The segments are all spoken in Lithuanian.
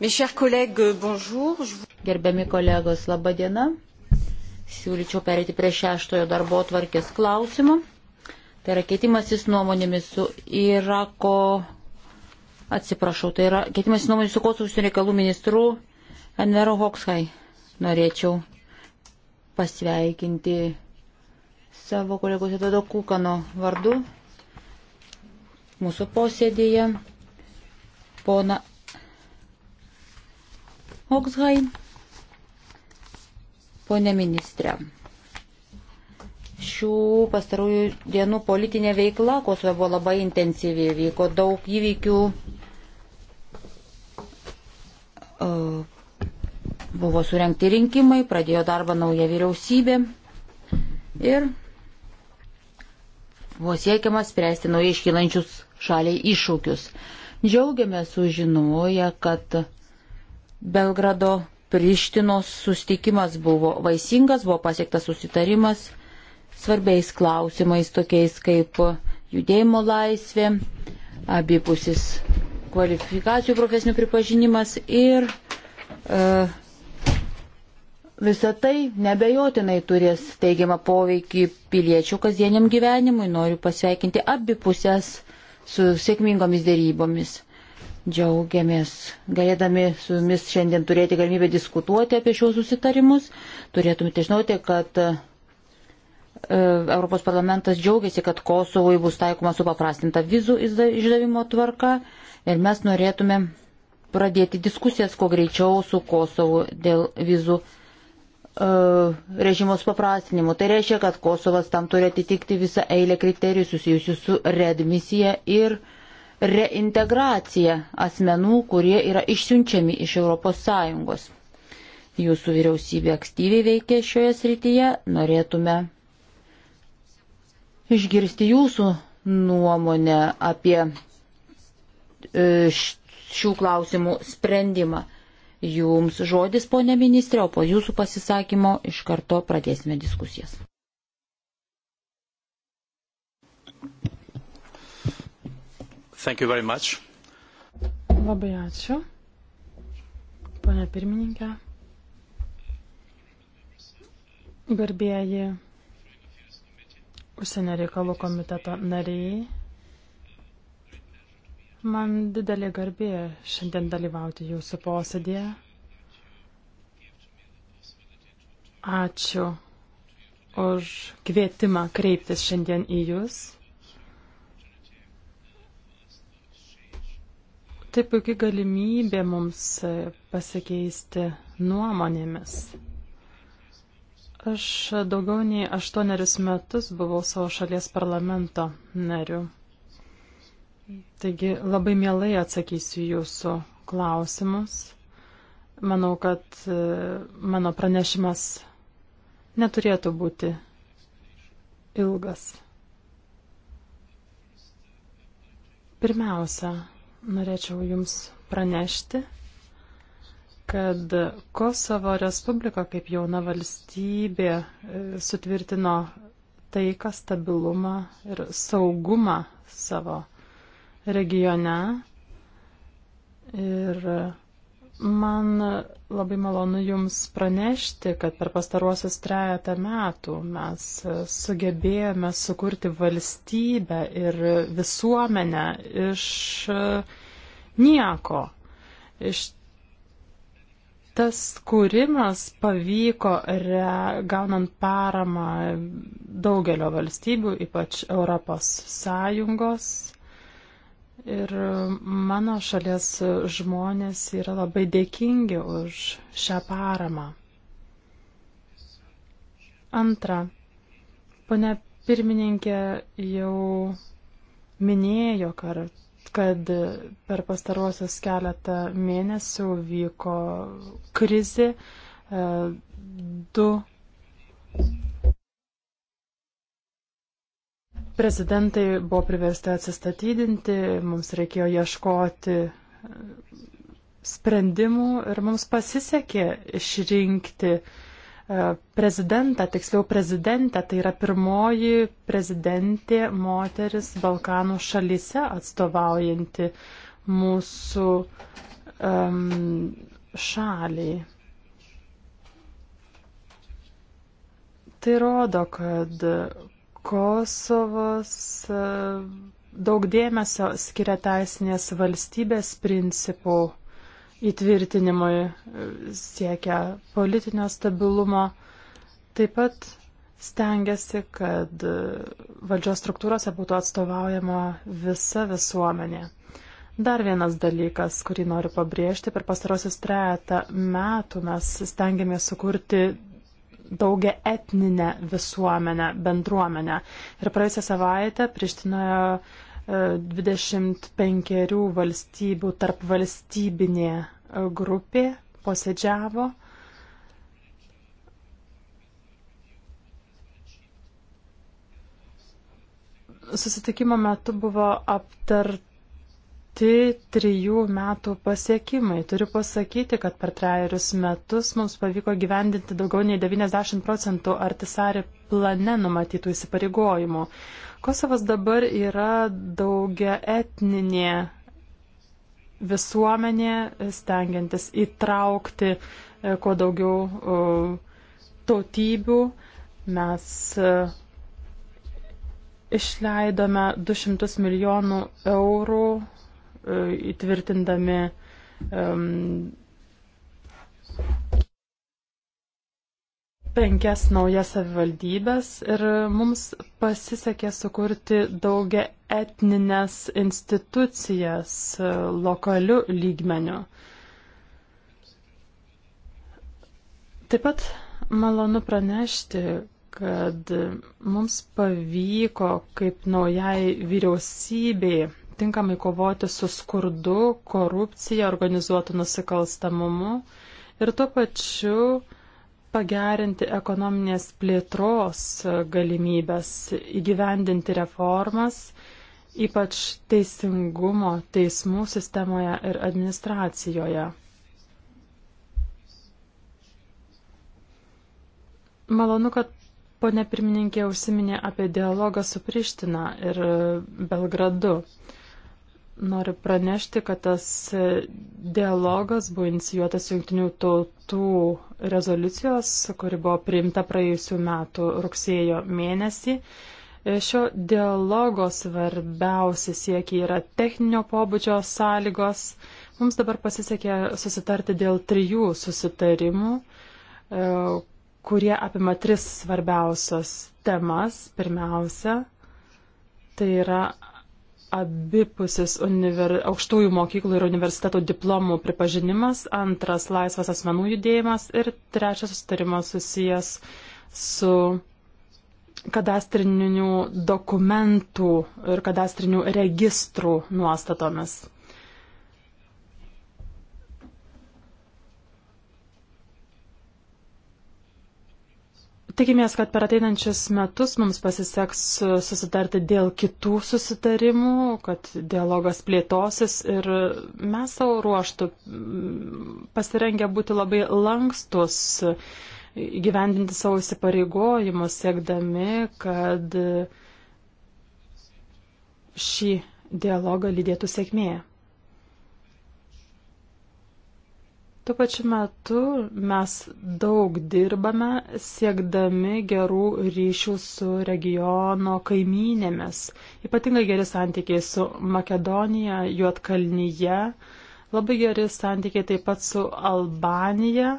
Gerbiami kolegos, laba diena. Siūlyčiau perėti prie šeštojo darbo tvarkės klausimo. Tai yra keitimasis nuomonėmis su Irako, atsiprašau, tai yra keitimasis nuomonėmis su Kosovos užsienio reikalų ministru Envero Hoksai. Norėčiau pasveikinti savo kolegos Edvado Kūkano vardu mūsų posėdėje pona Okshain. Pone ministrė, šių pastarųjų dienų politinė veikla Kosovo buvo labai intensyvi, vyko daug įvykių, e, buvo surenkti rinkimai, pradėjo darbą nauja vyriausybė ir buvo siekiama spręsti naujai iškylančius šaliai iššūkius. Džiaugiamės sužinoję, kad Belgrado Prištinos sustikimas buvo vaisingas, buvo pasiektas susitarimas svarbiais klausimais, tokiais kaip judėjimo laisvė, abipusis kvalifikacijų profesinių pripažinimas ir e, visą tai nebejotinai turės teigiamą poveikį piliečių kasdieniam gyvenimui. Noriu pasveikinti abipusės su sėkmingomis dėrybomis. Džiaugiamės galėdami su jumis šiandien turėti galimybę diskutuoti apie šios susitarimus. Turėtumėte žinoti, kad e, Europos parlamentas džiaugiasi, kad Kosovui bus taikoma supaprastinta vizų išdavimo tvarka ir mes norėtume pradėti diskusijas kuo greičiau su Kosovu dėl vizų uh, režimo supaprastinimo. Tai reiškia, kad Kosovas tam turi atitikti visą eilę kriterijų susijusių su redmisija ir uh, reintegracija asmenų, kurie yra išsiunčiami iš ES. Jūsų vyriausybė aktyviai veikia šioje srityje, norėtume išgirsti jūsų nuomonę apie e, šių klausimų sprendimą. Jums žodis, ponė ministrė, o po jūsų pasisakymo iš karto pradėsime diskusijas. Thank you very much. Labai ačiū. Pane pirmininkė. Garbėjai užsienio reikalų komiteto nariai. Man didelė garbė šiandien dalyvauti jūsų posėdėje. Ačiū už kvietimą kreiptis šiandien į jūs. Tai puikiai galimybė mums e, pasikeisti nuomonėmis. Aš daugiau nei aštuonerius metus buvau savo šalies parlamento nariu. Taigi labai mielai atsakysiu jūsų klausimus. Manau, kad e, mano pranešimas neturėtų būti ilgas. Pirmiausia, norėčiau Jums pranešti, kad Kosovo Respublika kaip jauna valstybė e, sutvirtino taiką, stabilumą ir saugumą savo regione. Ir Man labai malonu Jums pranešti, kad per pastaruosius trejata metų mes sugebėjome sukurti valstybę ir visuomenę iš nieko. Iš tas kūrimas pavyko re, gaunant paramą daugelio valstybių, ypač Europos Sąjungos. Ir mano šalies žmonės yra labai dėkingi už šią paramą. Antra, ponia pirmininkė jau minėjo, kad per pastaruosius keletą mėnesių vyko krizė, e, du Prezidentai buvo priversti atsistatydinti, mums reikėjo ieškoti e, sprendimų ir mums pasisekė išrinkti e, prezidentą, tiksliau prezidentę, tai yra pirmoji prezidentė moteris Balkanų šalyse atstovaujanti mūsų um, šaliai. Tai rodo, kad Kosovas e, daug dėmesio skiria teisinės valstybės principų įtvirtinimui, e, siekia politinio stabilumo, taip pat stengiasi, kad e, valdžios struktūrose būtų atstovaujama visa visuomenė. Dar vienas dalykas, kurį noriu pabrėžti, per pastarosius trejata metų mes stengiamės sukurti daugia etninę visuomenę, bendruomenę. Ir praėjusią savaitę Prištinoje 25 e, valstybių tarp valstybinė e, grupė posėdžiavo. Susitikimo metu buvo aptart rimti trijų metų pasiekimai. Turiu pasakyti, kad per trejerius metus mums pavyko gyvendinti daugiau nei 90 procentų artisari plane numatytų įsipareigojimų. Kosovas dabar yra daugia etninė visuomenė, stengiantis įtraukti e, kuo daugiau tautybių. Mes e, išleidome 200 milijonų eurų E, įtvirtindami penkias naujas savivaldybės ir mums pasisekė sukurti daugia etninės institucijas e, lokaliu lygmeniu. Taip pat malonu pranešti, kad mums pavyko kaip naujai vyriausybei tinkamai kovoti su skurdu, korupcija, organizuotu nusikalstamumu ir tuo pačiu pagerinti ekonominės plėtros galimybės, įgyvendinti reformas, ypač teisingumo teismų sistemoje ir administracijoje. Malonu, kad ponė pirmininkė užsiminė apie dialogą su Priština ir Belgradu. Noriu pranešti, kad tas dialogas buvo inicijuotas jungtinių tautų rezoliucijos, kuri buvo priimta praėjusių metų rugsėjo mėnesį. Šio dialogo svarbiausi siekiai yra techninio pobūdžio sąlygos. Mums dabar pasisekė susitarti dėl trijų susitarimų, e, kurie apima tris svarbiausios temas. Pirmiausia, tai yra abipusis univer... aukštųjų mokyklų ir universitetų diplomų pripažinimas, antras laisvas asmenų judėjimas ir trečias sustarimas susijęs su kadastrinių dokumentų ir kadastrinių registrų nuostatomis. Tikimės, kad per ateinančius metus mums pasiseks susitarti dėl kitų susitarimų, kad dialogas plėtosis ir mes savo ruoštų pasirengę būti labai lankstus, gyvendinti savo įsipareigojimus, siekdami, kad šį dialogą lydėtų sėkmėje. Tuo pačiu metu mes daug dirbame siekdami gerų ryšių su regiono kaimynėmis. Ypatingai geri santykiai su Makedonija, Juotkalnyje, labai geri santykiai taip pat su Albanija.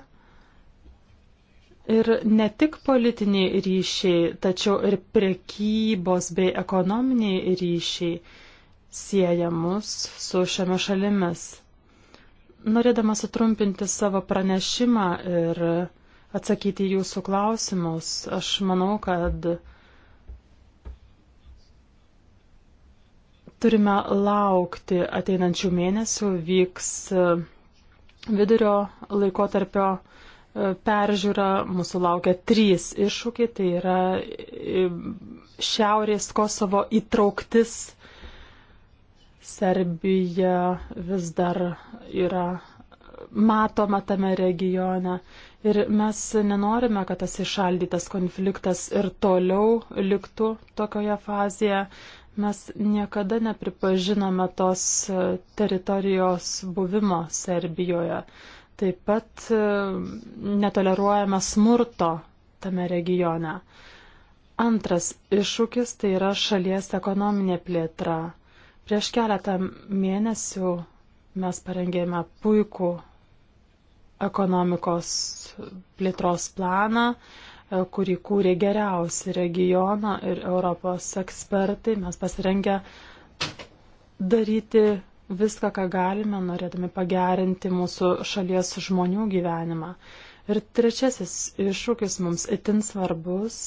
Ir ne tik politiniai ryšiai, tačiau ir prekybos bei ekonominiai ryšiai sieja mus su šiomis šalimis. Norėdama sutrumpinti savo pranešimą ir atsakyti jūsų klausimus, aš manau, kad turime laukti ateinančių mėnesių, vyks e, vidurio laikotarpio e, peržiūra, mūsų laukia trys iššūkiai, tai yra e, Šiaurės Kosovo įtrauktis Serbija vis dar yra matoma tame regione ir mes nenorime, kad tas išaldytas konfliktas ir toliau liktų tokioje fazėje. Mes niekada nepripažinome tos teritorijos buvimo Serbijoje. Taip pat e, netoleruojame smurto tame regione. Antras iššūkis tai yra šalies ekonominė plėtra. Prieš keletą mėnesių mes parengėme puikų ekonomikos plėtros planą, e, kurį kūrė geriausi regiono ir Europos ekspertai. Mes pasirengę daryti viską, ką galime, norėdami pagerinti mūsų šalies žmonių gyvenimą. Ir trečiasis iššūkis mums itin svarbus.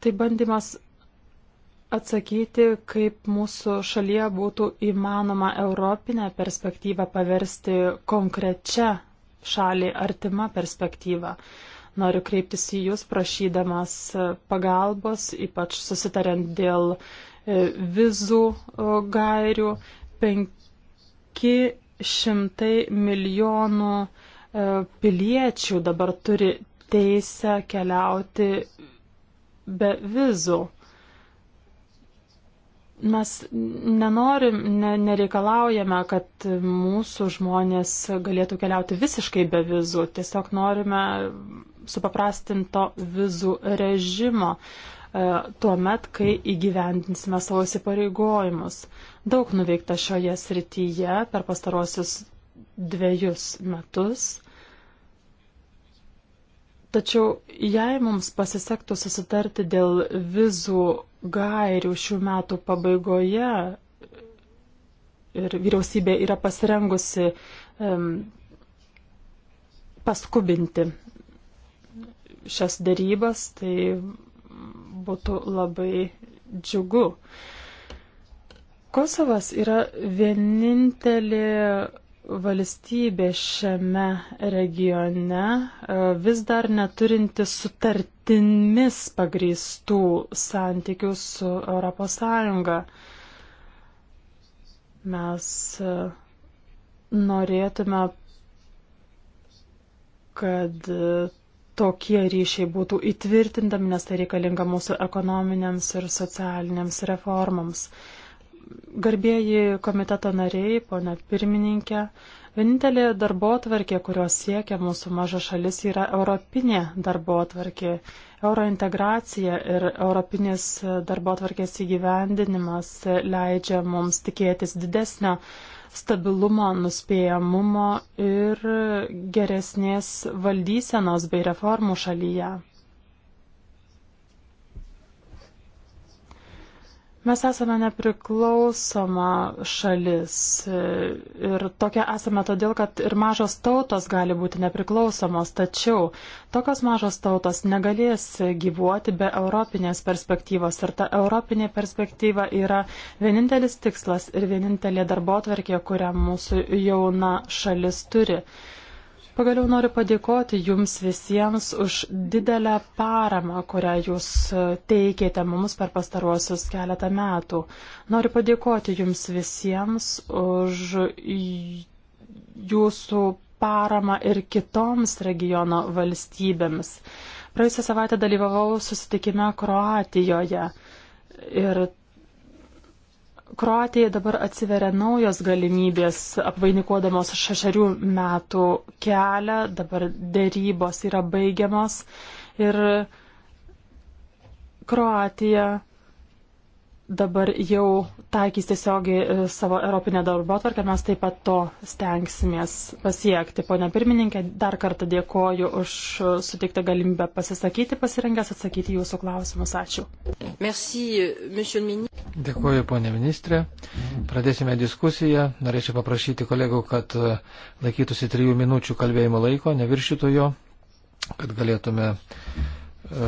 Tai bandymas atsakyti, kaip mūsų šalyje būtų įmanoma europinę perspektyvą paversti konkrečią šalį artimą perspektyvą. Noriu kreiptis į Jūs prašydamas pagalbos, ypač susitariant dėl e, vizų gairių. 500 milijonų e, piliečių dabar turi teisę keliauti be vizų. Mes nenorim, ne, nereikalaujame, kad mūsų žmonės galėtų keliauti visiškai be vizų. Tiesiog norime supaprastinto vizų režimo e, tuo met, kai įgyvendinsime savo įsipareigojimus. Daug nuveikta šioje srityje per pastarosius dviejus metus. Tačiau jei mums pasisektų susitarti dėl vizų gairių šių metų pabaigoje ir vyriausybė yra pasirengusi um, paskubinti šias darybas, tai būtų labai džiugu. Kosovas yra vienintelė valstybė šiame regione e, vis dar neturinti sutartimis pagrįstų santykių su ES. Mes e, norėtume, kad e, tokie ryšiai būtų įtvirtindami, nes tai reikalinga mūsų ekonominėms ir socialinėms reformams. Garbėjai komiteto nariai, ponia pirmininkė, vienintelė darbo atvarkė, kurios siekia mūsų maža šalis, yra europinė darbo atvarkė. Eurointegracija ir europinis darbo atvarkės įgyvendinimas leidžia mums tikėtis didesnio stabilumo, nuspėjamumo ir geresnės valdysenos bei reformų šalyje. Mes esame nepriklausoma šalis e, ir tokia esame todėl, kad ir mažos tautos gali būti nepriklausomos, tačiau tokios mažos tautos negalės gyvuoti be europinės perspektyvos ir ta europinė perspektyva yra vienintelis tikslas ir vienintelė darbo tvarkė, kurią mūsų jauna šalis turi. Pagaliau noriu padėkoti Jums visiems už didelę paramą, kurią Jūs e, teikėte mums per pastaruosius keletą metų. Noriu padėkoti Jums visiems už Jūsų paramą ir kitoms regiono valstybėms. Praėjusią savaitę dalyvavau susitikime Kroatijoje ir Kroatijai dabar atsiveria naujos galimybės apvainikuodamos šešerių metų kelią, dabar dėrybos yra baigiamos ir Kroatija dabar jau taikys tiesiogiai e, savo europinę darbo atvarkę, mes taip pat to stengsimės pasiekti. Pone pirmininkė, dar kartą dėkoju už suteiktą galimybę pasisakyti, pasirengęs atsakyti jūsų klausimus. Ačiū. Merci, dėkoju, ponė ministrė. Pradėsime diskusiją. Norėčiau paprašyti kolegų, kad e, laikytųsi trijų minučių kalbėjimo laiko, neviršytų jo, kad galėtume E,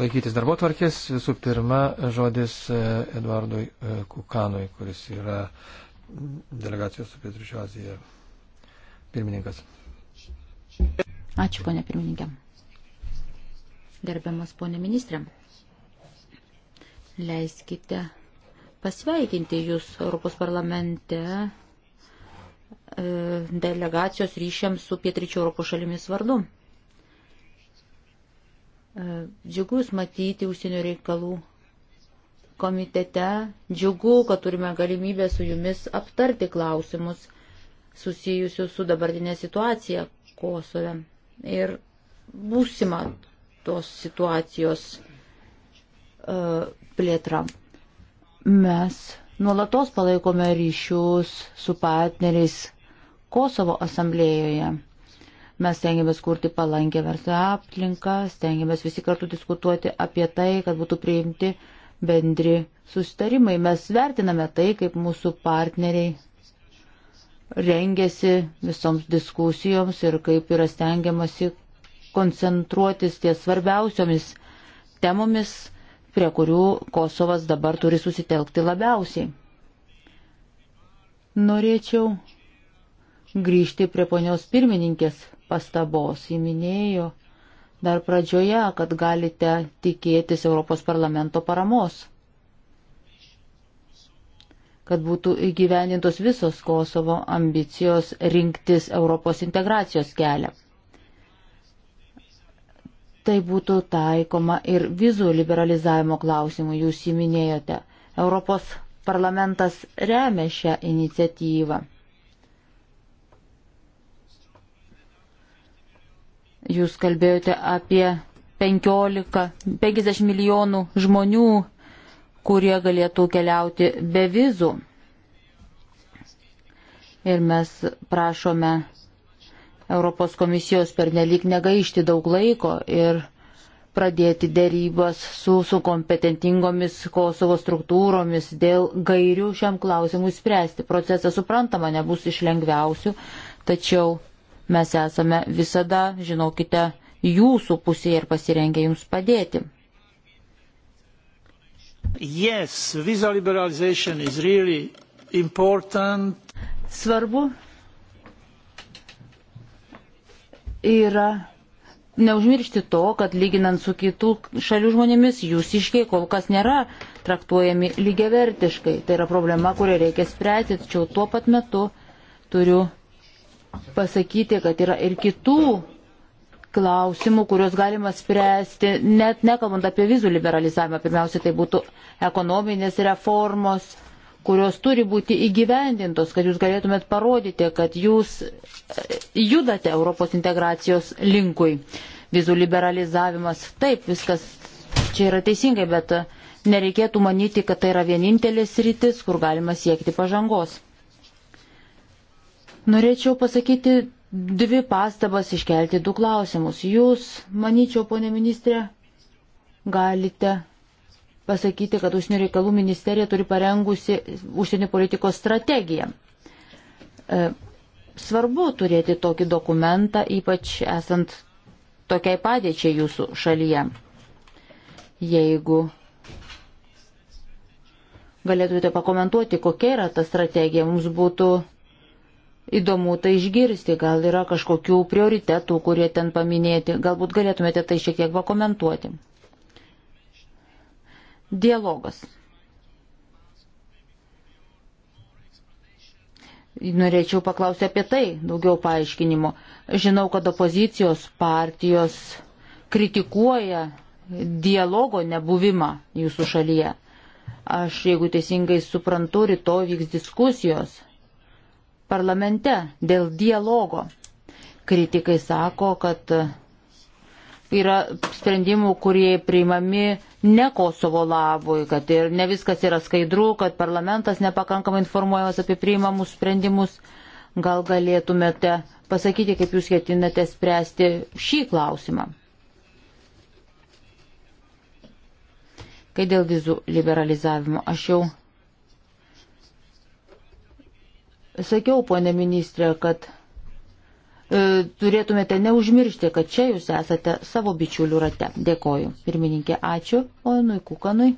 laikytis darbo tvarkės. Visų pirma, žodis e, Eduardui e, Kukanui, kuris yra delegacijos su Pietričio Azija pirmininkas. Ačiū, ponė pirmininkė. Gerbiamas ponė ministrė, leiskite pasveikinti Jūs Europos parlamente delegacijos ryšiams su Pietričio Europos šalimis vardu. E, Džiugus matyti užsienio reikalų komitete, džiugu, kad turime galimybę su jumis aptarti klausimus susijusius su dabartinė situacija Kosove ir būsima tos situacijos uh, plėtra. Mes nuolatos palaikome ryšius su partneriais Kosovo asamblėjoje. Mes stengiamės kurti palankę verslo aplinką, stengiamės visi kartu diskutuoti apie tai, kad būtų priimti bendri sustarimai. Mes vertiname tai, kaip mūsų partneriai rengėsi visoms diskusijoms ir kaip yra stengiamasi koncentruotis ties svarbiausiomis temomis, prie kurių Kosovas dabar turi susitelkti labiausiai. Norėčiau grįžti prie ponios pirmininkės pastabos. Įminėjo dar pradžioje, kad galite tikėtis Europos parlamento paramos, kad būtų įgyvendintos visos Kosovo ambicijos rinktis Europos integracijos kelią. Tai būtų taikoma ir vizų liberalizavimo klausimų, jūs įminėjote. Europos parlamentas remia šią iniciatyvą. Jūs kalbėjote apie 15, 50 milijonų žmonių, kurie galėtų keliauti be vizų. Ir mes prašome Europos komisijos per nelik negaišti daug laiko ir pradėti dėrybas su, su kompetentingomis Kosovo struktūromis dėl gairių šiam klausimui spręsti. Procesas suprantama nebus iš lengviausių, tačiau Mes esame visada, žinokite, jūsų pusėje ir pasirengę jums padėti. Yes, really Svarbu yra neužmiršti to, kad lyginant su kitų šalių žmonėmis, jūs iškiai kol kas nėra traktuojami lygiavertiškai. Tai yra problema, kurią reikia spręsti, tačiau tuo pat metu turiu pasakyti, kad yra ir kitų klausimų, kuriuos galima spręsti, net nekalbant apie vizų liberalizavimą. Pirmiausia, tai būtų ekonominės reformos, kurios turi būti įgyvendintos, kad jūs galėtumėt parodyti, kad jūs e, judate Europos integracijos linkui. Vizų liberalizavimas, taip, viskas čia yra teisingai, bet nereikėtų manyti, kad tai yra vienintelis rytis, kur galima siekti pažangos. Norėčiau pasakyti dvi pastabas, iškelti du klausimus. Jūs, manyčiau, ponė ministrė, galite pasakyti, kad užsienio reikalų ministerija turi parengusi užsienio politikos strategiją. E, svarbu turėti tokį dokumentą, ypač esant tokiai padėčiai jūsų šalyje. Jeigu galėtumėte pakomentuoti, kokia yra ta strategija, mums būtų įdomu tai išgirsti, gal yra kažkokių prioritetų, kurie ten paminėti, galbūt galėtumėte tai šiek tiek pakomentuoti. Dialogas. Norėčiau paklausti apie tai daugiau paaiškinimo. Žinau, kad opozicijos partijos kritikuoja dialogo nebuvimą jūsų šalyje. Aš, jeigu teisingai suprantu, rytoj vyks diskusijos parlamente dėl dialogo. Kritikai sako, kad yra sprendimų, kurie priimami ne Kosovo labui, kad ir ne viskas yra skaidru, kad parlamentas nepakankamai informuojamas apie priimamus sprendimus. Gal galėtumėte pasakyti, kaip jūs ketinate spręsti šį klausimą? Kai dėl vizų liberalizavimo aš jau Sakiau, ponė ministrė, kad e, turėtumėte neužmiršti, kad čia jūs esate savo bičiulių rate. Dėkoju. Pirmininkė, ačiū. Ponui Kukanui.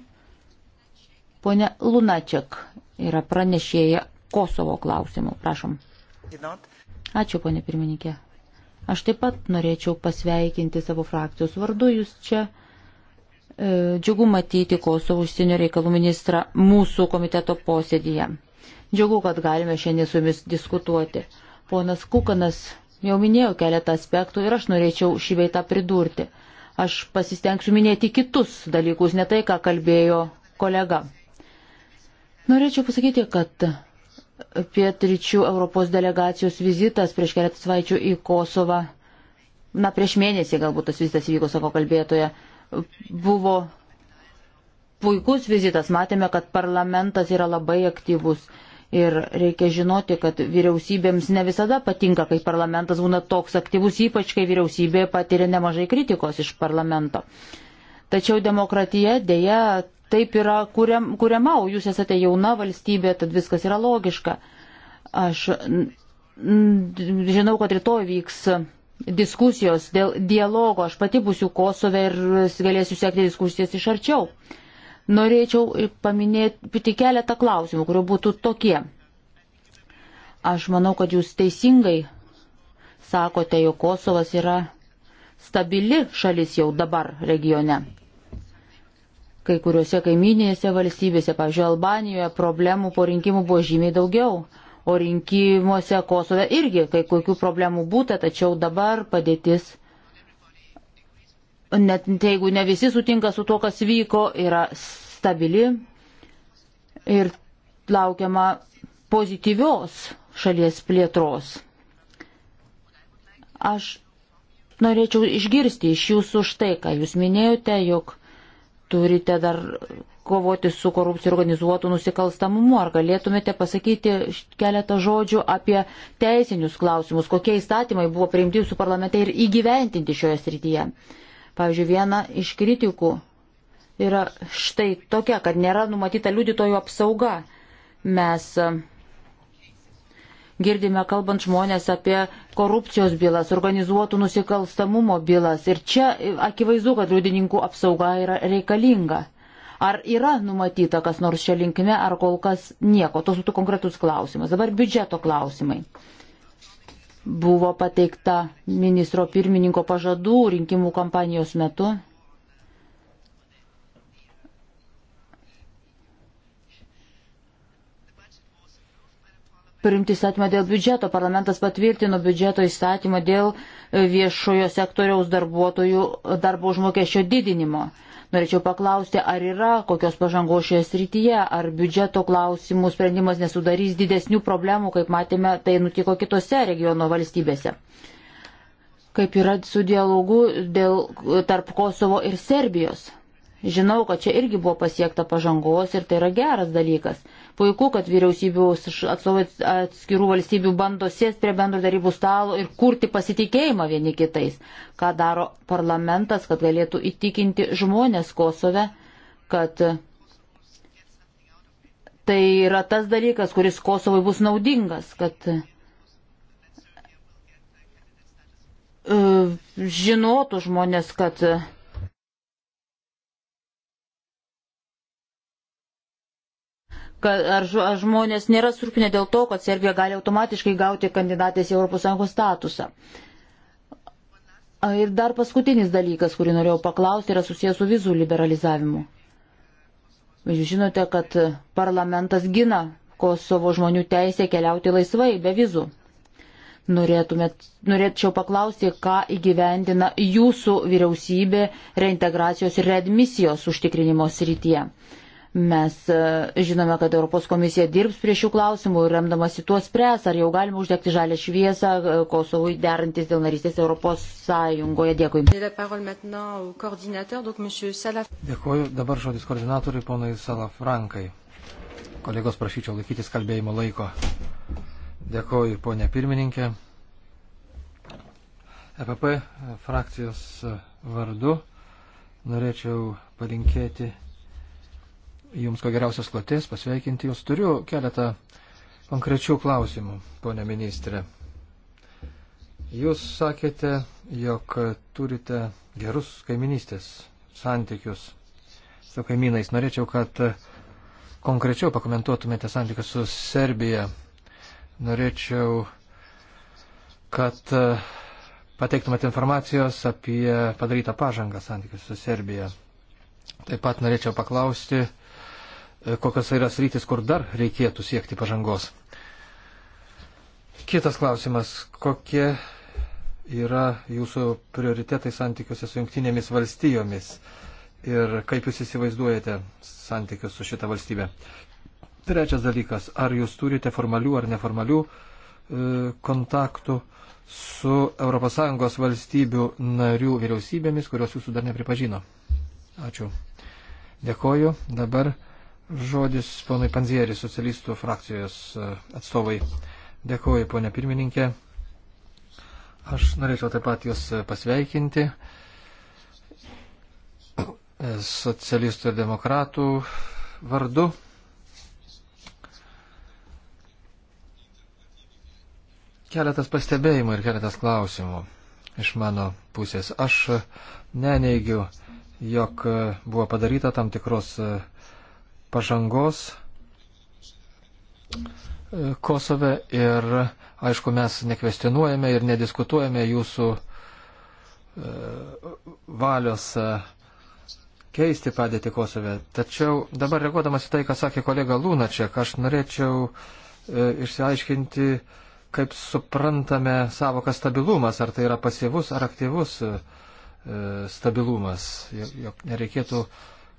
Pone Lunačiak yra pranešėja Kosovo klausimų. Prašom. Ačiū, ponė pirmininkė. Aš taip pat norėčiau pasveikinti savo frakcijos vardu. Jūs čia e, džiugu matyti Kosovo užsienio reikalų ministrą mūsų komiteto posėdėje. Džiugu, kad galime šiandien su jumis diskutuoti. Ponas Kukanas jau minėjo keletą aspektų ir aš norėčiau šį veitą pridurti. Aš pasistengsiu minėti kitus dalykus, ne tai, ką kalbėjo kolega. Norėčiau pasakyti, kad pietričių Europos delegacijos vizitas prieš keletą savaičių į Kosovą, na, prieš mėnesį galbūt tas vizitas įvyko, sako kalbėtoje, buvo puikus vizitas, matėme, kad parlamentas yra labai aktyvus. Ir reikia žinoti, kad vyriausybėms ne visada patinka, kai parlamentas būna toks aktyvus, ypač kai vyriausybė patiria nemažai kritikos iš parlamento. Tačiau demokratija dėja taip yra kuriam, kuriama, o jūs esate jauna valstybė, tad viskas yra logiška. Aš žinau, kad rytoj vyks diskusijos dėl dialogo, aš pati būsiu Kosove ir galėsiu sekti diskusijas iš arčiau. Norėčiau paminėti tik keletą klausimų, kurio būtų tokie. Aš manau, kad jūs teisingai sakote, jog Kosovas yra stabili šalis jau dabar regione. Kai kuriuose kaiminėse valstybėse, pavyzdžiui, Albanijoje problemų po rinkimų buvo žymiai daugiau, o rinkimuose Kosove irgi kai kokių problemų būta, tačiau dabar padėtis net jeigu ne visi sutinka su tuo, kas vyko, yra stabili ir laukiama pozityvios šalies plėtros. Aš norėčiau išgirsti iš jūsų štai, ką jūs minėjote, jog turite dar kovoti su korupcija organizuotų nusikalstamumu. Ar galėtumėte pasakyti keletą žodžių apie teisinius klausimus, kokie įstatymai buvo priimti jūsų parlamente ir įgyventinti šioje srityje? Pavyzdžiui, viena iš kritikų yra štai tokia, kad nėra numatyta liudytojų apsauga. Mes e, girdime kalbant žmonės apie korupcijos bylas, organizuotų nusikalstamumo bylas. Ir čia akivaizdu, kad liudininkų apsauga yra reikalinga. Ar yra numatyta kas nors šią linkme, ar kol kas nieko? Tos būtų konkretus klausimas. Dabar biudžeto klausimai. Buvo pateikta ministro pirmininko pažadų rinkimų kampanijos metu. priimti įstatymą dėl biudžeto. Parlamentas patvirtino biudžeto įstatymą dėl e, viešojo sektoriaus darbuotojų darbo užmokesčio didinimo. Norėčiau paklausti, ar yra kokios pažangos šioje srityje, ar biudžeto klausimų sprendimas nesudarys didesnių problemų, kaip matėme, tai nutiko kitose regiono valstybėse. Kaip yra su dialogu dėl, e, tarp Kosovo ir Serbijos. Žinau, kad čia irgi buvo pasiekta pažangos ir tai yra geras dalykas. Puiku, kad vyriausybių atstovai atskirų valstybių bando sėsti prie bendro darybų stalo ir kurti pasitikėjimą vieni kitais. Ką daro parlamentas, kad galėtų įtikinti žmonės Kosove, kad tai yra tas dalykas, kuris Kosovai bus naudingas, kad e, žinotų žmonės, kad kad ar, ar žmonės nėra surpinę dėl to, kad Serbija gali automatiškai gauti kandidatės į ES statusą. Ir dar paskutinis dalykas, kurį norėjau paklausti, yra susijęs su vizų liberalizavimu. Jūs žinote, kad parlamentas gina Kosovo žmonių teisę keliauti laisvai, be vizų. Norėtumėt, norėčiau paklausti, ką įgyvendina jūsų vyriausybė reintegracijos ir readmisijos užtikrinimo srityje. Mes e, žinome, kad Europos komisija dirbs prie šių klausimų ir remdamasi tuos spręs, ar jau galima uždegti žalę šviesą e, Kosovui derantis dėl narystės Europos Sąjungoje. Dėkui. Dėkuoju. Dabar žodis koordinatoriui ponui Salafrankai. Kolegos prašyčiau laikytis kalbėjimo laiko. Dėkuoju, ponė pirmininkė. EPP frakcijos vardu norėčiau palinkėti Jums ko geriausios klotės, pasveikinti Jūs. Turiu keletą konkrečių klausimų, ponė ministrė. Jūs sakėte, jog turite gerus kaiminystės santykius su kaimynais. Norėčiau, kad konkrečiau pakomentuotumėte santykius su Serbija. Norėčiau, kad e, pateiktumėte informacijos apie padarytą pažangą santykius su Serbija. Taip pat norėčiau paklausti, E, kokios yra sritis, kur dar reikėtų siekti pažangos. Kitas klausimas, kokie yra jūsų prioritetai santykiuose su jungtinėmis valstijomis ir kaip jūs įsivaizduojate santykius su šita valstybė. Trečias dalykas, ar jūs turite formalių ar neformalių e, kontaktų su ES valstybių narių vyriausybėmis, kurios jūsų dar nepripažino. Ačiū. Dėkoju. Dabar Žodis ponai Panzieri, socialistų frakcijos e, atstovai. Dėkuoju, ponė pirmininkė. Aš norėčiau taip pat jūs e, pasveikinti. E, socialistų ir demokratų vardu. Keletas pastebėjimų ir keletas klausimų iš mano pusės. Aš neneigiu, jog buvo padaryta tam tikros uh, pažangos e, Kosove ir, aišku, mes nekvestinuojame ir nediskutuojame jūsų e, valios e, keisti padėti Kosove. Tačiau dabar reaguodamas į tai, ką sakė kolega Lūnačiak, aš norėčiau e, išsiaiškinti, kaip suprantame savoką stabilumas, ar tai yra pasyvus ar aktyvus e, stabilumas. Jok nereikėtų e,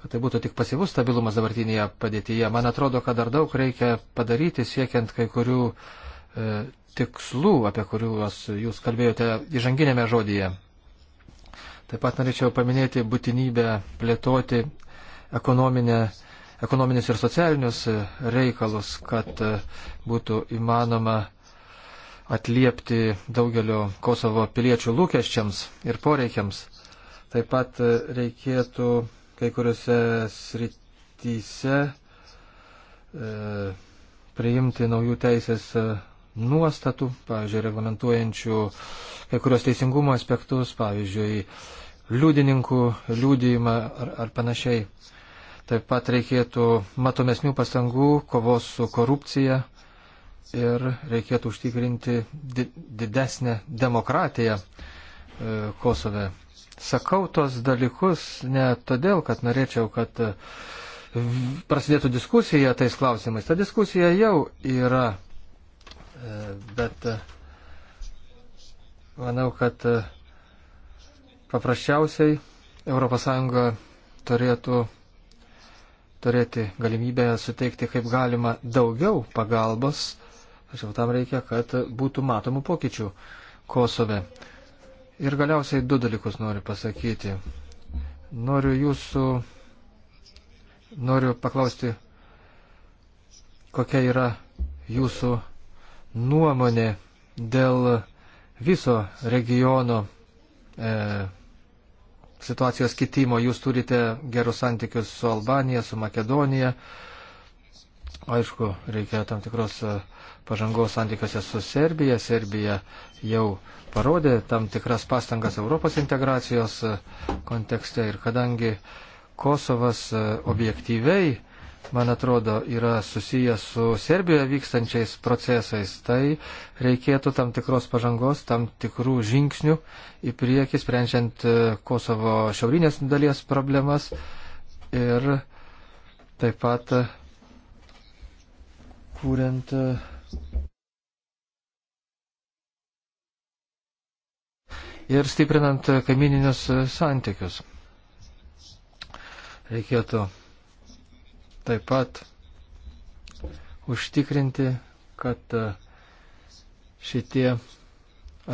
kad tai būtų tik pasivus stabilumas dabartinėje padėtyje. Man atrodo, kad dar daug reikia padaryti siekiant kai kurių e, tikslų, apie kuriuos jūs kalbėjote įžanginėme žodyje. Taip pat norėčiau paminėti būtinybę plėtoti ekonominius ir socialinius reikalus, kad e, būtų įmanoma atliepti daugelio Kosovo piliečių lūkesčiams ir poreikiams. Taip pat e, reikėtų kai kuriuose srityse e, priimti naujų teisės e, nuostatų, pavyzdžiui, reglamentuojančių kai kurios teisingumo aspektus, pavyzdžiui, liudininkų liūdėjimą ar, ar panašiai. Taip pat reikėtų matomesnių pastangų kovos su korupcija ir reikėtų užtikrinti didesnę demokratiją e, Kosove. Sakau tos dalykus ne todėl, kad norėčiau, kad e, prasidėtų diskusija tais klausimais. Ta diskusija jau yra, e, bet e, manau, kad paprasčiausiai ES turėtų turėti galimybę suteikti kaip galima daugiau pagalbos, tačiau tam reikia, kad būtų matomų pokyčių Kosove. Ir galiausiai du dalykus noriu pasakyti. Noriu jūsų, noriu paklausti, kokia yra jūsų nuomonė dėl viso regiono e, situacijos kitimo. Jūs turite gerus santykius su Albanija, su Makedonija. Aišku, reikia tam tikros. E, pažangos santykiuose su Serbija. Serbija jau parodė tam tikras pastangas Europos integracijos e, kontekste ir kadangi Kosovas e, objektyviai, man atrodo, yra susijęs su Serbijoje vykstančiais procesais, tai reikėtų tam tikros pažangos, tam tikrų žingsnių į priekį, sprendžiant e, Kosovo šiaurinės dalies problemas ir taip pat kūrent ir stiprinant kaimininius santykius. Reikėtų taip pat užtikrinti, kad šitie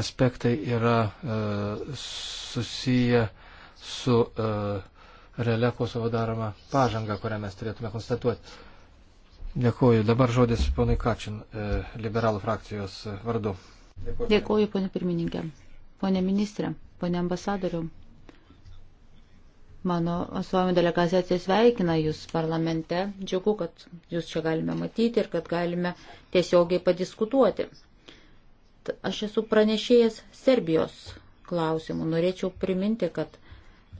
aspektai yra e, susiję su e, realia Kosovo daroma pažanga, kurią mes turėtume konstatuoti. Dėkuoju. Dabar žodis ponui Kačin, e, liberalų frakcijos e, vardu. Dėkuoju, Dėkuoju ponė pirmininkė. Pone ministrė, ponė ambasadoriu. Mano suomių delegacija atsisveikina jūs parlamente. Džiugu, kad jūs čia galime matyti ir kad galime tiesiogiai padiskutuoti. Aš esu pranešėjęs Serbijos klausimų. Norėčiau priminti, kad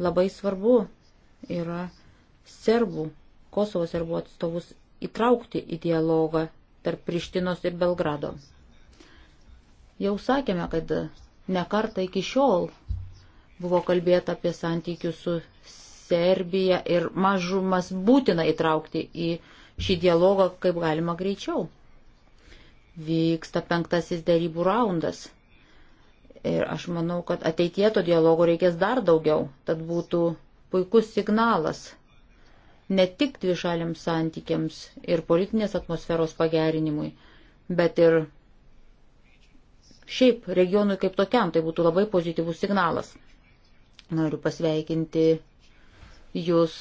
labai svarbu yra serbų, Kosovo serbų atstovus įtraukti į dialogą tarp Prištinos ir Belgrado. Jau sakėme, kad nekarta iki šiol buvo kalbėta apie santykių su Serbija ir mažumas būtina įtraukti į šį dialogą kaip galima greičiau. Vyksta penktasis dėrybų raundas. Ir aš manau, kad ateitie to dialogo reikės dar daugiau. Tad būtų puikus signalas ne tik dvišaliams santykiams ir politinės atmosferos pagerinimui, bet ir šiaip regionui kaip tokiam tai būtų labai pozityvus signalas. Noriu pasveikinti jūs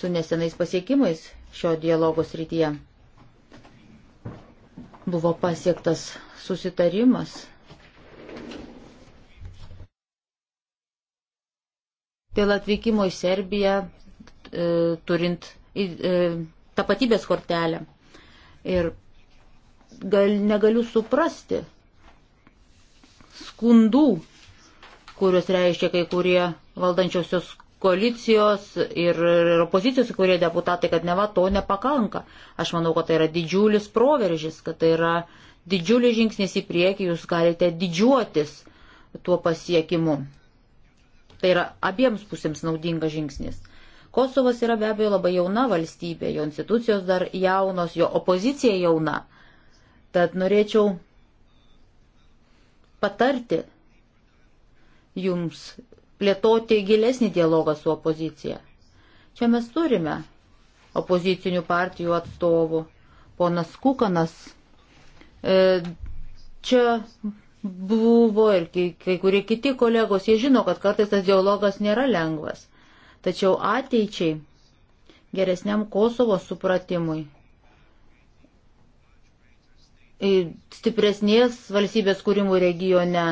su nesenais pasiekimais šio dialogo srityje. Buvo pasiektas susitarimas dėl atvykimo į Serbiją E, turint e, tapatybės kortelę. Ir gal, negaliu suprasti skundų, kuriuos reiškia kai kurie valdančiosios koalicijos ir opozicijos kurie deputatai, kad neva to nepakanka. Aš manau, kad tai yra didžiulis proveržis, kad tai yra didžiulis žingsnis į priekį, jūs galite didžiuotis tuo pasiekimu. Tai yra abiems pusėms naudingas žingsnis. Kosovas yra be abejo labai jauna valstybė, jo institucijos dar jaunos, jo opozicija jauna. Tad norėčiau patarti jums plėtoti gilesnį dialogą su opozicija. Čia mes turime opozicinių partijų atstovų. Ponas Kukanas e, čia buvo ir kai, kai kurie kiti kolegos, jie žino, kad kartais tas dialogas nėra lengvas. Tačiau ateičiai, geresniam Kosovo supratimui, stipresnės valstybės kūrimų regione,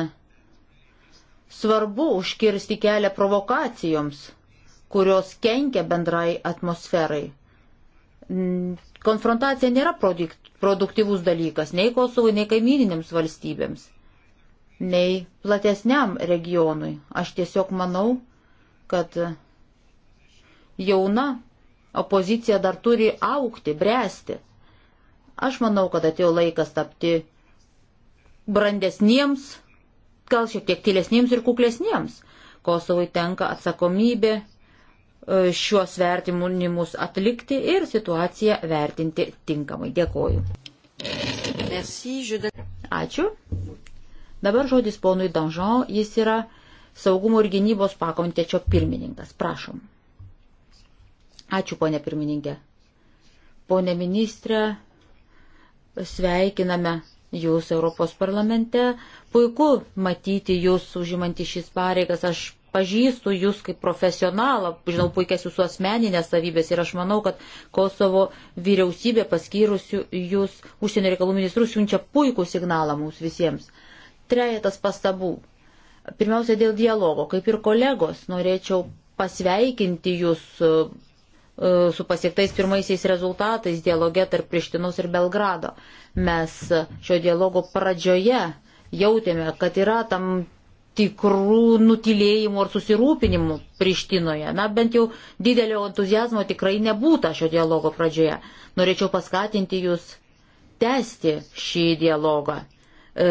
svarbu užkirsti kelią provokacijoms, kurios kenkia bendrai atmosferai. Konfrontacija nėra produktyvus dalykas nei Kosovui, nei kaimininėms valstybėms, nei platesniam regionui. Aš tiesiog manau, kad jauna opozicija dar turi aukti, bręsti. Aš manau, kad atėjo laikas tapti brandesniems, gal šiek tiek tylesniems ir kuklesniems. Kosovai tenka atsakomybė e, šiuos vertinimus atlikti ir situaciją vertinti tinkamai. Dėkoju. Ačiū. Dabar žodis ponui Danžon, jis yra saugumo ir gynybos pakomitečio pirmininkas. Prašom. Ačiū, ponė pirmininkė. Pone ministrė, sveikiname Jūs Europos parlamente. Puiku matyti Jūs užimantį šis pareigas. Aš pažįstu Jūs kaip profesionalą, žinau puikias Jūsų asmeninės savybės ir aš manau, kad Kosovo vyriausybė paskyrusių Jūs užsienio reikalų ministrus siunčia puikų signalą mums visiems. Trejetas pastabų. Pirmiausia, dėl dialogo. Kaip ir kolegos, norėčiau pasveikinti Jūs E, su pasiektais pirmaisiais rezultatais dialoge tarp Prištinos ir Belgrado. Mes šio dialogo pradžioje jautėme, kad yra tam tikrų nutilėjimų ar susirūpinimų Prištinoje. Na, bent jau didelio entuzijazmo tikrai nebūta šio dialogo pradžioje. Norėčiau paskatinti jūs tęsti šį dialogą. E,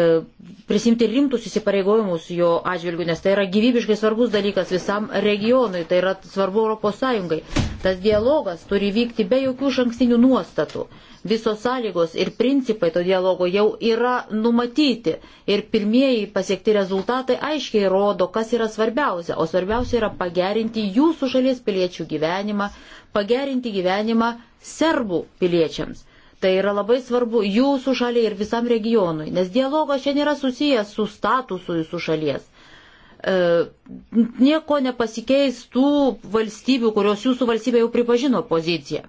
prisimti rimtus įsipareigojimus jo atžvilgių, nes tai yra gyvybiškai svarbus dalykas visam regionui, tai yra svarbu Europos Sąjungai. Tas dialogas turi vykti be jokių šankstinių nuostatų. Visos sąlygos ir principai to dialogo jau yra numatyti ir pirmieji pasiekti rezultatai aiškiai rodo, kas yra svarbiausia, o svarbiausia yra pagerinti jūsų šalies piliečių gyvenimą, pagerinti gyvenimą serbų piliečiams. Tai yra labai svarbu jūsų šaliai ir visam regionui, nes dialogas čia nėra susijęs su statusu jūsų šalies. E, nieko nepasikeis tų valstybių, kurios jūsų valstybė jau pripažino poziciją.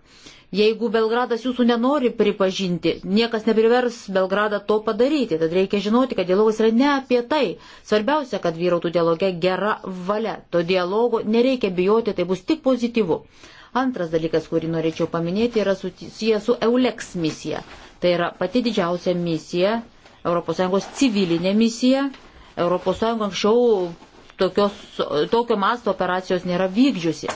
Jeigu Belgradas jūsų nenori pripažinti, niekas neprivers Belgradą to padaryti. Tad reikia žinoti, kad dialogas yra ne apie tai. Svarbiausia, kad vyrautų dialoge gera valia. To dialogo nereikia bijoti, tai bus tik pozityvu. Antras dalykas, kurį norėčiau paminėti, yra susijęs su EULEX misija. Tai yra pati didžiausia misija, ES civilinė misija. ES anksčiau tokios, tokio masto operacijos nėra vykdžiusi.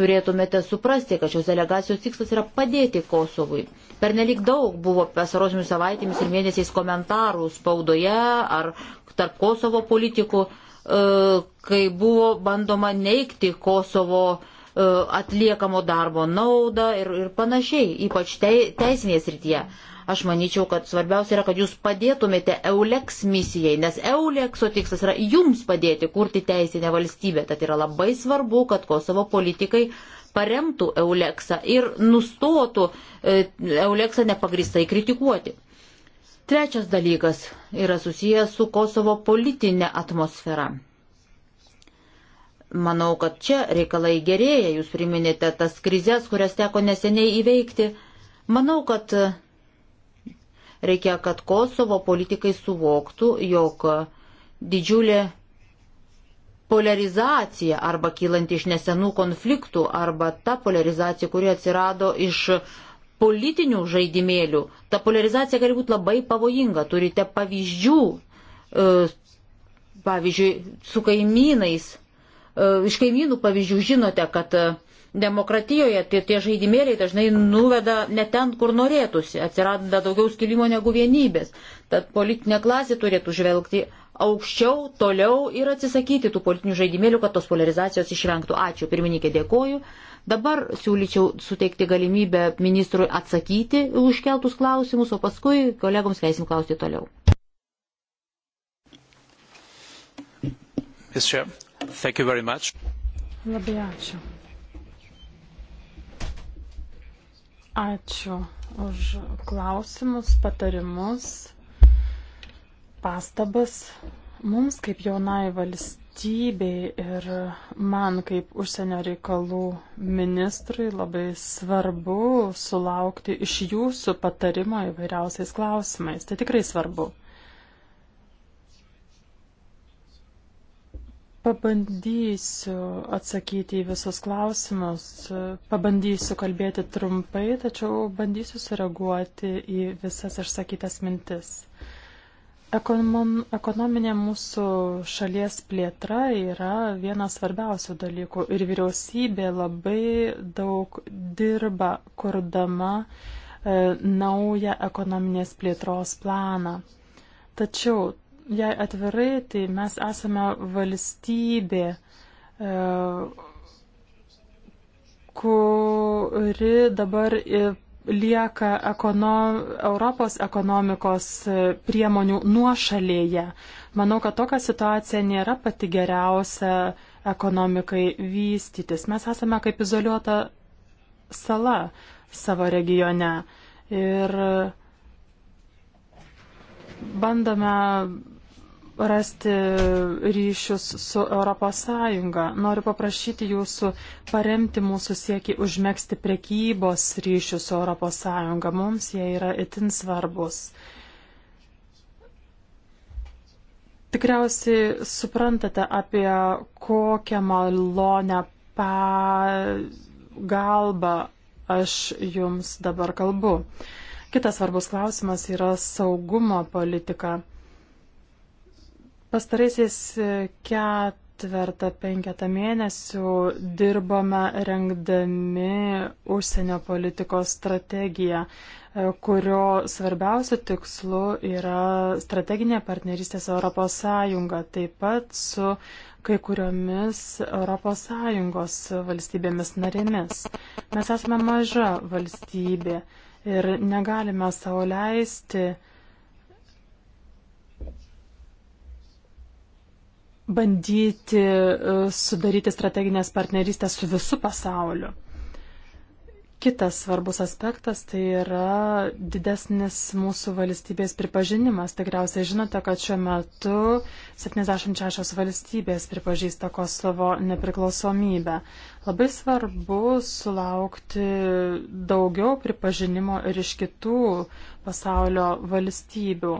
Turėtumėte suprasti, kad šios delegacijos tikslas yra padėti Kosovui. Per nelik daug buvo pasarosiomis savaitėmis ir mėnesiais komentarų spaudoje ar tarp Kosovo politikų, e, kai buvo bandoma neikti Kosovo uh, E, atliekamo darbo naudą ir, ir panašiai, ypač teisinėje srityje. Aš manyčiau, kad svarbiausia yra, kad jūs padėtumėte EULEX misijai, nes EULEXo tikslas yra jums padėti kurti teisinę valstybę. Tad yra labai svarbu, kad Kosovo politikai paremtų EULEXą ir nustotų e, EULEXą nepagristai kritikuoti. Trečias dalykas yra susijęs su Kosovo politinė atmosfera. Manau, kad čia reikalai gerėja, jūs priminėte tas krizės, kurias teko neseniai įveikti. Manau, kad reikia, kad Kosovo politikai suvoktų, jog didžiulė polarizacija arba kylanti iš nesenų konfliktų arba ta polarizacija, kuri atsirado iš politinių žaidimėlių, ta polarizacija gali būti labai pavojinga. Turite pavyzdžių, e, pavyzdžiui, su kaimynais E, iš kaimynų pavyzdžių žinote, kad e, demokratijoje tie, tie žaidimėliai dažnai nuveda ne ten, kur norėtųsi, atsiranda daugiau skilimo negu vienybės. Tad politinė klasė turėtų žvelgti aukščiau, toliau ir atsisakyti tų politinių žaidimėlių, kad tos polarizacijos išvengtų. Ačiū, pirmininkė, dėkoju. Dabar siūlyčiau suteikti galimybę ministrui atsakyti užkeltus klausimus, o paskui kolegoms leisim klausti toliau. Yes, sure. Thank you very much. Labai ačiū. Ačiū už klausimus, patarimus, pastabas. Mums kaip jaunai valstybei ir man kaip užsienio reikalų ministrui labai svarbu sulaukti iš jūsų patarimo įvairiausiais klausimais. Tai tikrai svarbu. Pabandysiu atsakyti į visus klausimus, pabandysiu kalbėti trumpai, tačiau bandysiu sureaguoti į visas išsakytas mintis. Ekonom, ekonominė mūsų šalies plėtra yra vienas svarbiausių dalykų ir vyriausybė labai daug dirba, kurdama e, naują ekonominės plėtros planą. Tačiau Jei atvirai, tai mes esame valstybė, e, kuri dabar e, lieka ekonom, Europos ekonomikos e, priemonių nuošalėje. Manau, kad tokia situacija nėra pati geriausia ekonomikai vystytis. Mes esame kaip izoliuota sala savo regione ir bandome rasti ryšius su ES. Noriu paprašyti jūsų paremti mūsų siekį užmėgsti prekybos ryšius su ES. Mums jie yra itin svarbus. Tikriausiai suprantate, apie kokią malonę pagalbą aš jums dabar kalbu. Kitas svarbus klausimas yra saugumo politika. Pastaraisiais e, ketvertą, penketą mėnesių dirbome rengdami užsienio politikos strategiją, e, kurio svarbiausiu tikslu yra strateginė partnerystė su ES, taip pat su kai kuriomis ES valstybėmis narėmis. Mes esame maža valstybė ir negalime savo leisti bandyti e, sudaryti strateginės partnerystės su visu pasauliu. Kitas svarbus aspektas tai yra didesnis mūsų valstybės pripažinimas. Tikriausiai žinote, kad šiuo metu 76 valstybės pripažįsta Kosovo nepriklausomybę. Labai svarbu sulaukti daugiau pripažinimo ir iš kitų pasaulio valstybių.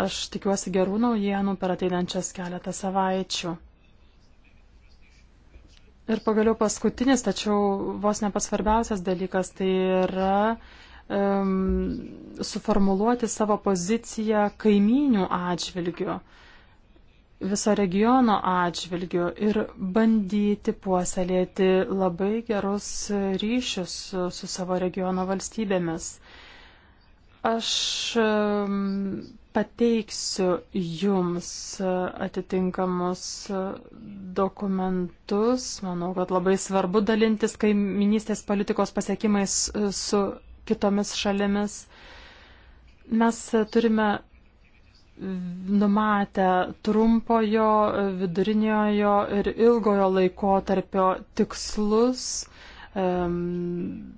Aš tikiuosi gerų naujienų per ateinančias keletą savaičių. Ir pagaliau paskutinis, tačiau vos ne pats svarbiausias dalykas, tai yra um, suformuluoti savo poziciją kaimynių atžvilgiu, viso regiono atžvilgiu ir bandyti puoselėti labai gerus ryšius su, su savo regiono valstybėmis. Aš um, pateiksiu jums atitinkamus dokumentus. Manau, kad labai svarbu dalintis kaiminystės politikos pasiekimais su kitomis šalimis. Mes turime numatę trumpojo, viduriniojo ir ilgojo laiko tarpio tikslus. Um,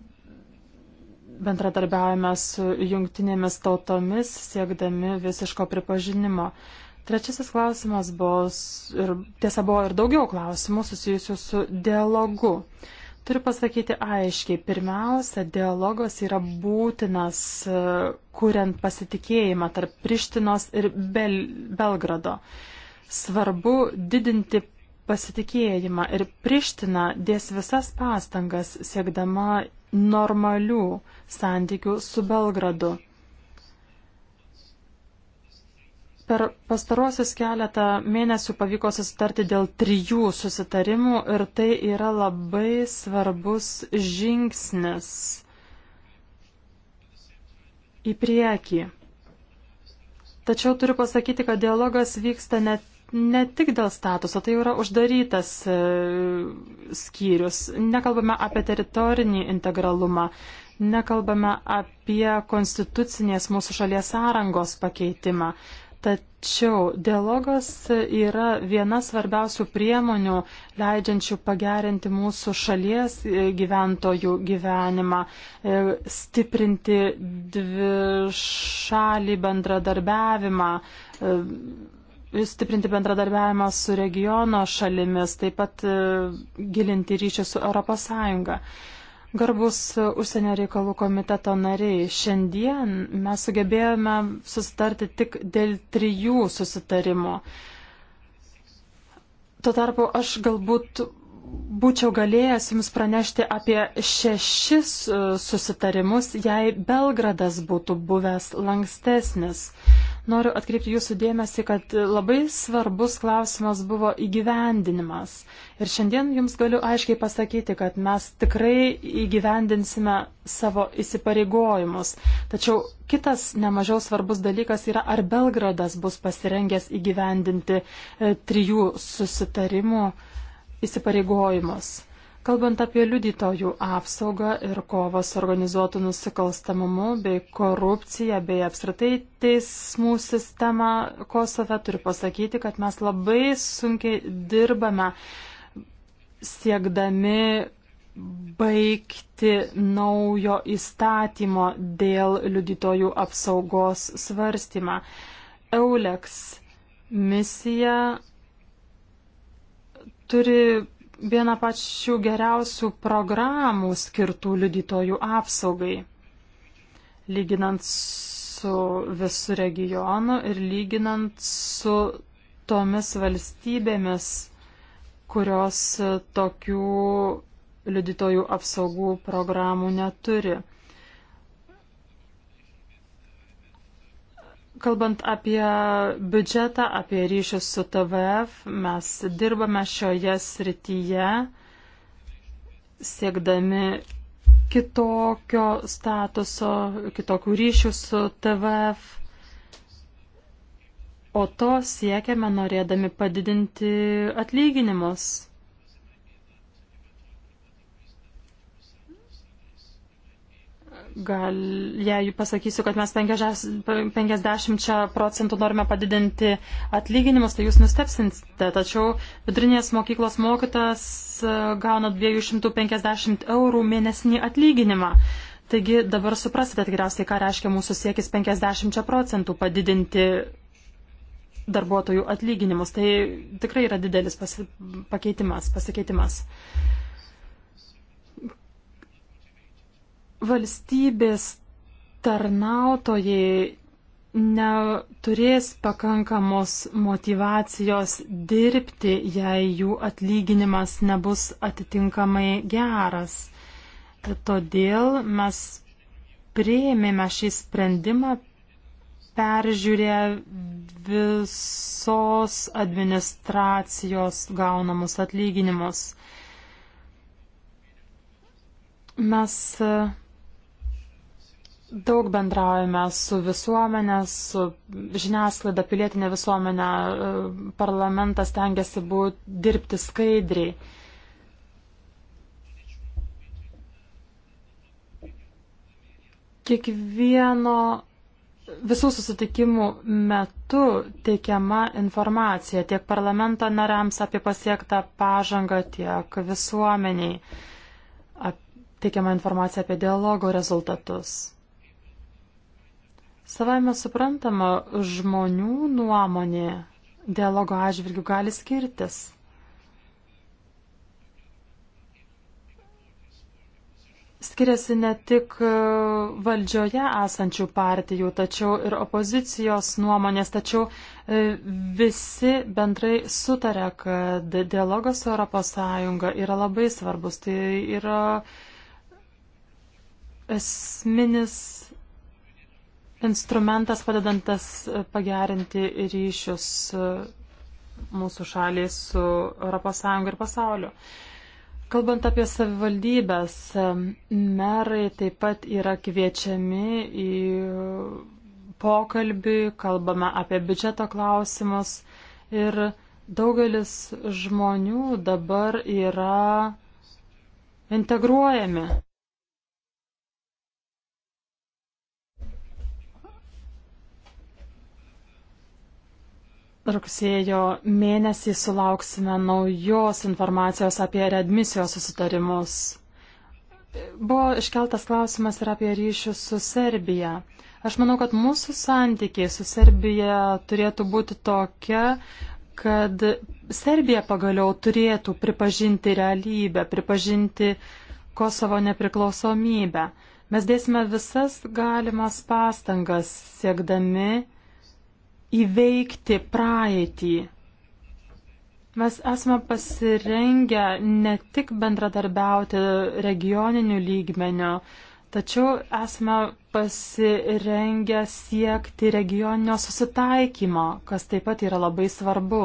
bendradarbiaujame su jungtinėmis tautomis, siekdami visiško pripažinimo. Trečiasis klausimas buvo, ir, tiesa buvo ir daugiau klausimų susijusių su dialogu. Turiu pasakyti aiškiai, pirmiausia, dialogas yra būtinas, e, kuriant pasitikėjimą tarp Prištinos ir Bel Belgrado. Svarbu didinti pasitikėjimą ir Priština dės visas pastangas siekdama normalių santykių su Belgradu. Per pastarosius keletą mėnesių pavyko susitarti dėl trijų susitarimų ir tai yra labai svarbus žingsnis į priekį. Tačiau turiu pasakyti, kad dialogas vyksta ne ne tik dėl statuso, tai yra uždarytas e, skyrius. Nekalbame apie teritorinį integralumą, nekalbame apie konstitucinės mūsų šalies sąrangos pakeitimą. Tačiau dialogas yra viena svarbiausių priemonių, leidžiančių pagerinti mūsų šalies e, gyventojų gyvenimą, e, stiprinti dvišalį bendradarbiavimą, stiprinti bendradarbiavimą su regiono šalimis, taip pat e, gilinti ryšį su ES. Garbus užsienio reikalų komiteto nariai, šiandien mes sugebėjome susitarti tik dėl trijų susitarimų. Tuo tarpu aš galbūt būčiau galėjęs Jums pranešti apie šešis e, susitarimus, jei Belgradas būtų buvęs lankstesnis. Noriu atkreipti jūsų dėmesį, kad labai svarbus klausimas buvo įgyvendinimas. Ir šiandien jums galiu aiškiai pasakyti, kad mes tikrai įgyvendinsime savo įsipareigojimus. Tačiau kitas nemažiau svarbus dalykas yra, ar Belgradas bus pasirengęs įgyvendinti e, trijų susitarimų įsipareigojimus. Kalbant apie liudytojų apsaugą ir kovą su organizuotu nusikalstamumu bei korupcija bei apskritai teismų sistema Kosove, turiu pasakyti, kad mes labai sunkiai dirbame siekdami baigti naujo įstatymo dėl liudytojų apsaugos svarstymą. Euleks misija turi viena pačių geriausių programų skirtų liudytojų apsaugai, lyginant su visu regionu ir lyginant su tomis valstybėmis, kurios tokių liudytojų apsaugų programų neturi. Kalbant apie biudžetą, apie ryšius su TVF, mes dirbame šioje srityje siekdami kitokio statuso, kitokių ryšių su TVF. O to siekiame norėdami padidinti atlyginimus. gal, jei pasakysiu, kad mes 50 procentų norime padidinti atlyginimus, tai jūs nustepsinsite. Tačiau vidurinės mokyklos mokytas e, gauna 250 eurų mėnesinį atlyginimą. Taigi dabar suprasite tikriausiai, ką reiškia mūsų siekis 50 procentų padidinti darbuotojų atlyginimus. Tai tikrai yra didelis pasi pakeitimas, pasikeitimas. valstybės tarnautojai neturės pakankamos motivacijos dirbti, jei jų atlyginimas nebus atitinkamai geras. Todėl mes prieimėme šį sprendimą peržiūrė visos administracijos gaunamus atlyginimus. Mes Daug bendraujame su visuomenė, su žiniasklaida, pilietinė visuomenė, e, parlamentas tengiasi būti dirbti skaidriai. Kiekvieno visų susitikimų metu teikiama informacija tiek parlamento nariams apie pasiektą pažangą, tiek visuomeniai teikiama informacija apie dialogo rezultatus. Savame suprantama, žmonių nuomonė dialogo atžvilgių gali skirtis. Skiriasi ne tik e, valdžioje esančių partijų, tačiau ir opozicijos nuomonės, tačiau e, visi bendrai sutarė, kad dialogas su ES yra labai svarbus. Tai yra esminis instrumentas padedantas e, pagerinti ryšius e, mūsų šaliai su ES ir pasauliu. Kalbant apie savivaldybės, e, merai taip pat yra kviečiami į pokalbį, kalbame apie biudžeto klausimus ir daugelis žmonių dabar yra integruojami. rugsėjo mėnesį sulauksime naujos informacijos apie readmisijos susitarimus. Buvo iškeltas klausimas ir apie ryšius su Serbija. Aš manau, kad mūsų santykiai su Serbija turėtų būti tokia, kad Serbija pagaliau turėtų pripažinti realybę, pripažinti Kosovo nepriklausomybę. Mes dėsime visas galimas pastangas siekdami įveikti praeitį. Mes esame pasirengę ne tik bendradarbiauti regioniniu lygmeniu, tačiau esame pasirengę siekti regioninio susitaikymo, kas taip pat yra labai svarbu.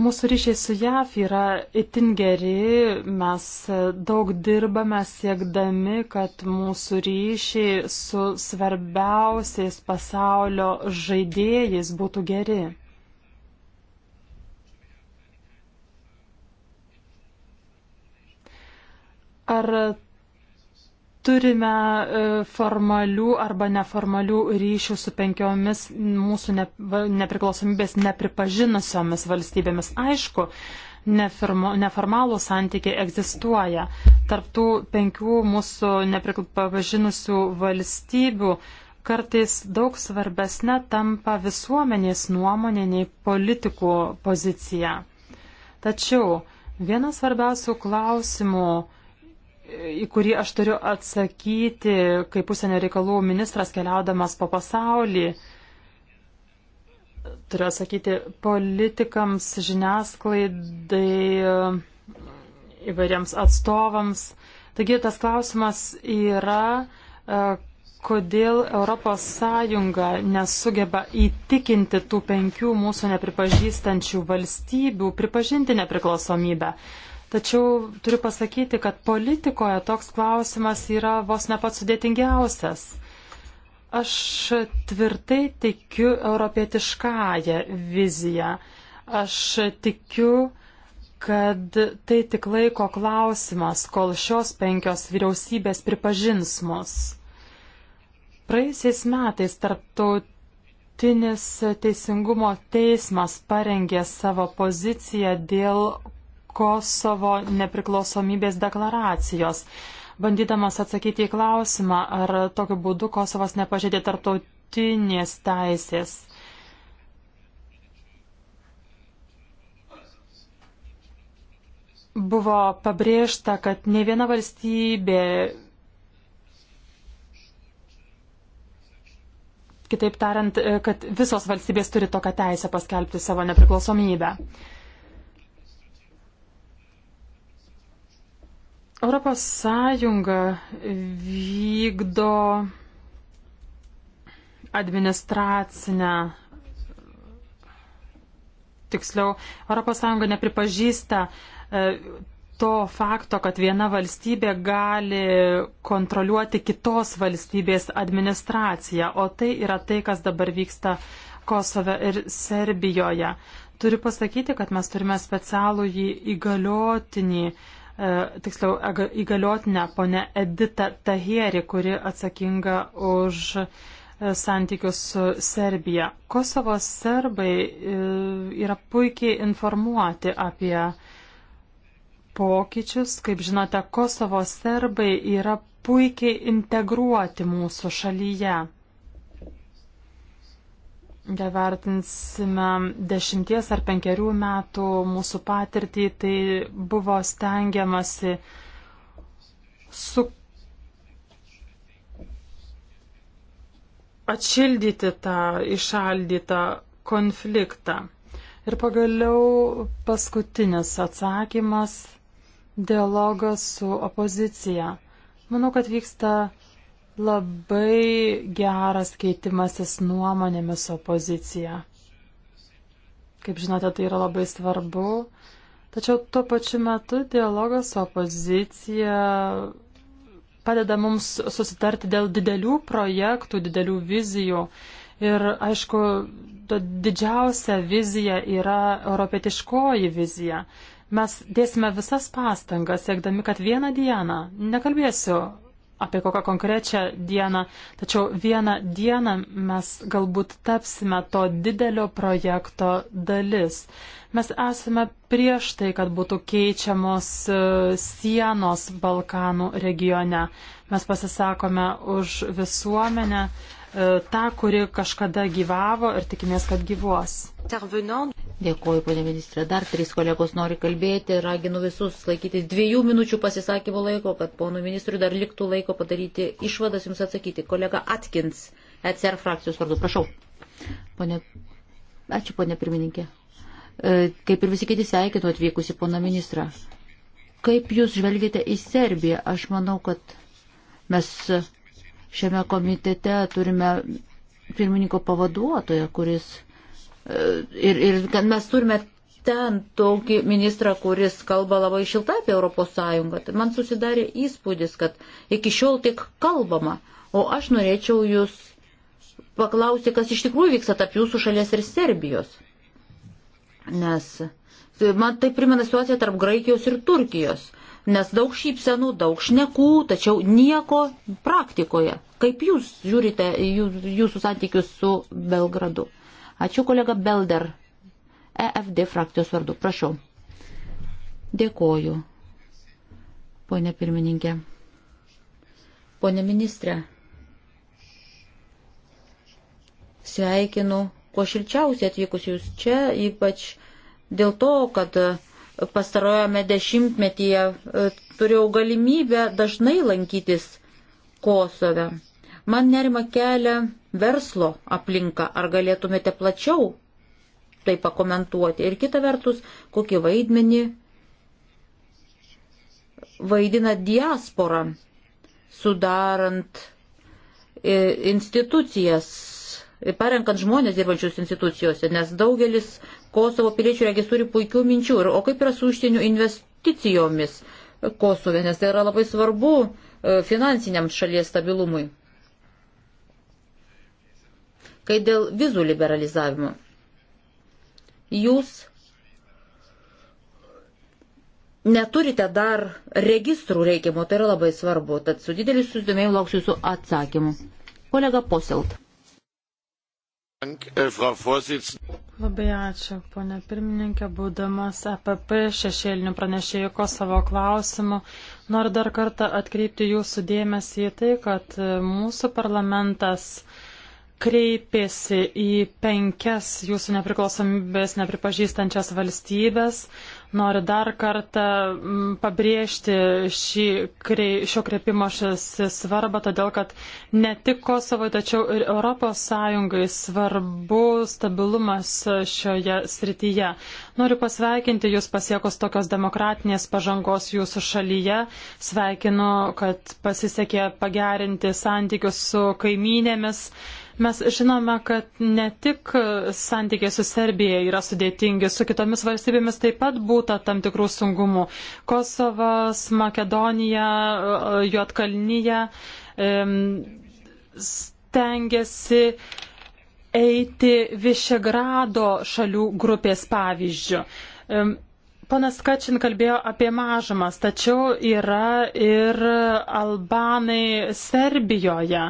Mūsų ryšiai su JAF yra itin geri, mes daug dirbame siekdami, kad mūsų ryšiai su svarbiausiais pasaulio žaidėjais būtų geri. Ar turime e, formalių arba neformalių ryšių su penkiomis mūsų nepriklausomybės nepripažinusiomis valstybėmis. Aišku, neformalų santykiai egzistuoja. Tarptų penkių mūsų nepripažinusių valstybių kartais daug svarbesnė tampa visuomenės nuomonė nei politikų pozicija. Tačiau vienas svarbiausių klausimų, į kurį aš turiu atsakyti kaip užsienio reikalų ministras keliaudamas po pasaulį. Turiu atsakyti politikams, žiniasklaidai, įvairiems atstovams. Taigi tas klausimas yra, e, kodėl ES nesugeba įtikinti tų penkių mūsų nepripažįstančių valstybių pripažinti nepriklausomybę. Tačiau turiu pasakyti, kad politikoje toks klausimas yra vos ne pats sudėtingiausias. Aš tvirtai tikiu europietiškąją viziją. Aš tikiu, kad tai tik laiko klausimas, kol šios penkios vyriausybės pripažins mus. Praėjusiais metais tarptautinis teisingumo teismas parengė savo poziciją dėl Kosovo nepriklausomybės deklaracijos. Bandydamas atsakyti į klausimą, ar tokiu būdu Kosovas nepažeidė tarptautinės teisės. Buvo pabrėžta, kad ne viena valstybė Kitaip tariant, kad visos valstybės turi tokią teisę paskelbti savo nepriklausomybę. Europos Sąjunga vykdo administracinę tiksliau, ES nepripažįsta e, to fakto, kad viena valstybė gali kontroliuoti kitos valstybės administraciją, o tai yra tai, kas dabar vyksta Kosove ir Serbijoje. Turiu pasakyti, kad mes turime specialų įgaliotinį E, tiksliau, įgaliotinę ponę Editą Tahierį, kuri atsakinga už e, santykius su Serbija. Kosovo serbai e, yra puikiai informuoti apie pokyčius. Kaip žinote, Kosovo serbai yra puikiai integruoti mūsų šalyje. Devertinsime dešimties ar penkerių metų mūsų patirtį, tai buvo stengiamasi su atšildyti tą išaldytą konfliktą. Ir pagaliau paskutinis atsakymas - dialogas su opozicija. Manau, kad vyksta labai geras keitimasis nuomonėmis opozicija. Kaip žinote, tai yra labai svarbu. Tačiau tuo pačiu metu dialogas su opozicija padeda mums susitarti dėl didelių projektų, didelių vizijų. Ir aišku, didžiausia vizija yra europietiškoji vizija. Mes dėsime visas pastangas, siekdami, kad vieną dieną, nekalbėsiu apie kokią konkrečią dieną, tačiau vieną dieną mes galbūt tapsime to didelio projekto dalis. Mes esame prieš tai, kad būtų keičiamos e, sienos Balkanų regione. Mes pasisakome už visuomenę E, tą, kuri kažkada gyvavo ir tikimės, kad gyvuos. Dėkuoju, ponė ministrė. Dar trys kolegos nori kalbėti. Raginu visus laikytis dviejų minučių pasisakymo laiko, kad ponų ministrui dar liktų laiko padaryti išvadas jums atsakyti. Kolega Atkins, ECR frakcijos vardu. Prašau. Pone... Ačiū, ponė pirmininkė. E, kaip ir visi kiti sveikinu atvykusi poną ministrą. Kaip jūs žvelgite į Serbiją? Aš manau, kad mes Šiame komitete turime pirmininko pavaduotoją, kuris. E, ir, ir kad mes turime ten tokį ministrą, kuris kalba labai šiltai apie Europos Sąjungą. Tai man susidarė įspūdis, kad iki šiol tik kalbama. O aš norėčiau jūs paklausti, kas iš tikrųjų vyksta tarp jūsų šalies ir Serbijos. Nes man tai primena situaciją tarp Graikijos ir Turkijos nes daug šypsenų, daug šnekų, tačiau nieko praktikoje. Kaip jūs žiūrite jūsų santykius su Belgradu? Ačiū kolega Belder, EFD frakcijos vardu. Prašau. Dėkoju, ponė pirmininkė. Pone ministrė, sveikinu kuo šilčiausiai atvykus jūs čia, ypač dėl to, kad uh, pastarojame dešimtmetyje e, turėjau galimybę dažnai lankytis Kosove. Man nerima kelia verslo aplinka. Ar galėtumėte plačiau tai pakomentuoti? Ir kita vertus, kokį vaidmenį vaidina diaspora, sudarant e, institucijas, parenkant žmonės dirbančius institucijose, nes daugelis Kosovo piliečių regis turi puikių minčių. Ir, o kaip yra su užsienio investicijomis Kosove, nes tai yra labai svarbu e, finansiniam šalies stabilumui. Kai dėl vizų liberalizavimo. Jūs neturite dar registrų reikiamo, tai yra labai svarbu. Tad su dideliu susidomėjimu lauksiu jūsų atsakymų. Kolega Poselt. Äh, Labai ačiū, ponė pirmininkė, būdamas APP e šešėlinių pranešėjų Kosovo klausimų. Noriu dar kartą atkreipti jūsų dėmesį į tai, kad mūsų parlamentas kreipėsi į penkias jūsų nepriklausomybės nepripažįstančias valstybės, Noriu dar kartą mm, pabrėžti šį, šio kreipimošio svarbą, todėl kad ne tik Kosovo, tačiau ir ES svarbu stabilumas šioje srityje. Noriu pasveikinti Jūs pasiekus tokios demokratinės pažangos Jūsų šalyje. Sveikinu, kad pasisekė pagerinti santykius su kaimynėmis. Mes žinome, kad ne tik santykiai su Serbija yra sudėtingi, su kitomis valstybėmis taip pat būta tam tikrų sungumų. Kosovas, Makedonija, Juotkalnyje stengiasi eiti Višegrado šalių grupės pavyzdžių. Ponas Kačin kalbėjo apie mažumas, tačiau yra ir albanai Serbijoje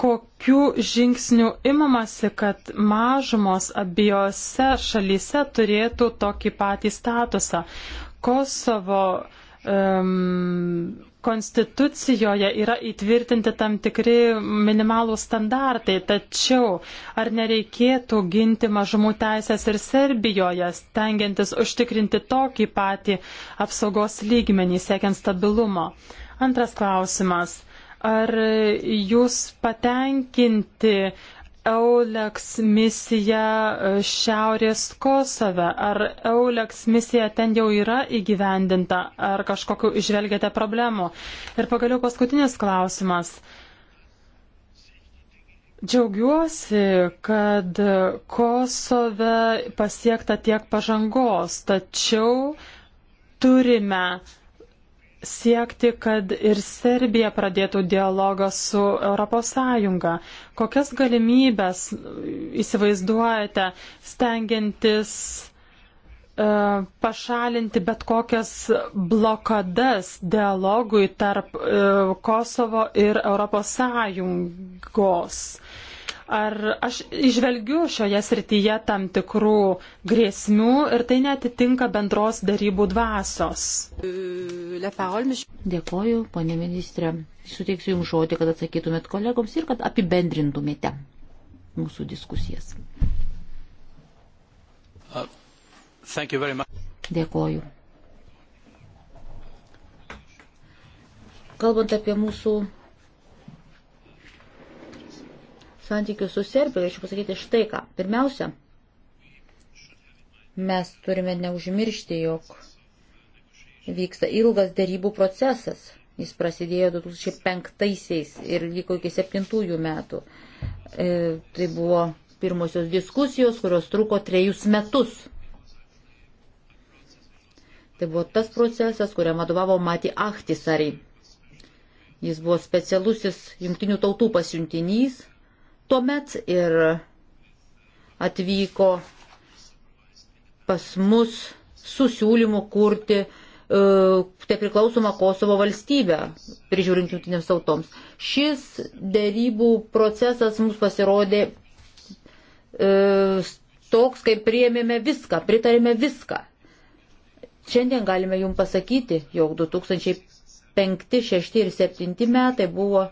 kokių žingsnių imamasi, kad mažumos abiejose šalyse turėtų tokį patį statusą. Kosovo um, konstitucijoje yra įtvirtinti tam tikri minimalų standartai, tačiau ar nereikėtų ginti mažumų teisės ir Serbijoje, stengiantis užtikrinti tokį patį apsaugos lygmenį, siekiant stabilumo? Antras klausimas. Ar jūs patenkinti Euleks misija e, Šiaurės Kosove? Ar Euleks misija ten jau yra įgyvendinta? Ar kažkokiu išvelgiate problemų? Ir pagaliau paskutinis klausimas. Džiaugiuosi, kad Kosove pasiekta tiek pažangos, tačiau turime siekti, kad ir Serbija pradėtų dialogą su ES. Kokias galimybės įsivaizduojate stengiantis e, pašalinti bet kokias blokadas dialogui tarp e, Kosovo ir ES? Ar aš išvelgiu šioje srityje tam tikrų grėsmių ir tai netitinka bendros darybų dvasios? Dėkoju, ponė ministrė. Suteiksiu Jums žodį, kad atsakytumėt kolegoms ir kad apibendrintumėte mūsų diskusijas. Uh, Dėkoju. Kalbant apie mūsų santykių su Serbija, galėčiau pasakyti štai ką. Pirmiausia, mes turime neužmiršti, jog vyksta ilgas dėrybų procesas. Jis prasidėjo 2005-aisiais ir vyko iki 7-ųjų metų. E, tai buvo pirmosios diskusijos, kurios truko trejus metus. Tai buvo tas procesas, kuriam vadovavo Mati Ahtisari. Jis buvo specialusis jungtinių tautų pasiuntinys Tuomet ir atvyko pas mus su siūlymu kurti e, tai priklausoma Kosovo valstybė, prižiūrint jungtinėms tautoms. Šis dėrybų procesas mums pasirodė e, toks, kaip priėmėme viską, pritarėme viską. Šiandien galime jums pasakyti, jog 2005, 2006 ir 2007 metai buvo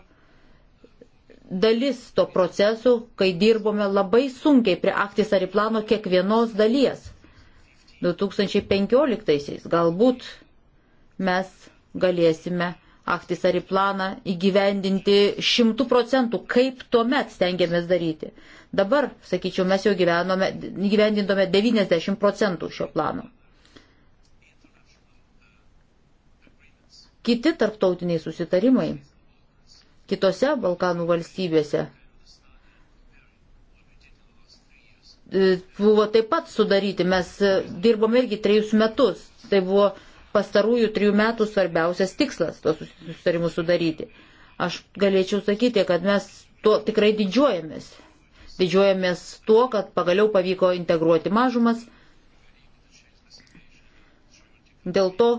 dalis to procesų, kai dirbome labai sunkiai prie aktis ar į plano kiekvienos dalies. 2015-aisiais galbūt mes galėsime aktis ar į planą įgyvendinti šimtų procentų, kaip tuomet stengiamės daryti. Dabar, sakyčiau, mes jau gyvenome, gyvendindome 90 procentų šio plano. Kiti tarptautiniai susitarimai kitose Balkanų valstybėse e, buvo taip pat sudaryti. Mes dirbome irgi trejus metus. Tai buvo pastarųjų trijų metų svarbiausias tikslas tuos susitarimus sudaryti. Aš galėčiau sakyti, kad mes tuo tikrai didžiuojamės. Didžiuojamės tuo, kad pagaliau pavyko integruoti mažumas. Dėl to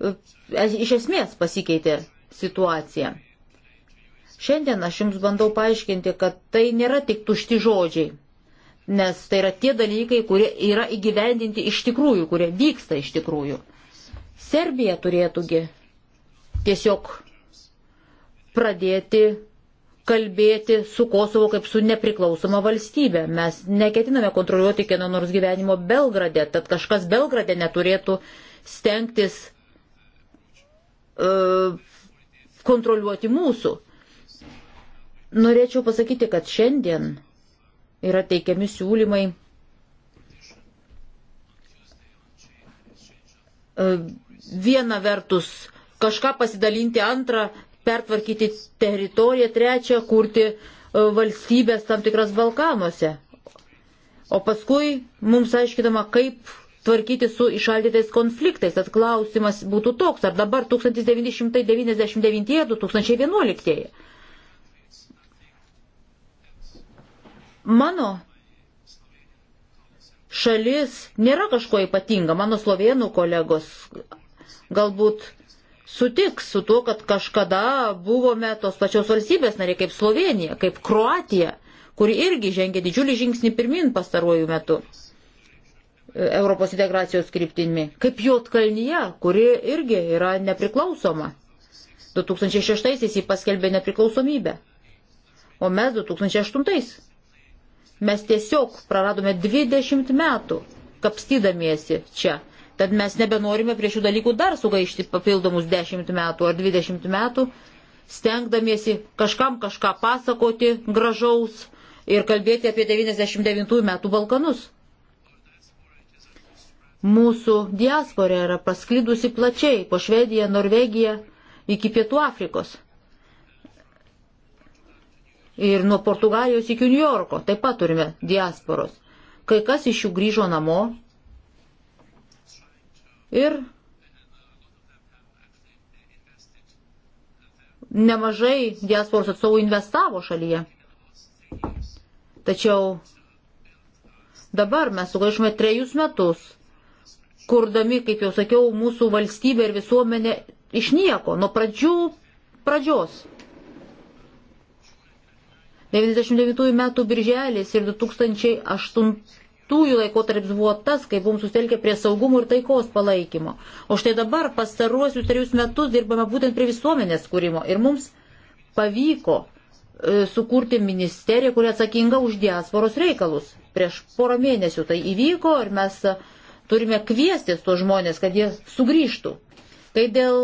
e, iš esmės pasikeitė situacija. Šiandien aš jums bandau paaiškinti, kad tai nėra tik tušti žodžiai, nes tai yra tie dalykai, kurie yra įgyvendinti iš tikrųjų, kurie vyksta iš tikrųjų. Serbija turėtųgi tiesiog pradėti kalbėti su Kosovo kaip su nepriklausoma valstybė. Mes neketiname kontroliuoti kieno nors gyvenimo Belgrade, tad kažkas Belgrade neturėtų stengtis uh, kontroliuoti mūsų. Norėčiau pasakyti, kad šiandien yra teikiami siūlymai e, viena vertus kažką pasidalinti, antrą pertvarkyti teritoriją, trečią kurti e, valstybės tam tikras Balkanuose. O paskui mums aiškinama, kaip tvarkyti su išaldytais konfliktais. Tad klausimas būtų toks, ar dabar 1999-2011 Mano šalis nėra kažko ypatinga. Mano slovėnų kolegos galbūt sutiks su tuo, kad kažkada buvome tos pačios valstybės nariai kaip Slovenija, kaip Kroatija, kuri irgi žengė didžiulį žingsnį pirmin pastaruoju metu. Europos integracijos kryptimi, kaip Jotkalnyje, kuri irgi yra nepriklausoma. 2006-aisiais jį paskelbė nepriklausomybę, o mes 2008-aisiais. Mes tiesiog praradome 20 metų kapstydamiesi čia. Tad mes nebenorime prie šių dalykų dar sugaišti papildomus 10 metų ar 20 metų, stengdamiesi kažkam kažką pasakoti gražaus ir kalbėti apie 99 metų Balkanus. Mūsų diaspora yra pasklydusi plačiai po Švediją, Norvegiją iki Pietų Afrikos ir nuo Portugalijos iki New Yorko taip pat turime diasporos. Kai kas iš jų grįžo namo ir nemažai diasporos atstovų investavo šalyje. Tačiau dabar mes sugaišome trejus metus, kurdami, kaip jau sakiau, mūsų valstybę ir visuomenę iš nieko, nuo pradžių pradžios. 99 metų birželis ir 2008 laikotarpis buvo tas, kai buvom susitelkę prie saugumo ir taikos palaikymo. O štai dabar pastaruosius trejus metus dirbame būtent prie visuomenės kūrimo ir mums pavyko e, sukurti ministeriją, kuri atsakinga už diasporos reikalus. Prieš porą mėnesių tai įvyko ir mes e, turime kviestis tuos žmonės, kad jie sugrįžtų. Tai dėl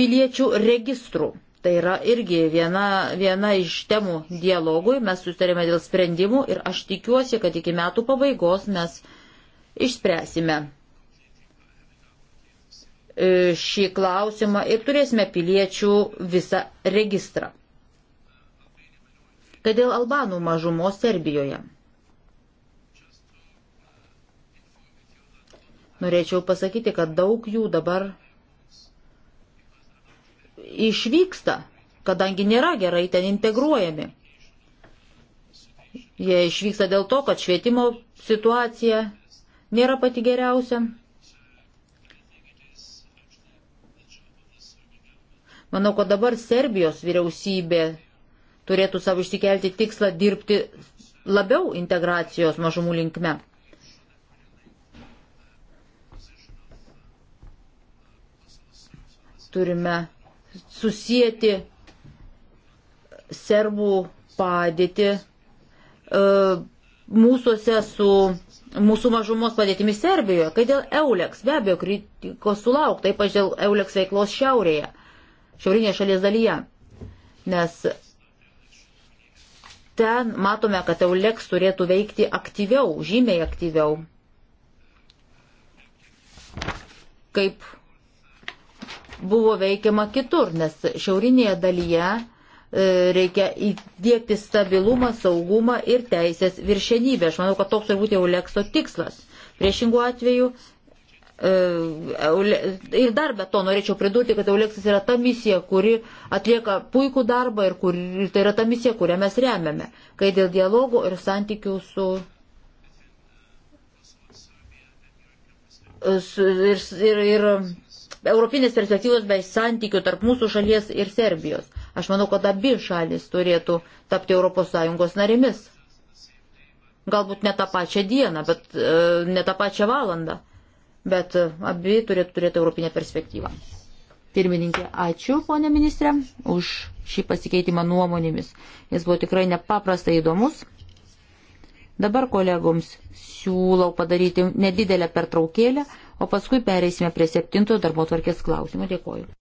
piliečių registrų. Tai yra irgi viena, viena iš temų dialogui, mes sustarėme dėl sprendimų ir aš tikiuosi, kad iki metų pabaigos mes išspręsime e, šį klausimą ir turėsime piliečių visą registrą. Kad dėl albanų mažumos Serbijoje. Norėčiau pasakyti, kad daug jų dabar išvyksta, kadangi nėra gerai ten integruojami. Jie išvyksta dėl to, kad švietimo situacija nėra pati geriausia. Manau, kad dabar Serbijos vyriausybė turėtų savo išsikelti tikslą dirbti labiau integracijos mažumų linkme. Turime susijęti serbų padėtį e, mūsųse su mūsų mažumos padėtimi Serbijoje, kai dėl Euleks, be abejo, kritikos sulaukta, ypač dėl Euleks veiklos šiaurėje, šiaurinėje šalies dalyje. Nes ten matome, kad Euleks turėtų veikti aktyviau, žymiai aktyviau. Kaip buvo veikiama kitur, nes šiaurinėje dalyje e, reikia įdėkti stabilumą, saugumą ir teisės viršenybę. Aš manau, kad toks turbūt jau lekso tikslas. Priešingų atveju e, ir dar be to norėčiau pridurti, kad Euleksas yra ta misija, kuri atlieka puikų darbą ir, kur, ir tai yra ta misija, kurią mes remiame, kai dėl dialogų ir santykių su, e, su ir, ir, ir europinės perspektyvos bei santykių tarp mūsų šalies ir Serbijos. Aš manau, kad abi šalis turėtų tapti ES narėmis. Galbūt ne tą pačią dieną, bet e, ne tą pačią valandą. Bet e, abi turėtų turėti europinę perspektyvą. Pirmininkė, ačiū, ponė ministrė, už šį pasikeitimą nuomonėmis. Jis buvo tikrai nepaprastai įdomus. Dabar kolegoms siūlau padaryti nedidelę pertraukėlę o paskui pereisime prie septintojo darbo tvarkės klausimų. Dėkoju.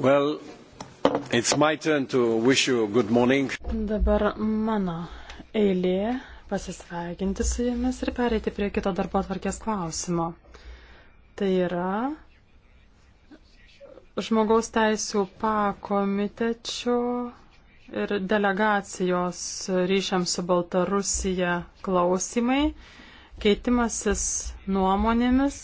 Well, it's my turn to wish you good morning. Dabar mano eilė pasisveikinti su jumis ir pereiti prie kito darbo atvarkės klausimo. Tai yra žmogaus teisų pakomitečio ir delegacijos ryšiams su Baltarusija klausimai, keitimasis nuomonėmis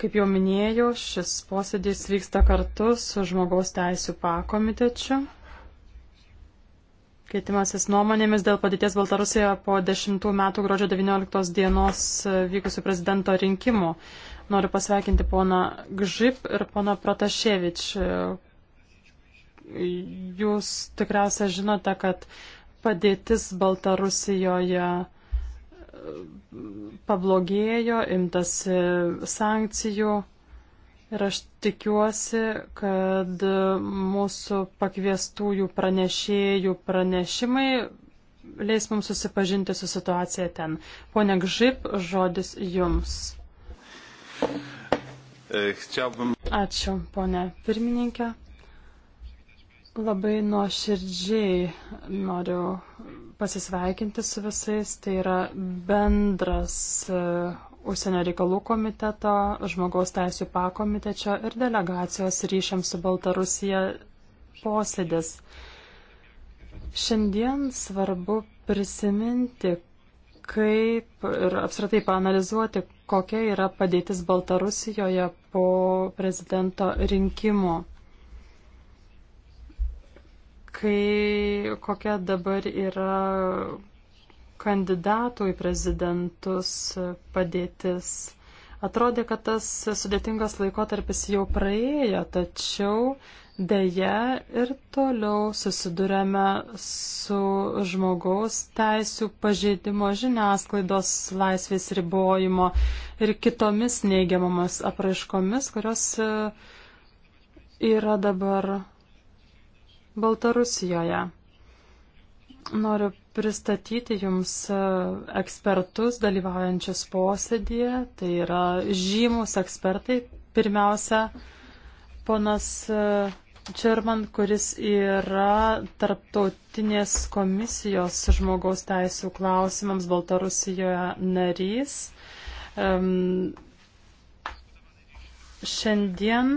Kaip jau minėjau, šis posėdis vyksta kartu su žmogaus teisų pakomitečiu. Keitimasis nuomonėmis dėl padėties Baltarusijoje po 10 metų gruodžio 19 dienos vykusių prezidento rinkimų. Noriu pasveikinti poną Gžip ir poną Protaševič. Jūs tikriausiai žinote, kad padėtis Baltarusijoje pablogėjo, imtasi e, sankcijų. Ir aš tikiuosi, kad mūsų pakviestųjų pranešėjų pranešimai leis mums susipažinti su situacija ten. Pone Gžip, žodis jums. E, Ačiū, ponė pirmininkė. Labai nuoširdžiai noriu pasisveikinti su visais. Tai yra bendras e, Užsienio reikalų komiteto, žmogaus teisų pakomitečio ir delegacijos ryšiams su Baltarusija posėdis. Šiandien svarbu prisiminti, kaip ir apsratai paanalizuoti, kokia yra padėtis Baltarusijoje po prezidento rinkimų kai kokia dabar yra kandidatų į prezidentus padėtis. Atrodė, kad tas sudėtingas laikotarpis jau praėjo, tačiau dėja ir toliau susidurėme su žmogaus teisų pažeidimo žiniasklaidos laisvės ribojimo ir kitomis neigiamomis apraiškomis, kurios e, yra dabar Baltarusijoje. Noriu pristatyti Jums e, ekspertus dalyvaujančius posėdėje. Tai yra žymus ekspertai. Pirmiausia, ponas e, Čerman, kuris yra tarptautinės komisijos žmogaus teisų klausimams Baltarusijoje narys. Um, šiandien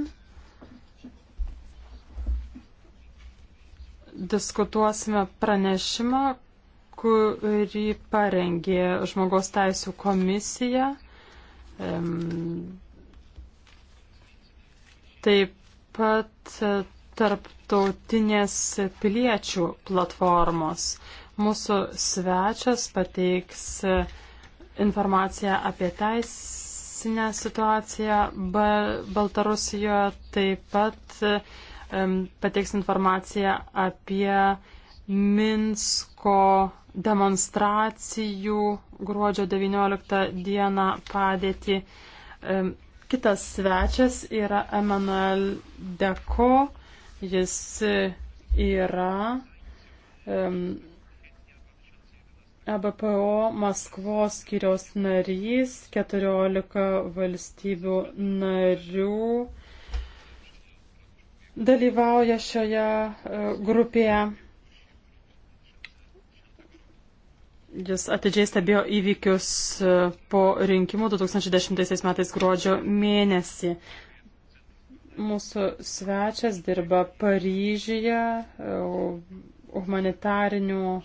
diskutuosime pranešimą, kurį parengė žmogaus teisų komisija. Taip pat tarptautinės piliečių platformos. Mūsų svečias pateiks informaciją apie teisinę situaciją Baltarusijoje, taip pat pateiks informaciją apie Minsko demonstracijų gruodžio 19 dieną padėtį. Kitas svečias yra Emanuel Deko. Jis yra um, ABPO e Maskvos skyriaus narys, 14 valstybių narių dalyvauja šioje e, grupėje. Jis atidžiai stebėjo įvykius e, po rinkimų 2010 metais gruodžio mėnesį. Mūsų svečias dirba Paryžyje e, humanitarinių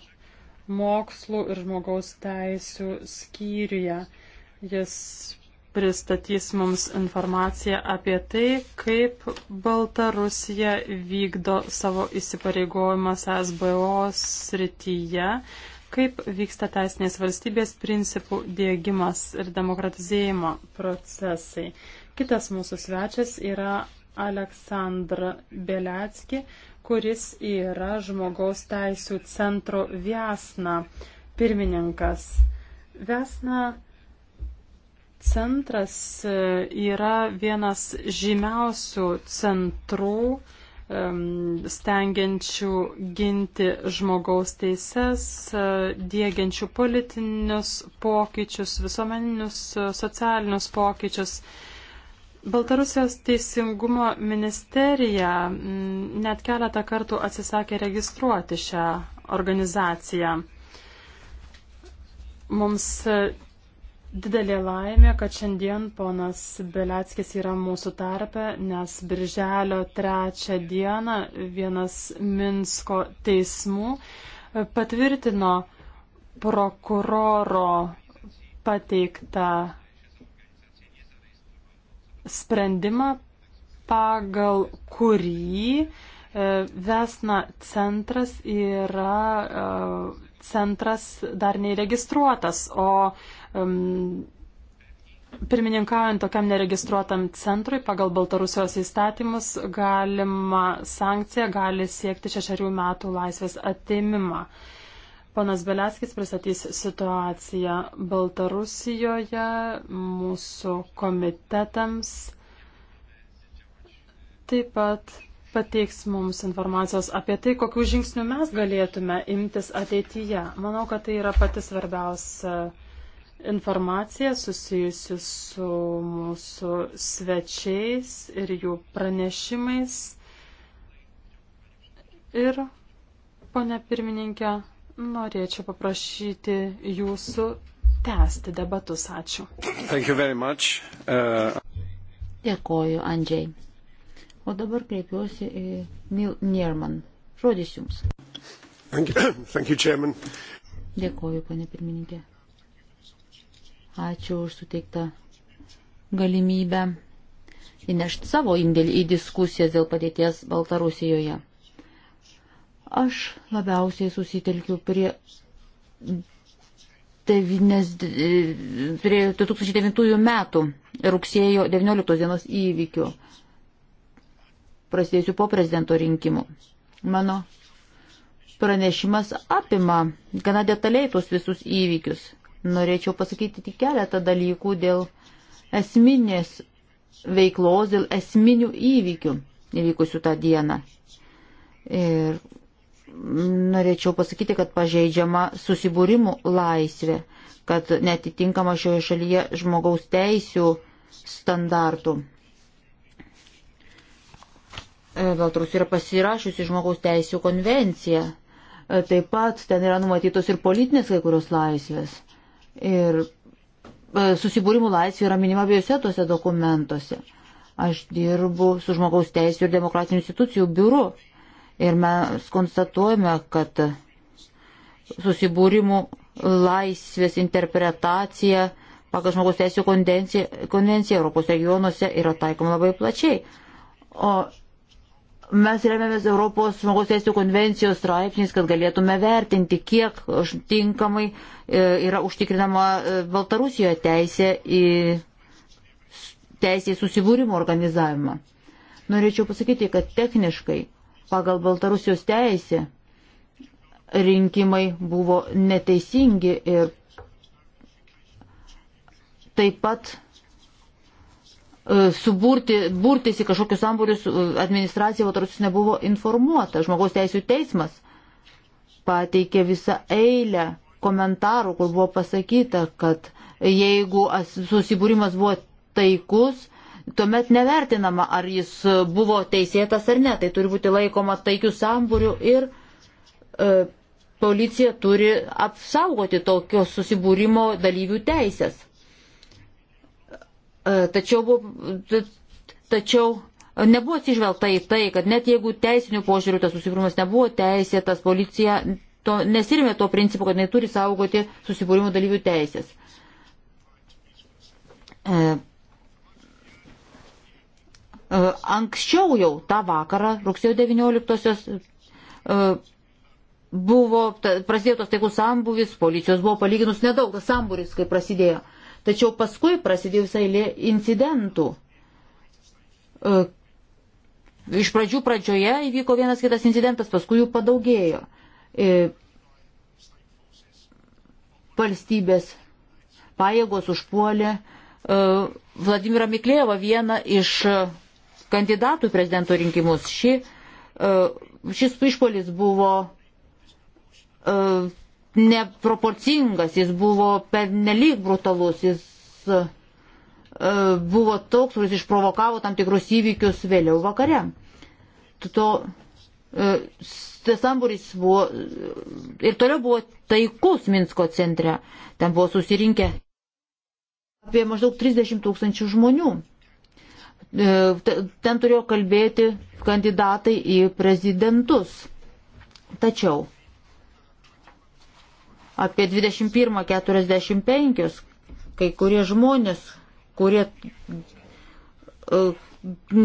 mokslų ir žmogaus teisų skyriuje. Jis pristatys mums informaciją apie tai, kaip Baltarusija vykdo savo įsipareigojimas SBO srityje, kaip vyksta teisinės valstybės principų dėgymas ir demokratizėjimo procesai. Kitas mūsų svečias yra Aleksandra Belecki, kuris yra žmogaus teisų centro Viesna pirmininkas. Vesna centras e, yra vienas žymiausių centrų stengiančių ginti žmogaus teises, e, dėgiančių politinius pokyčius, visuomeninius e, socialinius pokyčius. Baltarusijos teisingumo ministerija net keletą kartų atsisakė registruoti šią organizaciją. Mums Didelė laimė, kad šiandien ponas Beleckis yra mūsų tarpe, nes birželio trečią dieną vienas Minsko teismų e, patvirtino prokuroro pateiktą sprendimą, pagal kurį e, Vesna centras yra e, centras dar neįregistruotas, o um, Pirmininkaujant tokiam neregistruotam centrui pagal Baltarusijos įstatymus galima sankcija gali siekti šešerių metų laisvės atimimą. Ponas Beleskis pristatys situaciją Baltarusijoje mūsų komitetams. Taip pat pateiks mums informacijos apie tai, kokių žingsnių mes galėtume imtis ateityje. Manau, kad tai yra pati svarbiausia informaciją susijusi su mūsų svečiais ir jų pranešimais. Ir, ponia pirmininkė, norėčiau paprašyti jūsų tęsti debatus. Ačiū. Uh... Dėkoju, Andžiai. O dabar kreipiuosi į Mil Nierman. Žodis jums. Thank you. Thank you, chairman. Dėkoju, ponė pirmininkė. Ačiū už suteiktą galimybę įnešti savo indėlį į diskusijas dėl padėties Baltarusijoje. Aš labiausiai susitelkiu prie, 9, prie 2009 metų rugsėjo 19 dienos įvykių, prasidėjusių po prezidento rinkimų. Mano pranešimas apima gana detaliai tuos visus įvykius. Norėčiau pasakyti tik keletą dalykų dėl esminės veiklos, dėl esminių įvykių įvykusių tą dieną. Ir norėčiau pasakyti, kad pažeidžiama susibūrimų laisvė, kad netitinkama šioje šalyje žmogaus teisių standartų. E, Baltarusija yra pasirašusi žmogaus teisų konvenciją. E, Taip pat ten yra numatytos ir politinės kai kurios laisvės. Ir e, susibūrimų laisvė yra minima abiejose tuose dokumentuose. Aš dirbu su žmogaus teisų ir demokratinių institucijų biuru ir mes konstatuojame, kad susibūrimų laisvės interpretacija pagal žmogaus teisų konvenciją, konvenciją Europos regionuose yra taikoma labai plačiai. O Mes remiamės Europos žmogaus teisų konvencijos straipsniais, kad galėtume vertinti, kiek tinkamai e, yra užtikrinama e, Baltarusijoje teisė į teisė į susibūrimo organizavimą. Norėčiau pasakyti, kad techniškai pagal Baltarusijos teisę rinkimai buvo neteisingi ir taip pat suburti, burtis į kažkokius sambūrius e, administracija Baltarusijos nebuvo informuota. Žmogaus teisų teismas pateikė visą eilę komentarų, kur buvo pasakyta, kad jeigu susibūrimas buvo taikus, tuomet nevertinama, ar jis buvo teisėtas ar ne. Tai turi būti laikoma taikių sambūrių ir e, policija turi apsaugoti tokio susibūrimo dalyvių teisės. E, tačiau, buvo, tačiau nebuvo atsižvelgta į tai, kad net jeigu teisinių požiūrių tas susibūrimas nebuvo teisėtas, policija to, nesirimė to principu, kad jinai turi saugoti susibūrimo dalyvių teisės. E, e Anksčiau jau tą vakarą, rugsėjo 19-osios, e, buvo, prasidėjo tos taikus sambuvis, policijos buvo palyginus nedaug, tas samburis, kai prasidėjo. Tačiau paskui prasidėjo visai lė incidentų. E, iš pradžių pradžioje įvyko vienas kitas incidentas, paskui jų padaugėjo. E, valstybės pajėgos užpuolė e, Vladimirą Miklėjevą, vieną iš kandidatų prezidento rinkimus. Ši, šis išpolis buvo neproporcingas, jis buvo pernelyg brutalus, jis e, e, buvo toks, kuris išprovokavo tam tikrus įvykius vėliau vakare. To, e, tas sambūris buvo ir toliau buvo taikus Minsko centre. Ten buvo susirinkę apie maždaug 30 tūkstančių žmonių. E, ten turėjo kalbėti kandidatai į prezidentus. Tačiau apie 21.45, kai kurie žmonės, kurie e,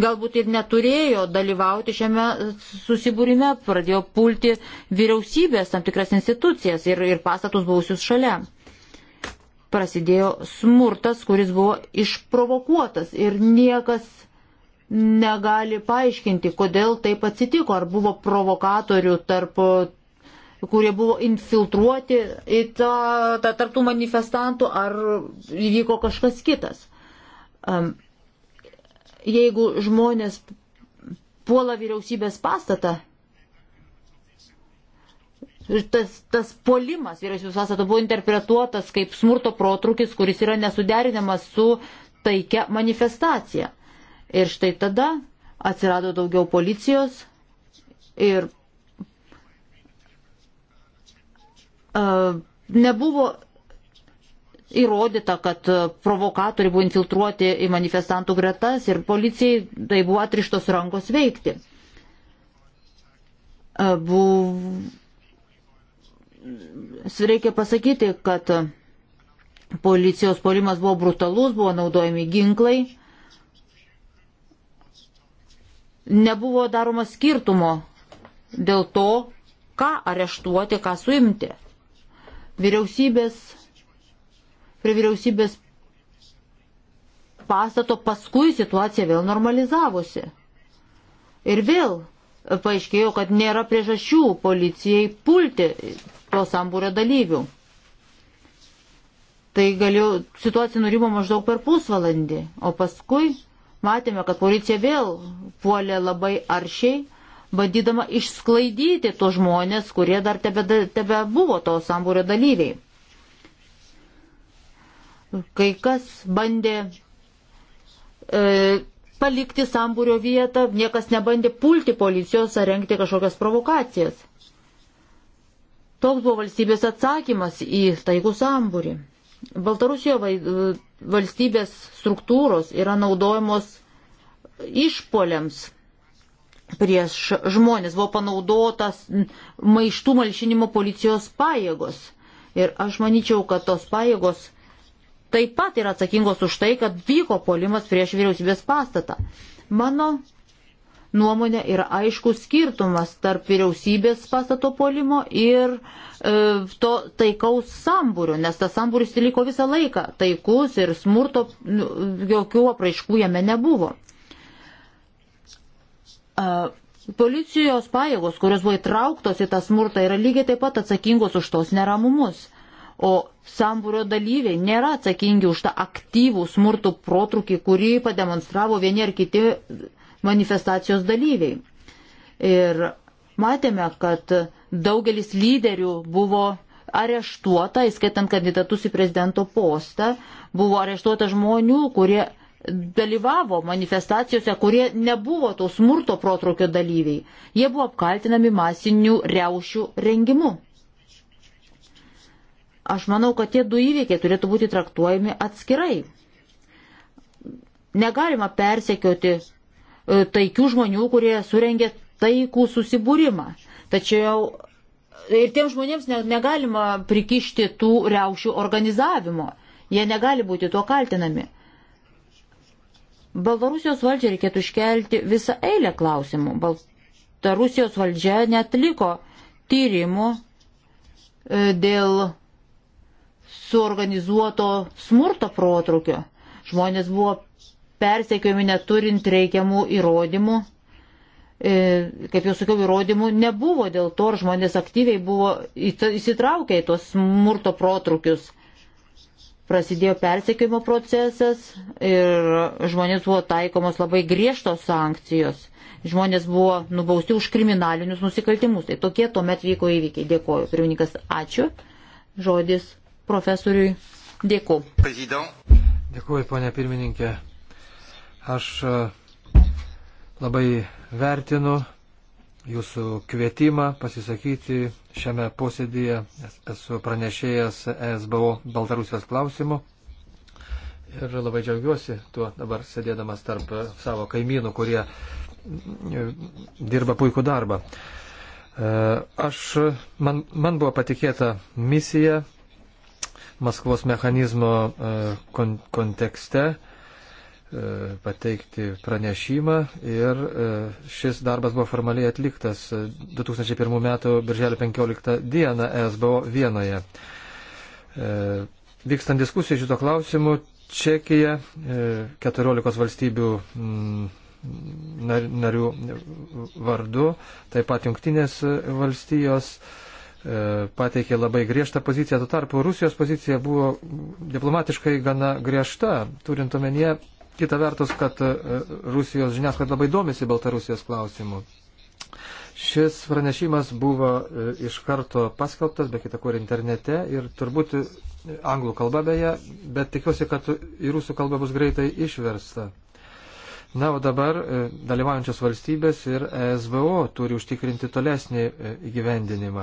galbūt ir neturėjo dalyvauti šiame susibūrime, pradėjo pulti vyriausybės, tam tikras institucijas ir, ir pastatus buvusius šalia. Prasidėjo smurtas, kuris buvo išprovokuotas ir niekas negali paaiškinti, kodėl taip atsitiko, ar buvo provokatorių tarp kurie buvo infiltruoti į tą, tą tarptų manifestantų, ar įvyko kažkas kitas. Jeigu žmonės puola vyriausybės pastatą, tas, tas puolimas vyriausybės pastato buvo interpretuotas kaip smurto protrukis, kuris yra nesuderinamas su taikia manifestacija. Ir štai tada atsirado daugiau policijos ir Nebuvo įrodyta, kad provokatoriai buvo infiltruoti į manifestantų gretas ir policijai tai buvo atrištos rankos veikti. Buvo... Reikia pasakyti, kad policijos polimas buvo brutalus, buvo naudojami ginklai. Nebuvo daroma skirtumo dėl to, ką areštuoti, ką suimti vyriausybės, prie vyriausybės pastato paskui situacija vėl normalizavosi. Ir vėl paaiškėjo, kad nėra priežasčių policijai pulti to sambūrio dalyvių. Tai galėjo, situacija nurimo maždaug per pusvalandį, o paskui matėme, kad policija vėl puolė labai aršiai bandydama išsklaidyti tos žmonės, kurie dar tebe, tebe buvo to sambūrio dalyviai. Kai kas bandė e, palikti sambūrio vietą, niekas nebandė pulti policijos ar renkti kažkokias provokacijas. Toks buvo valstybės atsakymas į taigų sambūrį. Baltarusijoje e, valstybės struktūros yra naudojamos išpoliams prieš žmonės, buvo panaudotas maištų malšinimo policijos pajėgos. Ir aš manyčiau, kad tos pajėgos taip pat yra atsakingos už tai, kad vyko polimas prieš vyriausybės pastatą. Mano nuomonė yra aiškus skirtumas tarp vyriausybės pastato polimo ir e, to taikaus sambūrio, nes tas sambūris liko visą laiką taikus ir smurto nu, jokių apraiškų jame nebuvo. Policijos pajėgos, kurios buvo įtrauktos į tą smurtą, yra lygiai taip pat atsakingos už tos neramumus. O sambūrio dalyviai nėra atsakingi už tą aktyvų smurtų protrukį, kurį pademonstravo vieni ar kiti manifestacijos dalyviai. Ir matėme, kad daugelis lyderių buvo areštuota, įskaitant kandidatus į prezidento postą, buvo areštuota žmonių, kurie dalyvavo manifestacijose, kurie nebuvo to smurto protrukio dalyviai. Jie buvo apkaltinami masinių reušių rengimu. Aš manau, kad tie du įvykiai turėtų būti traktuojami atskirai. Negalima persekioti e, taikių žmonių, kurie surengė taikų susibūrimą. Tačiau ir tiem žmonėms negalima prikišti tų reušių organizavimo. Jie negali būti tuo kaltinami. Baltarusijos valdžia reikėtų iškelti visą eilę klausimų. Baltarusijos valdžia netliko tyrimų e, dėl suorganizuoto smurto protrukio. Žmonės buvo persekiojami neturint reikiamų įrodymų. E, kaip jau sakiau, įrodymų nebuvo dėl to, ar žmonės aktyviai buvo įsitraukę į tos smurto protrukius prasidėjo persekiojimo procesas ir žmonės buvo taikomos labai griežtos sankcijos. Žmonės buvo nubausti už kriminalinius nusikaltimus. Tai tokie tuomet vyko įvykiai. Dėkoju. Pirmininkas, ačiū. Žodis profesoriui Dėku. Dėkuoju, ponė pirmininkė. Aš e, labai vertinu jūsų kvietimą pasisakyti šiame posėdėje. Esu pranešėjęs ESBO Baltarusijos klausimu. Ir labai džiaugiuosi tuo dabar sėdėdamas tarp savo kaimynų, kurie dirba puikų darbą. E, aš, man, man buvo patikėta misija Maskvos mechanizmo e, kon, kontekste E, pateikti pranešimą ir e, šis darbas buvo formaliai atliktas 2001 e, m. birželio 15 d. SBO Vienoje. Vykstant diskusijai šito klausimu, Čekija 14 valstybių mm, narių vardu, taip pat jungtinės valstijos pateikė labai griežtą poziciją. Tuo tarpu Rusijos pozicija buvo diplomatiškai gana griežta, turint omenyje kita vertus, kad e, Rusijos žiniasklaida labai domisi Baltarusijos klausimu. Šis pranešimas buvo e, iš karto paskelbtas, be kita kur internete ir turbūt e, anglų kalba beje, bet tikiuosi, kad į rusų kalbą bus greitai išversta. Na, o dabar dalyvaujančios valstybės ir ESVO turi užtikrinti tolesnį įgyvendinimą.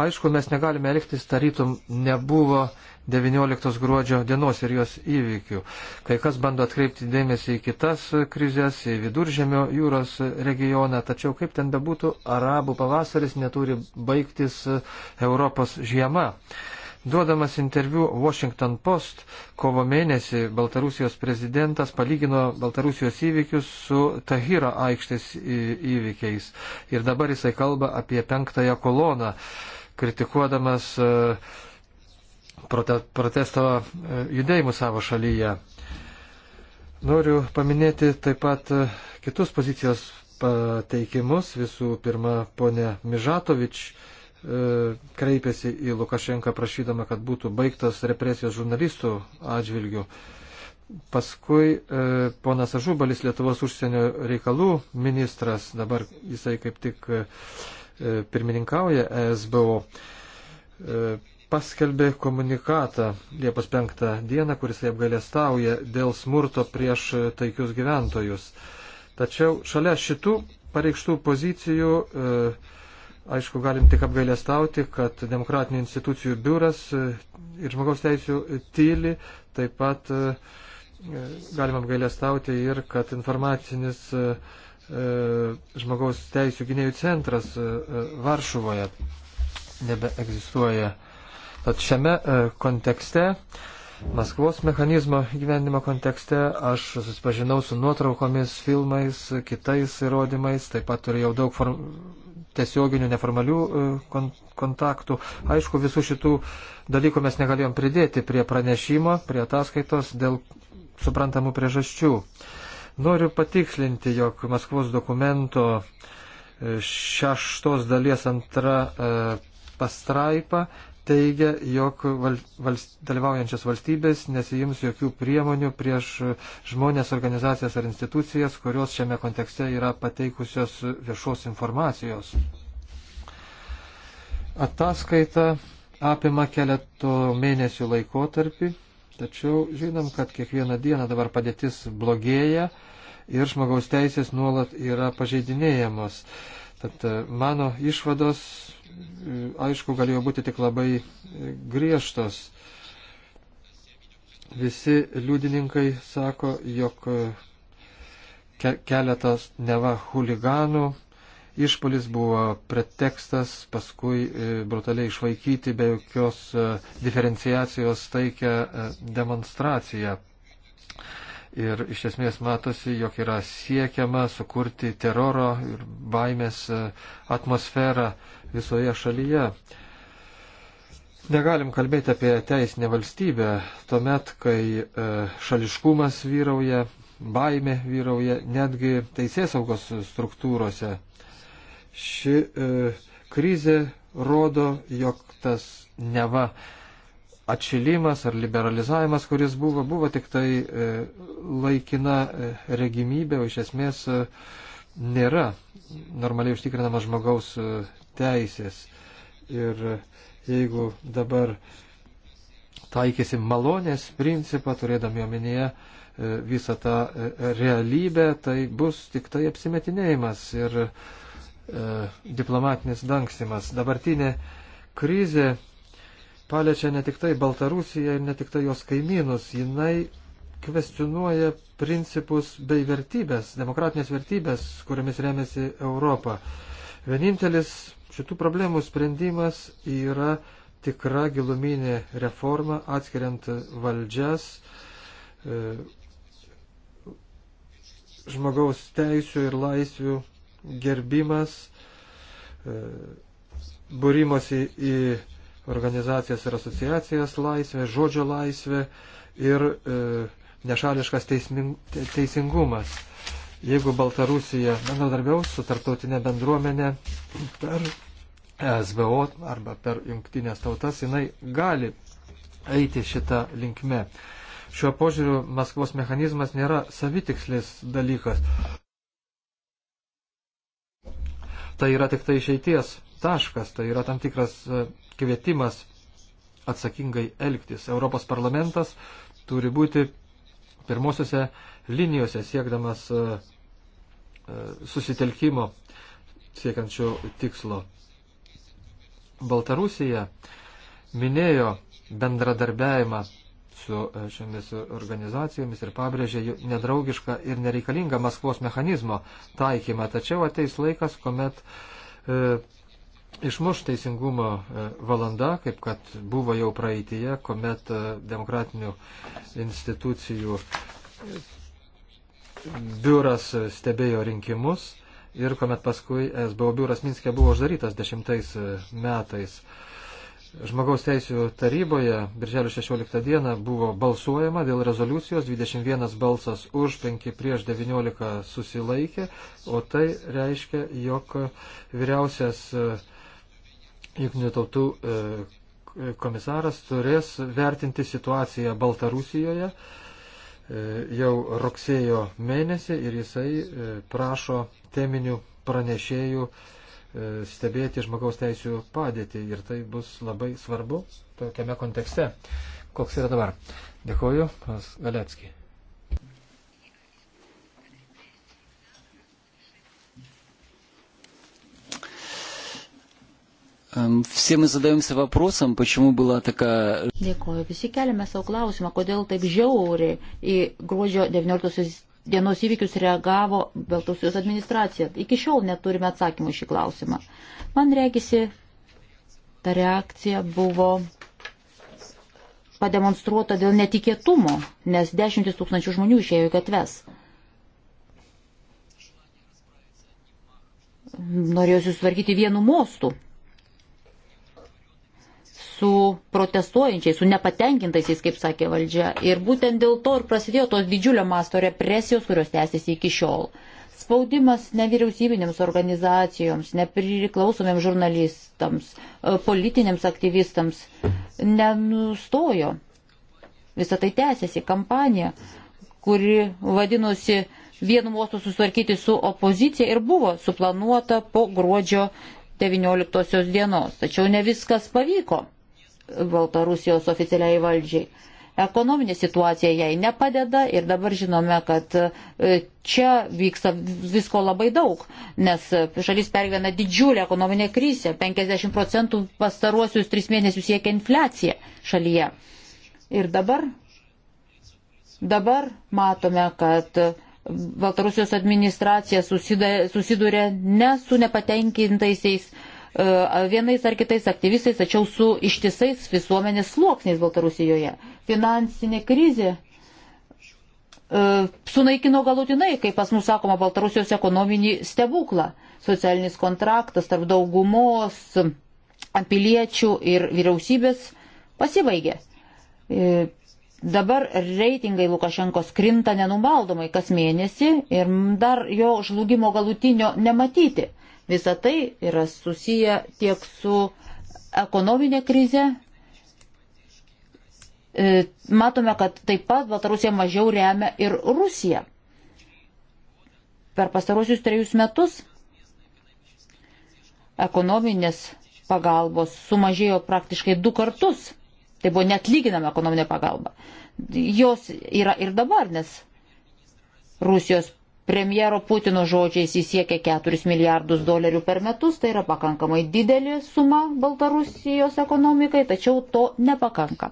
Aišku, mes negalime elgtis, tarytum nebuvo 19 gruodžio dienos ir jos įvykių. Kai kas bando atkreipti dėmesį į kitas krizės, į viduržemio jūros regioną, tačiau kaip ten bebūtų, arabų pavasaris neturi baigtis Europos žiema. Duodamas interviu Washington Post, kovo mėnesį Baltarusijos prezidentas palygino Baltarusijos įvykius su Tahira aikštės įvykiais. Ir dabar jisai kalba apie penktąją koloną, kritikuodamas uh, protesto e, judėjimų savo šalyje. Noriu paminėti taip pat e, kitus pozicijos pateikimus. Visų pirma, ponė Mižatovič e, kreipėsi į Lukašenką prašydama, kad būtų baigtos represijos žurnalistų atžvilgių. Paskui e, ponas Ažubalis, Lietuvos užsienio reikalų ministras, dabar jisai kaip tik e, pirmininkauja ESBO, e, paskelbė komunikatą Liepos 5 dieną, kuris apgalėstauja dėl smurto prieš taikius gyventojus. Tačiau šalia šitų pareikštų pozicijų, e, aišku, galim tik apgailėstauti, kad demokratinių institucijų biuras e, ir žmogaus teisų tyli, taip pat e, galim apgailėstauti ir, kad informacinis žmogaus teisų gynėjų centras Varšuvoje nebeegzistuoja. Tad šiame e, kontekste, Maskvos mechanizmo gyvenimo kontekste, aš susipažinau su nuotraukomis, filmais, kitais įrodymais, taip pat turėjau daug form... tiesioginių neformalių e, kontaktų. Aišku, visų šitų dalykų mes negalėjom pridėti prie pranešimo, prie ataskaitos dėl suprantamų priežasčių. Noriu patikslinti, jog Maskvos dokumento e, šeštos dalies antra e, pastraipa teigia, jog val, val, dalyvaujančios valstybės nesijims jokių priemonių prieš žmonės, organizacijas ar institucijas, kurios šiame kontekste yra pateikusios viešos informacijos. Ataskaita apima keletų mėnesių laikotarpį, tačiau žinom, kad kiekvieną dieną dabar padėtis blogėja ir žmogaus teisės nuolat yra pažeidinėjamos. Tad e, mano išvados aišku, galėjo būti tik labai griežtos. Visi liudininkai sako, jog e, keletas neva huliganų išpolis buvo pretekstas paskui e, brutaliai išvaikyti be jokios e, diferenciacijos taikę demonstraciją. Ir iš esmės matosi, jog yra siekiama sukurti teroro ir baimės atmosferą visoje šalyje. Negalim kalbėti apie teisinę valstybę tuomet, kai e, šališkumas vyrauja, baime vyrauja netgi teisėsaugos struktūrose. Ši e, krizė rodo, jog tas neva atšilimas ar liberalizavimas, kuris buvo, buvo tik tai e, laikina e, regimybė, o iš esmės e, nėra normaliai užtikrinamas žmogaus e, teisės. Ir jeigu dabar taikysim malonės principą, turėdami omenyje e, visą tą e, realybę, tai bus tik tai apsimetinėjimas ir e, diplomatinis dangstimas. Dabartinė krizė paliečia ne tik tai Baltarusiją ir ne tik tai jos kaimynus, jinai kvestionuoja principus bei vertybės, demokratinės vertybės, kuriamis remiasi Europa. Vienintelis Šitų problemų sprendimas yra tikra giluminė reforma, atskiriant valdžias, e, žmogaus teisų ir laisvių gerbimas, e, būrimosi į organizacijas ir asociacijas laisvė, žodžio laisvė ir e, nešališkas teisming, teisingumas jeigu Baltarusija bendradarbiaus su tarptautinė bendruomenė per SBO arba per jungtinės tautas, jinai gali eiti šitą linkmę. Šiuo požiūriu Maskvos mechanizmas nėra savitikslis dalykas. Tai yra tik tai išeities taškas, tai yra tam tikras e, kvietimas atsakingai elgtis. Europos parlamentas turi būti pirmosiose linijose siekdamas e, E, susitelkimo siekiančio tikslo. Baltarusija minėjo bendradarbiavimą su e, šiomis organizacijomis ir pabrėžė jų nedraugišką ir nereikalingą Maskvos mechanizmo taikymą. Tačiau ateis laikas, kuomet e, išmuš teisingumo e, valanda, kaip kad buvo jau praeitie, kuomet e, demokratinių institucijų biuras stebėjo rinkimus ir kuomet paskui SBO biuras Minskė buvo uždarytas dešimtais e, metais. Žmogaus teisų taryboje birželio 16 dieną buvo balsuojama dėl rezoliucijos, 21 balsas už, 5 prieš 19 susilaikė, o tai reiškia, jog vyriausias e, jungtinių tautų e, komisaras turės vertinti situaciją Baltarusijoje E, jau rugsėjo mėnesį ir jisai e, prašo teminių pranešėjų e, stebėti žmogaus teisų padėtį ir tai bus labai svarbu tokiame kontekste, koks yra dabar. Dėkuoju, panas Galecki. Все мы задаемся вопросом, почему была такая... Dėkuoju, visi keliame savo klausimą, kodėl taip žiauriai į gruodžio 19 dienos įvykius reagavo Baltarusijos administracija. Iki šiol neturime atsakymų šį klausimą. Man reikisi, ta reakcija buvo pademonstruota dėl netikėtumo, nes dešimtis tūkstančių žmonių išėjo į gatves. Norėjau susitvarkyti vienu mostu su protestuojančiais, su nepatenkintaisiais, kaip sakė valdžia. Ir būtent dėl to ir prasidėjo tos didžiulio masto represijos, kurios tęsiasi iki šiol. Spaudimas nevyriausybinėms organizacijoms, nepriklausomiems žurnalistams, e, politiniams aktyvistams nenustojo. Visą tai tęsiasi kampanija, kuri vadinosi vienu mostu susitvarkyti su opozicija ir buvo suplanuota po gruodžio 19 dienos. Tačiau ne viskas pavyko. Baltarusijos oficialiai valdžiai. Ekonominė situacija jai nepadeda ir dabar žinome, kad e, čia vyksta visko labai daug, nes šalis pergyvena didžiulę ekonominę krizę, 50 procentų pastaruosius tris mėnesius siekia infliacija šalyje. Ir dabar, dabar matome, kad Baltarusijos administracija susiduria ne su nepatenkintaisiais E, vienais ar kitais aktyvistais, tačiau su ištisais visuomenės sluoksniais Baltarusijoje. Finansinė krizė e, sunaikino galutinai, kaip pas mus sakoma, Baltarusijos ekonominį stebuklą. Socialinis kontraktas tarp daugumos piliečių ir vyriausybės pasibaigė. E, dabar reitingai Lukašenkos krinta nenumaldomai kas mėnesį ir dar jo žlugimo galutinio nematyti. Visą tai yra susiję tiek su ekonominė krize. E, matome, kad taip pat Baltarusija mažiau remia ir Rusija. Per pastarosius trejus metus ekonominės pagalbos sumažėjo praktiškai du kartus. Tai buvo net lyginama ekonominė pagalba. Jos yra ir dabar, nes Rusijos Premjero Putino žodžiais jis siekia 4 milijardus dolerių per metus, tai yra pakankamai didelė suma Baltarusijos ekonomikai, tačiau to nepakanka.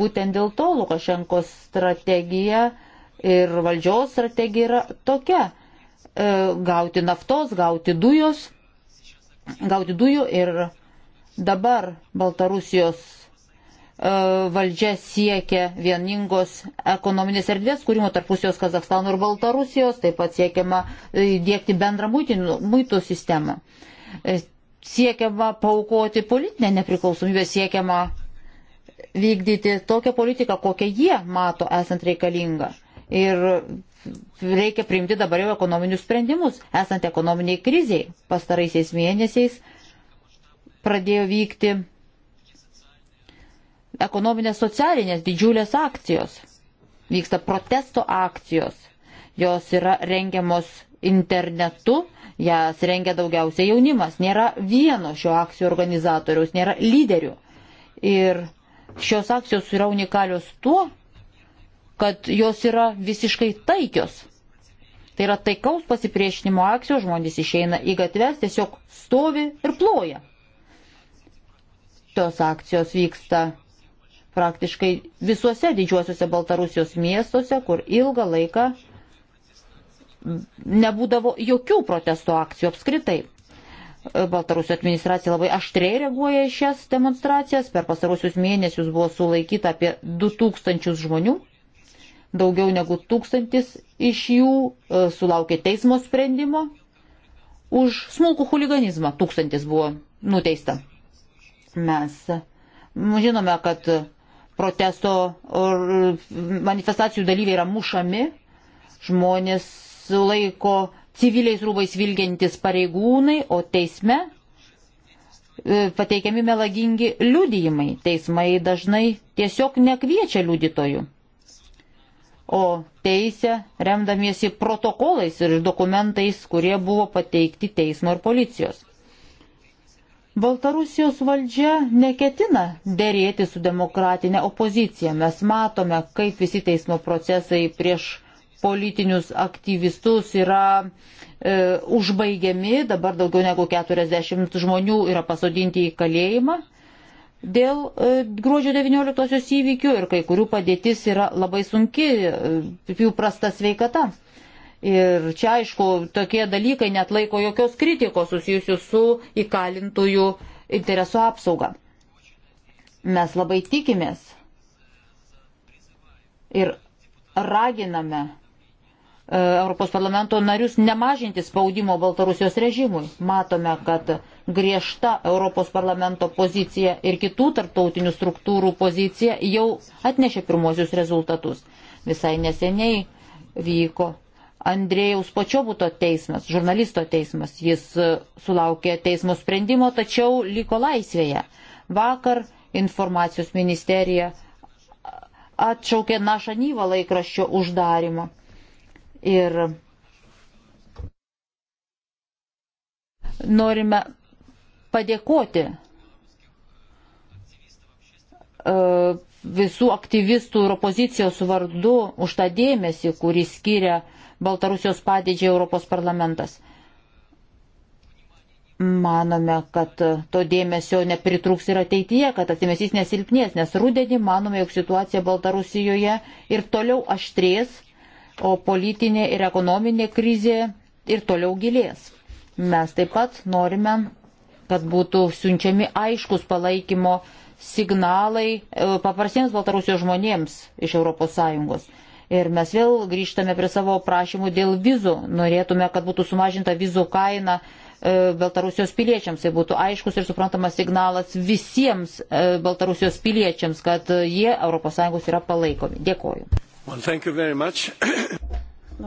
Būtent dėl to Lukašenkos strategija ir valdžios strategija yra tokia e, - gauti naftos, gauti dujos, gauti dujų ir dabar Baltarusijos E, valdžia siekia vieningos ekonominės erdvės kūrimo tarp Rusijos, Kazakstano ir Baltarusijos, taip pat siekiama e, įdėkti bendrą muitų sistemą. E, siekiama paukoti politinę nepriklausomybę, siekiama vykdyti tokią politiką, kokią jie mato esant reikalinga. Ir reikia priimti dabar jau ekonominius sprendimus. Esant ekonominiai kriziai pastaraisiais mėnesiais pradėjo vykti ekonominės socialinės didžiulės akcijos. Vyksta protesto akcijos. Jos yra rengiamos internetu, jas rengia daugiausia jaunimas. Nėra vieno šio akcijų organizatoriaus, nėra lyderių. Ir šios akcijos yra unikalios tuo, kad jos yra visiškai taikios. Tai yra taikaus pasipriešinimo akcijos, žmonės išeina į gatves, tiesiog stovi ir ploja. Tos akcijos vyksta praktiškai visuose didžiuosiuose Baltarusijos miestuose, kur ilgą laiką nebūdavo jokių protesto akcijų apskritai. Baltarusio administracija labai aštriai reaguoja į šias demonstracijas. Per pasarusius mėnesius buvo sulaikyta apie 2000 žmonių. Daugiau negu tūkstantis iš jų e, sulaukė teismo sprendimo. Už smulkų huliganizmą tūkstantis buvo nuteista. Mes žinome, kad protesto manifestacijų dalyviai yra mušami, žmonės sulaiko civiliais rūbais vilgiantis pareigūnai, o teisme e, pateikiami melagingi liudijimai. Teismai dažnai tiesiog nekviečia liudytojų. O teisę remdamiesi protokolais ir dokumentais, kurie buvo pateikti teismo ir policijos. Baltarusijos valdžia neketina dėrėti su demokratinė opozicija. Mes matome, kaip visi teismo procesai prieš politinius aktyvistus yra e, užbaigiami. Dabar daugiau negu 40 žmonių yra pasodinti į kalėjimą dėl e, gruodžio 19 įvykių ir kai kurių padėtis yra labai sunki, e, jų prasta sveikata. Ir čia, aišku, tokie dalykai net laiko jokios kritikos susijusių su įkalintųjų interesų apsauga. Mes labai tikimės ir raginame e, Europos parlamento narius nemažinti spaudimo Baltarusijos režimui. Matome, kad griežta Europos parlamento pozicija ir kitų tarptautinių struktūrų pozicija jau atnešė pirmosius rezultatus. Visai neseniai vyko Andrėjaus Počiobuto teismas, žurnalisto teismas. Jis e, sulaukė teismo sprendimo, tačiau liko laisvėje. Vakar informacijos ministerija atšaukė našanyvą laikraščio uždarimą. Ir norime padėkoti e, visų aktyvistų ir opozicijos vardu už tą dėmesį, kurį skiria uh, Baltarusijos padėdžiai Europos parlamentas. Manome, kad to dėmesio nepritrūks ir ateityje, kad atsimesys nesilpnės, nes rudenį manome, jog situacija Baltarusijoje ir toliau aštrės, o politinė ir ekonominė krizė ir toliau gilės. Mes taip pat norime, kad būtų siunčiami aiškus palaikymo signalai e, paprastiems Baltarusijos žmonėms iš ES. Ir mes vėl grįžtame prie savo prašymų dėl vizų. Norėtume, kad būtų sumažinta vizų kaina e, Baltarusijos piliečiams. Tai būtų aiškus ir suprantamas signalas visiems e, Baltarusijos piliečiams, kad e, jie ES yra palaikomi. Dėkoju. Well,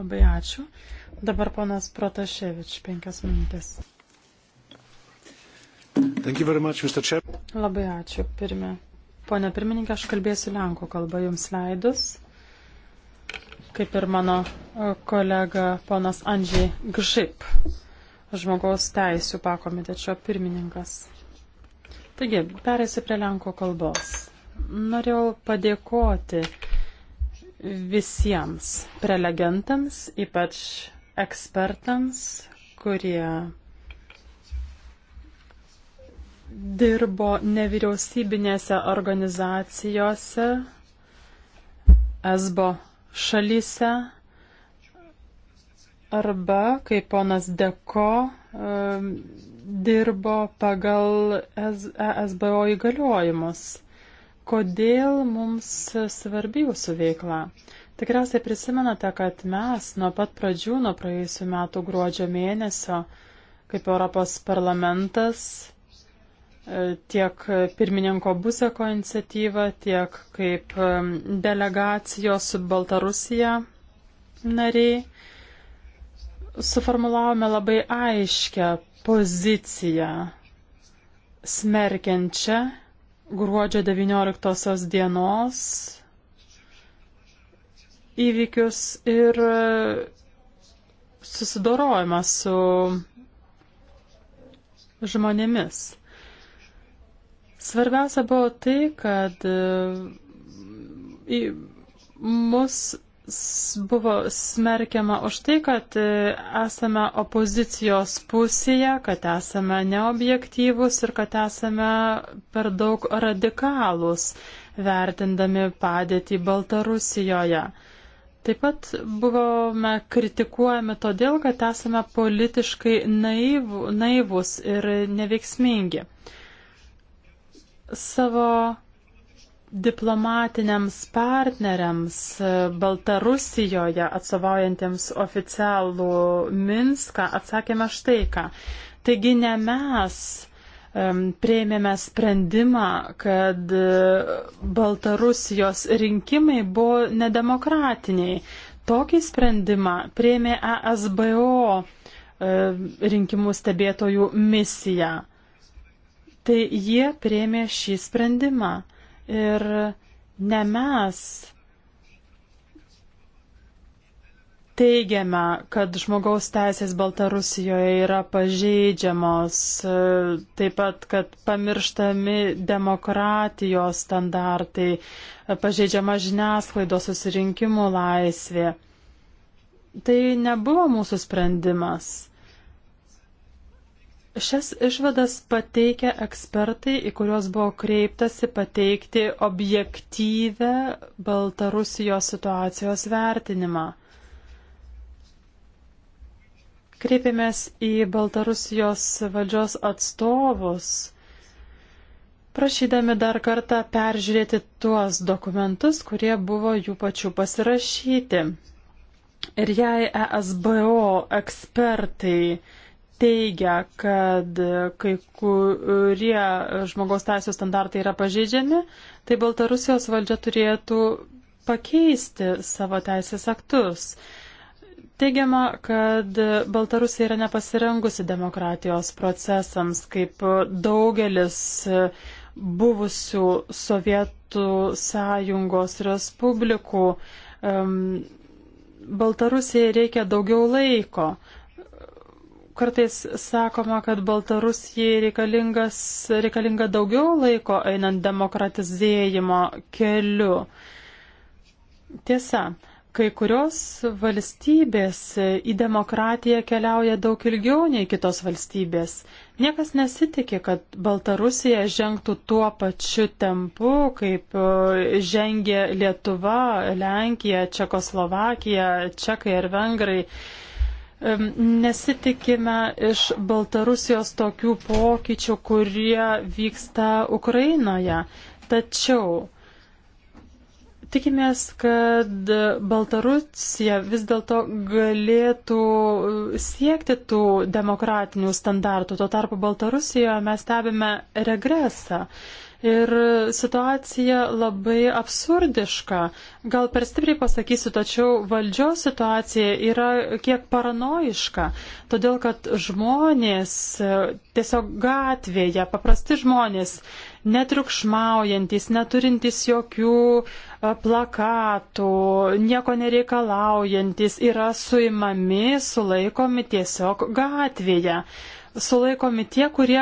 Labai ačiū. Dabar ponas Protaševič, penkias minutės. Much, Labai ačiū, pirmė. Pone pirmininkė, aš kalbėsiu Lenkų kalbą jums leidus kaip ir mano e, kolega ponas Andžiai Gžip, žmogaus teisų pakomitečio pirmininkas. Taigi, perėsiu prie Lenko kalbos. Norėjau padėkoti visiems prelegentams, ypač ekspertams, kurie dirbo nevyriausybinėse organizacijose, esbo šalyse arba, kaip ponas Deko dirbo pagal ESBO įgaliojimus. Kodėl mums svarbi jūsų veikla? Tikriausiai prisimenate, kad mes nuo pat pradžių, nuo praėjusių metų gruodžio mėnesio, kaip Europos parlamentas, tiek pirmininko Buseko iniciatyvą, tiek kaip delegacijos su Baltarusija nariai. Suformulavome labai aiškę poziciją smerkiančią gruodžio 19 dienos įvykius ir susidorojimą su žmonėmis. Svarbiausia buvo tai, kad e, mus buvo smerkiama už tai, kad e, esame opozicijos pusėje, kad esame neobjektyvus ir kad esame per daug radikalūs vertindami padėtį Baltarusijoje. Taip pat buvome kritikuojami todėl, kad esame politiškai naiv, naivus ir neveiksmingi savo diplomatiniams partneriams Baltarusijoje atsovaujantiems oficialų Minską atsakėme štai ką. Taigi ne mes prieimėme sprendimą, kad Baltarusijos rinkimai buvo nedemokratiniai. Tokį sprendimą prieimė ESBO rinkimų stebėtojų misija. Tai jie prieimė šį sprendimą ir ne mes teigiame, kad žmogaus teisės Baltarusijoje yra pažeidžiamos, taip pat, kad pamirštami demokratijos standartai, pažeidžiama žiniasklaidos susirinkimų laisvė. Tai nebuvo mūsų sprendimas. Šias išvadas pateikia ekspertai, į kuriuos buvo kreiptasi pateikti objektyvę Baltarusijos situacijos vertinimą. Kreipėmės į Baltarusijos valdžios atstovus prašydami dar kartą peržiūrėti tuos dokumentus, kurie buvo jų pačių pasirašyti. Ir jei ESBO ekspertai teigia, kad kai kurie žmogaus teisų standartai yra pažeidžiami, tai Baltarusijos valdžia turėtų pakeisti savo teisės aktus. Teigiama, kad Baltarusija yra nepasirengusi demokratijos procesams, kaip daugelis buvusių Sovietų sąjungos respublikų. Um, Baltarusijai reikia daugiau laiko, Kartais sakoma, kad Baltarusijai reikalinga daugiau laiko einant demokratizėjimo keliu. Tiesa, kai kurios valstybės į demokratiją keliauja daug ilgiau nei kitos valstybės. Niekas nesitikė, kad Baltarusija žengtų tuo pačiu tempu, kaip e, žengė Lietuva, Lenkija, Čekoslovakija, Čekai ir Vengrai. Nesitikime iš Baltarusijos tokių pokyčių, kurie vyksta Ukrainoje. Tačiau tikimės, kad Baltarusija vis dėlto galėtų siekti tų demokratinių standartų. Tuo tarpu Baltarusijoje mes stebime regresą. Ir situacija labai absurdiška. Gal per stipriai pasakysiu, tačiau valdžios situacija yra kiek paranoiška. Todėl, kad žmonės e, tiesiog gatvėje, paprasti žmonės, netriukšmaujantis, neturintis jokių e, plakatų, nieko nereikalaujantis, yra suimami, sulaikomi tiesiog gatvėje sulaikomi tie, kurie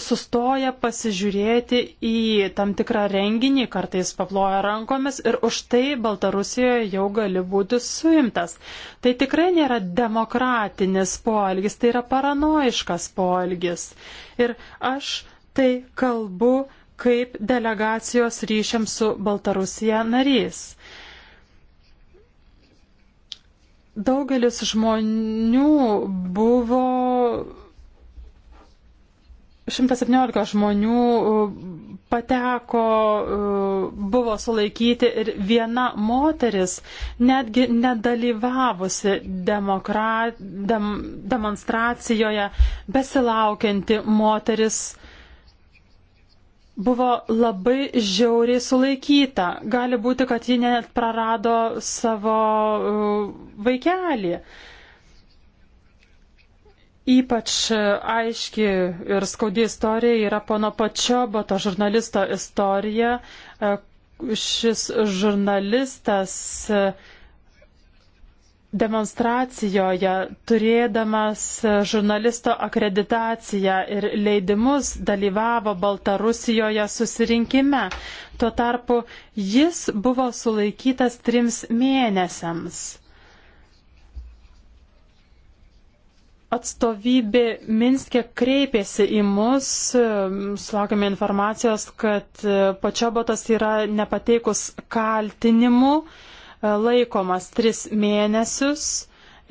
sustoja pasižiūrėti į tam tikrą renginį, kartais paploja rankomis ir už tai Baltarusijoje jau gali būti suimtas. Tai tikrai nėra demokratinis poelgis, tai yra paranoiškas poelgis. Ir aš tai kalbu kaip delegacijos ryšiam su Baltarusija narys. Daugelis žmonių buvo 117 žmonių e, pateko, e, buvo sulaikyti ir viena moteris, netgi nedalyvavusi demokra, dem, demonstracijoje, besilaukianti moteris, buvo labai žiauriai sulaikyta. Gali būti, kad ji net prarado savo e, vaikelį. Uh, Ypač e, aiški ir skaudi istorija yra pono Pačioboto žurnalisto istorija. E, šis žurnalistas e, demonstracijoje, turėdamas žurnalisto akreditaciją ir leidimus, dalyvavo Baltarusijoje susirinkime. Tuo tarpu jis buvo sulaikytas trims mėnesiams. atstovybė Minskė kreipėsi į mus, sulaukėme informacijos, kad pačiobotas yra nepateikus kaltinimu laikomas tris mėnesius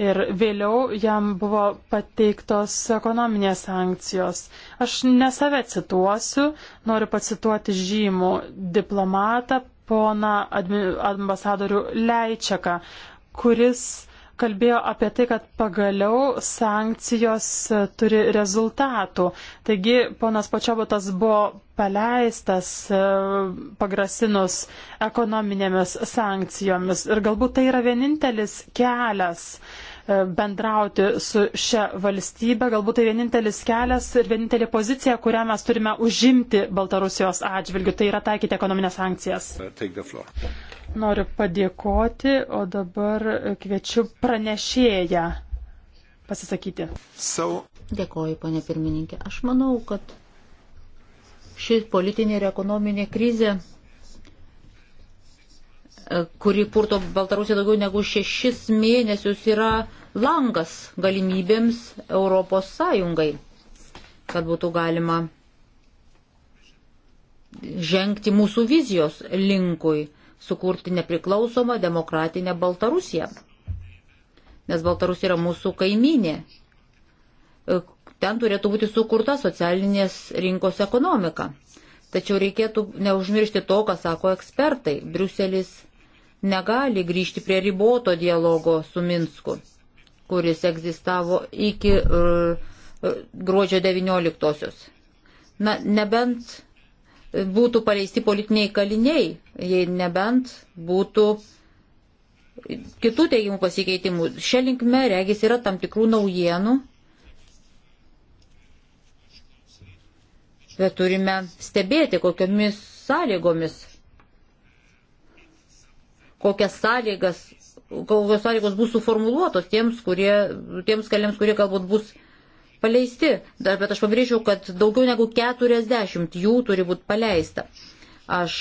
ir vėliau jam buvo pateiktos ekonominės sankcijos. Aš ne save cituosiu, noriu pacituoti žymų diplomatą, poną ambasadorių Leičiaką, kuris kalbėjo apie tai, kad pagaliau sankcijos e, turi rezultatų. Taigi ponas Pačiobotas buvo paleistas e, pagrasinus ekonominėmis sankcijomis ir galbūt tai yra vienintelis kelias e, bendrauti su šia valstybe, galbūt tai vienintelis kelias ir vienintelė pozicija, kurią mes turime užimti Baltarusijos atžvilgiu, tai yra taikyti ekonominės sankcijas. Noriu padėkoti, o dabar kviečiu pranešėją pasisakyti. So. Dėkoju, ponė pirmininkė. Aš manau, kad ši politinė ir ekonominė krizė, e, kuri purto Baltarusiją daugiau negu šešis mėnesius, yra langas galimybėms Europos Sąjungai, kad būtų galima žengti mūsų vizijos linkui sukurti nepriklausomą demokratinę Baltarusiją. Nes Baltarusija yra mūsų kaiminė. Ten turėtų būti sukurta socialinės rinkos ekonomika. Tačiau reikėtų neužmiršti to, ką sako ekspertai. Briuselis negali grįžti prie riboto dialogo su Minsku, kuris egzistavo iki uh, uh gruodžio 19-osios. Na, nebent būtų paleisti politiniai kaliniai, jei nebent būtų kitų teigimų pasikeitimų. Šia linkme, regis, yra tam tikrų naujienų, bet turime stebėti, kokiamis sąlygomis, kokias sąlygas, kokios sąlygos bus suformuluotos tiems, kurie, tiems kalėms, kurie galbūt bus paleisti, dar bet aš pabrėžiau, kad daugiau negu 40 jų turi būti paleista. Aš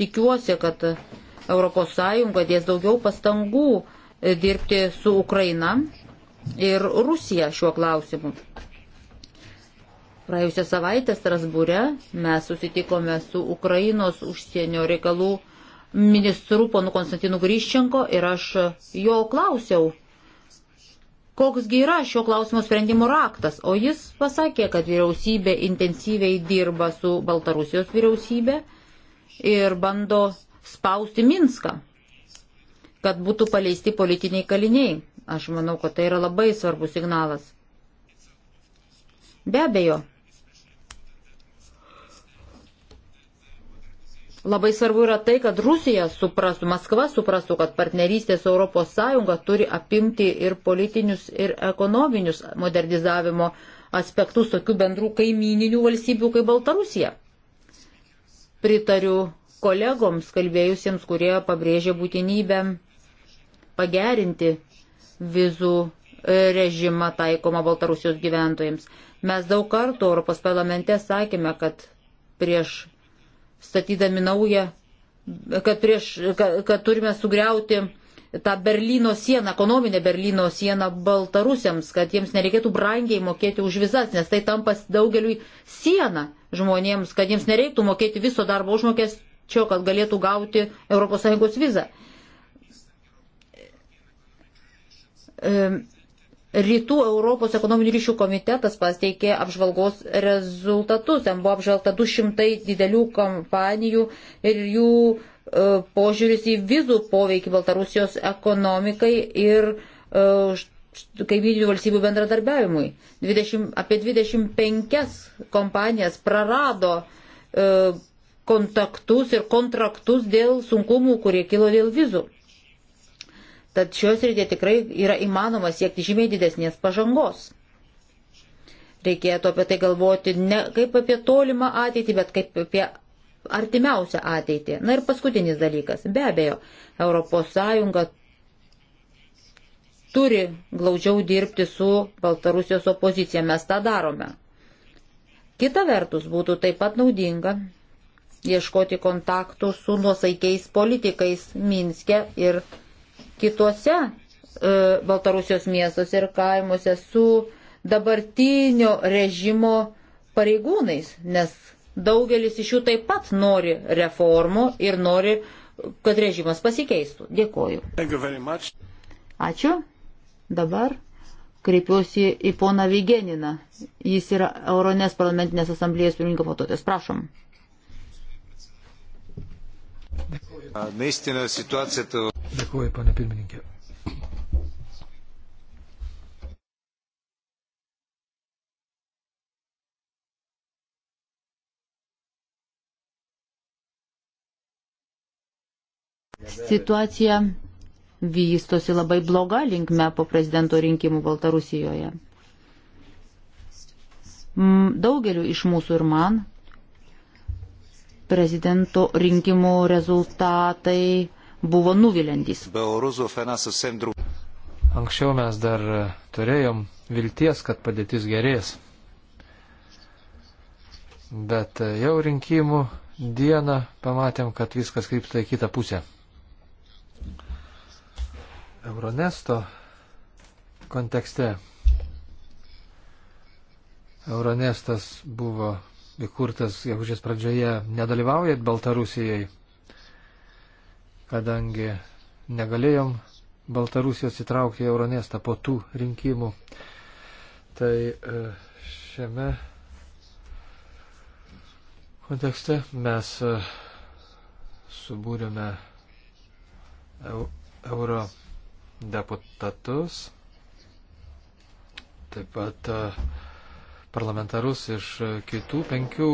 tikiuosi, kad ES dės daugiau pastangų e, dirbti su Ukraina ir Rusija šiuo klausimu. Praėjusią savaitę Strasbūre mes susitikome su Ukrainos užsienio reikalų ministru ponu Konstantinu Grįščenko ir aš jo klausiau koksgi yra šio klausimo sprendimo raktas, o jis pasakė, kad vyriausybė intensyviai dirba su Baltarusijos vyriausybė ir bando spausti Minską, kad būtų paleisti politiniai kaliniai. Aš manau, kad tai yra labai svarbus signalas. Be abejo, Labai svarbu yra tai, kad Rusija suprastų, Maskva suprastų, kad partnerystė su ES turi apimti ir politinius, ir ekonominius modernizavimo aspektus tokių bendrų kaimininių valstybių kaip Baltarusija. Pritariu kolegoms kalbėjusiems, kurie pabrėžė būtinybę pagerinti vizų e, režimą taikomą Baltarusijos gyventojams. Mes daug kartų Europos parlamente sakėme, kad prieš statydami naują, kad, prieš, kad, kad turime sugriauti tą Berlyno sieną, ekonominę Berlyno sieną baltarusiams, kad jiems nereikėtų brangiai mokėti už vizas, nes tai tampas daugeliui sieną žmonėms, kad jiems nereiktų mokėti viso darbo užmokesčio, kad galėtų gauti ES vizą. Rytų Europos ekonominių ryšių komitetas pasteikė apžvalgos rezultatus. Ten buvo apžvelgta 200 didelių kompanijų ir jų e, požiūris į vizų poveikį Baltarusijos ekonomikai ir e, kaimyninių valstybių bendradarbiavimui. 20, apie 25 kompanijas prarado e, kontaktus ir kontraktus dėl sunkumų, kurie kilo dėl vizų. Tad šios rytė tikrai yra įmanoma siekti žymiai didesnės pažangos. Reikėtų apie tai galvoti ne kaip apie tolimą ateitį, bet kaip apie artimiausią ateitį. Na ir paskutinis dalykas. Be abejo, ES turi glaudžiau dirbti su Baltarusijos opozicija. Mes tą darome. Kita vertus būtų taip pat naudinga ieškoti kontaktų su nuosaikiais politikais Minske ir Minske kitose e, Baltarusijos miestuose ir kaimuose su dabartinio režimo pareigūnais, nes daugelis iš jų taip pat nori reformų ir nori, kad režimas pasikeistų. Dėkoju. Ačiū. Dabar kreipiuosi į poną Vigeniną. Jis yra Euronės parlamentinės asamblėjos pirmininko patotas. Prašom. Naistina situacija to. Tai Dėkuoju, pane pirmininkė. Situacija vystosi labai bloga linkme po prezidento rinkimų Baltarusijoje. Daugeliu iš mūsų ir man prezidento rinkimų rezultatai buvo nuvilintis. Anksčiau mes dar turėjom vilties, kad padėtis gerės. Bet jau rinkimų dieną pamatėm, kad viskas krypsta į kitą pusę. Euronesto kontekste. Euronestas buvo įkurtas gegužės pradžioje nedalyvaujant Baltarusijai kadangi negalėjom Baltarusijos įtraukti į Euronestą po tų rinkimų. Tai e, šiame kontekste mes e, subūrėme euro deputatus, taip pat e, parlamentarus iš kitų penkių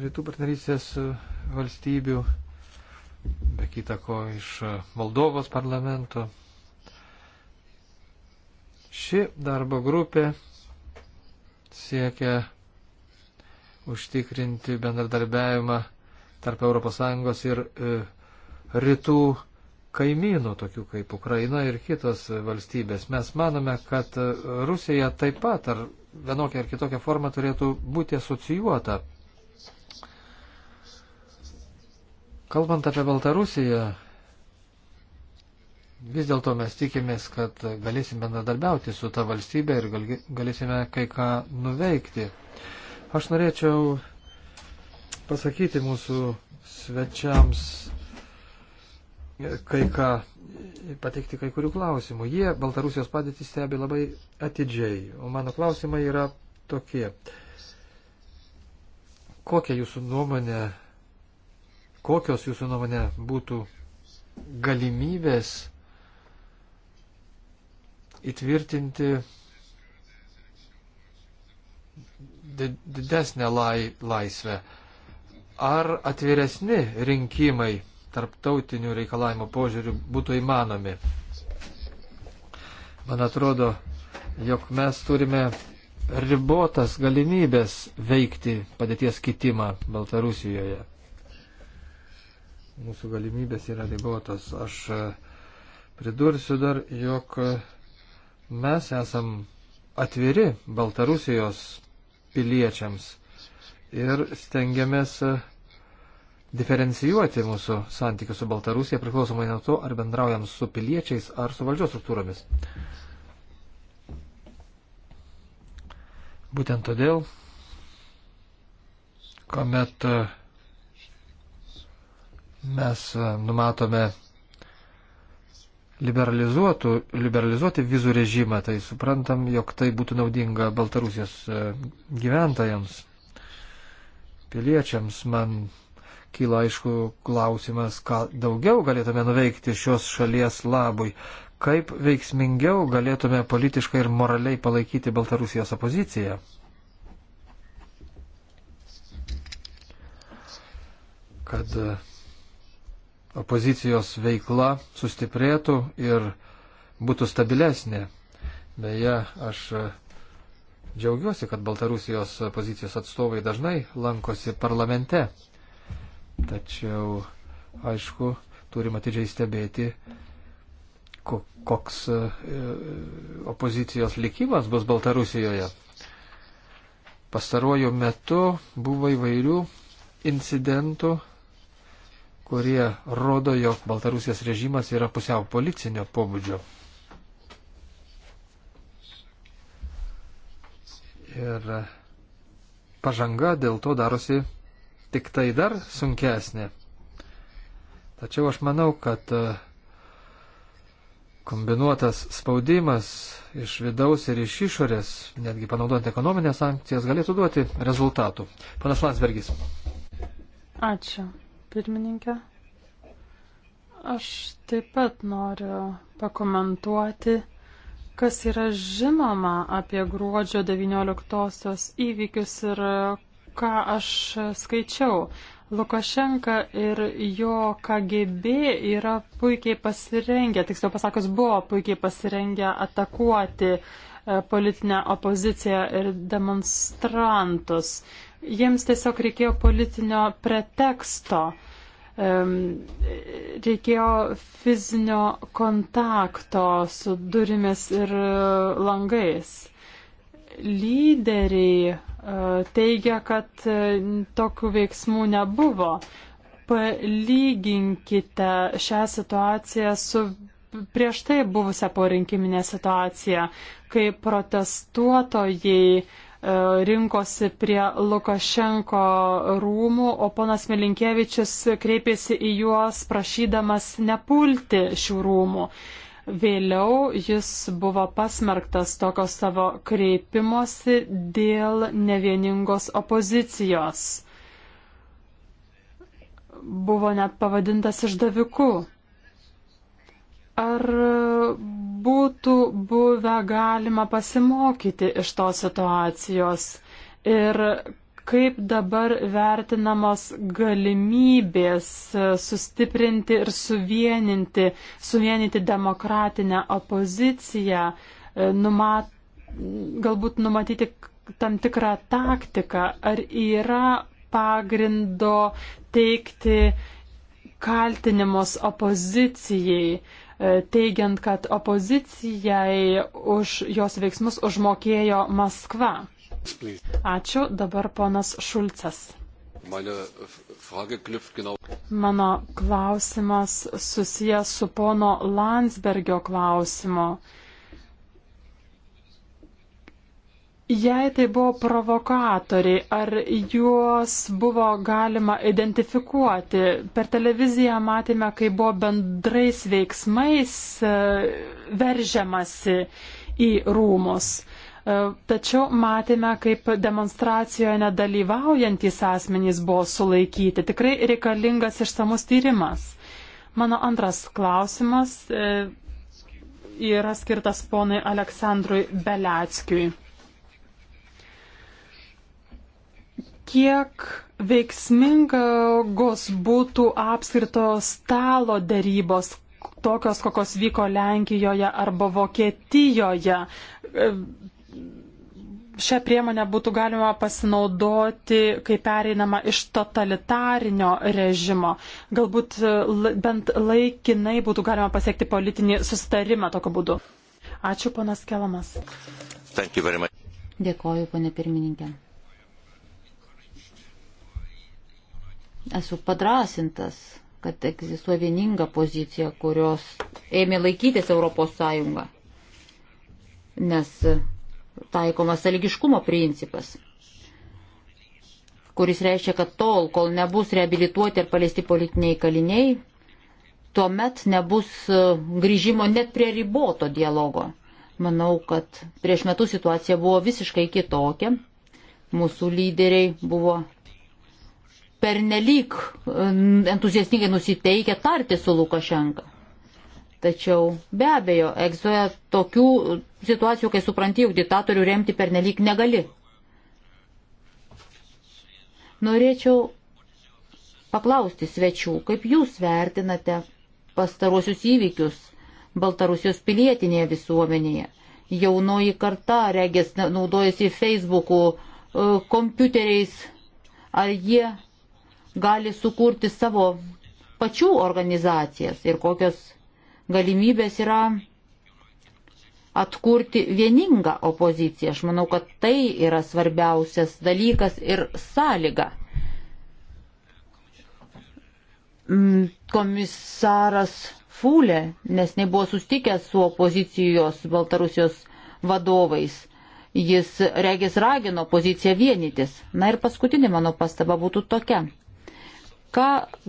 rytų partnerystės e, valstybių, be kitako iš e, Moldovos parlamento. Ši darbo grupė siekia užtikrinti bendradarbiavimą tarp ES ir e, rytų kaimynų, tokių kaip Ukraina ir kitos valstybės. Mes manome, kad Rusija taip pat ar vienokia ar kitokia forma turėtų būti asocijuota Kalbant apie Baltarusiją, vis dėlto mes tikimės, kad galėsime bendradarbiauti su ta valstybė ir galėsime kai ką nuveikti. Aš norėčiau pasakyti mūsų svečiams kai ką, pateikti kai kurių klausimų. Jie Baltarusijos padėtį stebi labai atidžiai, o mano klausimai yra tokie. Kokia jūsų nuomonė Kokios jūsų nuomonė būtų galimybės įtvirtinti didesnę lai, laisvę. Ar atviresni rinkimai tarptautinių reikalavimo požiūrių būtų įmanomi? Man atrodo, jog mes turime ribotas galimybės veikti padėties kitimą Baltarusijoje mūsų galimybės yra ribotos. Aš e, pridursiu dar, jog e, mes esam atviri Baltarusijos piliečiams ir stengiamės e, diferencijuoti mūsų santykius su Baltarusija priklausomai nuo to, ar bendraujam su piliečiais ar su valdžios struktūromis. Būtent todėl, kuomet uh, Mes e, numatome liberalizuoti vizų režimą, tai suprantam, jog tai būtų naudinga Baltarusijos e, gyventojams, piliečiams. Man kilo aišku klausimas, ką daugiau galėtume nuveikti šios šalies labui, kaip veiksmingiau galėtume politiškai ir moraliai palaikyti Baltarusijos opoziciją. Kad uh, opozicijos veikla sustiprėtų ir būtų stabilesnė. Beje, aš e, džiaugiuosi, kad Baltarusijos pozicijos atstovai dažnai lankosi parlamente. Tačiau, aišku, turime atidžiai stebėti, koks e, opozicijos likimas bus Baltarusijoje. Pastaruoju metu buvo įvairių incidentų kurie rodo, jog Baltarusijos režimas yra pusiau policinio pobūdžio. Ir pažanga dėl to darosi tik tai dar sunkesnė. Tačiau aš manau, kad e, kombinuotas spaudimas iš vidaus ir iš išorės, netgi panaudojant ekonominės sankcijas, galėtų duoti rezultatų. Panas Landsbergis. Ačiū pirmininkė. Aš taip pat noriu pakomentuoti, kas yra žinoma apie gruodžio 19-osios įvykius ir ką aš skaičiau. Lukašenka ir jo KGB yra puikiai pasirengę, tiksliau pasakus, buvo puikiai pasirengę atakuoti e, politinę opoziciją ir demonstrantus. Jiems tiesiog reikėjo politinio preteksto, reikėjo fizinio kontakto su durimis ir e, langais. Lyderiai e, teigia, kad e, tokių veiksmų nebuvo. Palyginkite šią situaciją su prieš tai buvusią porinkiminę situaciją, kai protestuotojai E, rinkosi prie Lukašenko rūmų, o ponas Milinkievičius kreipėsi į juos prašydamas nepulti šių rūmų. Vėliau jis buvo pasmerktas tokio savo kreipimosi dėl nevieningos opozicijos. Buvo net pavadintas išdaviku. Ar būtų buvę galima pasimokyti iš tos situacijos ir kaip dabar vertinamos galimybės sustiprinti ir suvieninti, suvienyti demokratinę opoziciją, e, numat, galbūt numatyti tam tikrą taktiką, ar yra pagrindo teikti kaltinimus opozicijai, E, teigiant, kad opozicijai už jos veiksmus užmokėjo Maskva. Ačiū, dabar ponas Šulcas. Mano klausimas susijęs su pono Landsbergio klausimu. Jei tai buvo provokatoriai, ar juos buvo galima identifikuoti? Per televiziją matėme, kai buvo bendrais veiksmais e, veržiamasi į rūmus. E, tačiau matėme, kaip demonstracijoje nedalyvaujantys asmenys buvo sulaikyti. Tikrai reikalingas išsamus tyrimas. Mano antras klausimas e, yra skirtas ponui Aleksandrui Beleckiui. kiek veiksmingos būtų apskrito stalo darybos, tokios, kokios vyko Lenkijoje arba Vokietijoje. E, šią priemonę būtų galima pasinaudoti, kai pereinama iš totalitarinio režimo. Galbūt e, bent laikinai būtų galima pasiekti politinį sustarimą tokiu būdu. Ačiū, ponas Kelamas. Dėkoju, ponė pirmininkė. esu padrasintas, kad egzistuoja vieninga pozicija, kurios ėmė laikytis Europos Sąjunga, nes taikomas saligiškumo principas kuris reiškia, kad tol, kol nebus reabilituoti ir paliesti politiniai kaliniai, tuomet nebus e, grįžimo net prie riboto dialogo. Manau, kad prieš metus situacija buvo visiškai kitokia. Mūsų lyderiai buvo pernelyg entuziastingai nusiteikę tarti su Lukašenka. Tačiau be abejo, egzoja tokių situacijų, kai supranti, jog diktatorių remti pernelyg negali. Norėčiau paklausti svečių, kaip jūs vertinate pastaruosius įvykius Baltarusijos pilietinėje visuomenėje. Jaunoji karta, regės, naudojasi Facebook'u, e, kompiuteriais. Ar jie gali sukurti savo pačių organizacijas ir kokios galimybės yra atkurti vieningą opoziciją. Aš manau, kad tai yra svarbiausias dalykas ir sąlyga. Mm, komisaras Fūlė, nes nebuvo sustikęs su opozicijos Baltarusijos vadovais. Jis regis ragino poziciją vienytis. Na ir paskutinė mano pastaba būtų tokia. Ką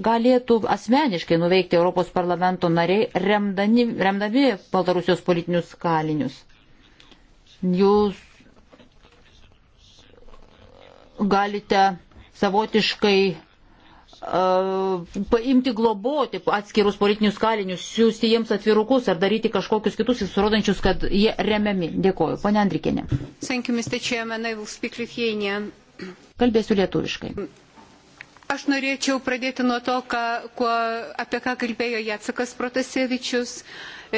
galėtų asmeniškai nuveikti Europos parlamento nariai, remdami, remdami Baltarusijos politinius kalinius? Jūs galite savotiškai paimti globoti atskirus politinius kalinius, siūsti jiems atvirukus ar daryti kažkokius kitus įsirodančius, kad jie remiami. Dėkoju. Pane Andrikinė. Kalbėsiu lietuviškai. Aš norėčiau pradėti nuo to, ką, kuo, apie ką kalbėjo Jacekas Protasevičius.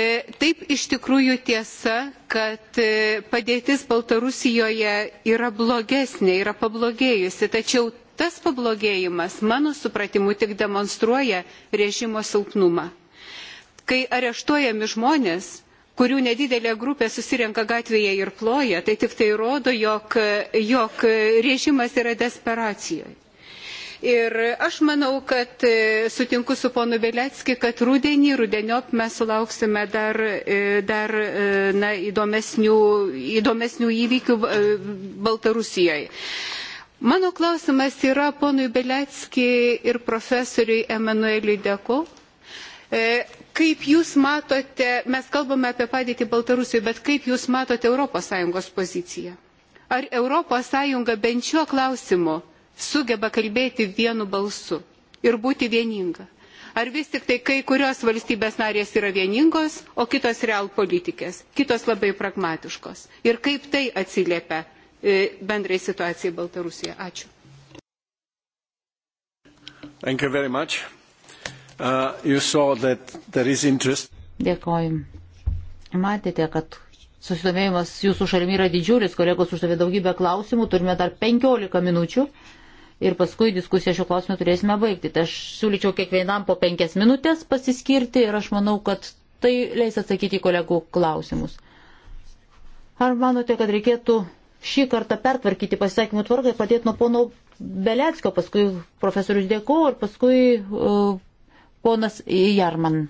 E, taip iš tikrųjų tiesa, kad e, padėtis Baltarusijoje yra blogesnė, yra pablogėjusi, tačiau tas pablogėjimas, mano supratimu, tik demonstruoja režimo silpnumą. Kai areštuojami žmonės, kurių nedidelė grupė susirenka gatvėje ir ploja, tai tik tai rodo, jog, jog režimas yra desperacijoje. Ir aš manau, kad e, sutinku su ponu Belecki, kad rudenį, rudeniop mes sulauksime dar, e, dar e, na, įdomesnių, įdomesnių įvykių Baltarusijoje. Mano klausimas yra ponui Belecki ir profesoriui Emanueliui Deku. Kaip Jūs matote, mes kalbame apie padėtį Baltarusijoje, bet kaip Jūs matote ES poziciją? Ar ES bent šiuo klausimu sugeba kalbėti vienu balsu ir būti vieninga. Ar vis tik tai kai kurios valstybės narės yra vieningos, o kitos realpolitikės, kitos labai pragmatiškos. Ir kaip tai atsiliepia e, bendrai situacijai Baltarusijoje. Ačiū. Thank you very much. Uh, you saw that there is interest. Dėkoju. Matėte, kad susidomėjimas jūsų šalimi yra didžiulis, kolegos uždavė daugybę klausimų, turime dar 15 minučių. Uh, ir paskui diskusiją šiuo klausimu turėsime baigti. Tai aš siūlyčiau kiekvienam po penkias minutės pasiskirti ir aš manau, kad tai leis atsakyti kolegų klausimus. Ar manote, kad reikėtų šį kartą pertvarkyti pasisakymų tvarką ir padėti nuo pono Belecko, paskui profesorius Dėko ir paskui uh, ponas Jarman?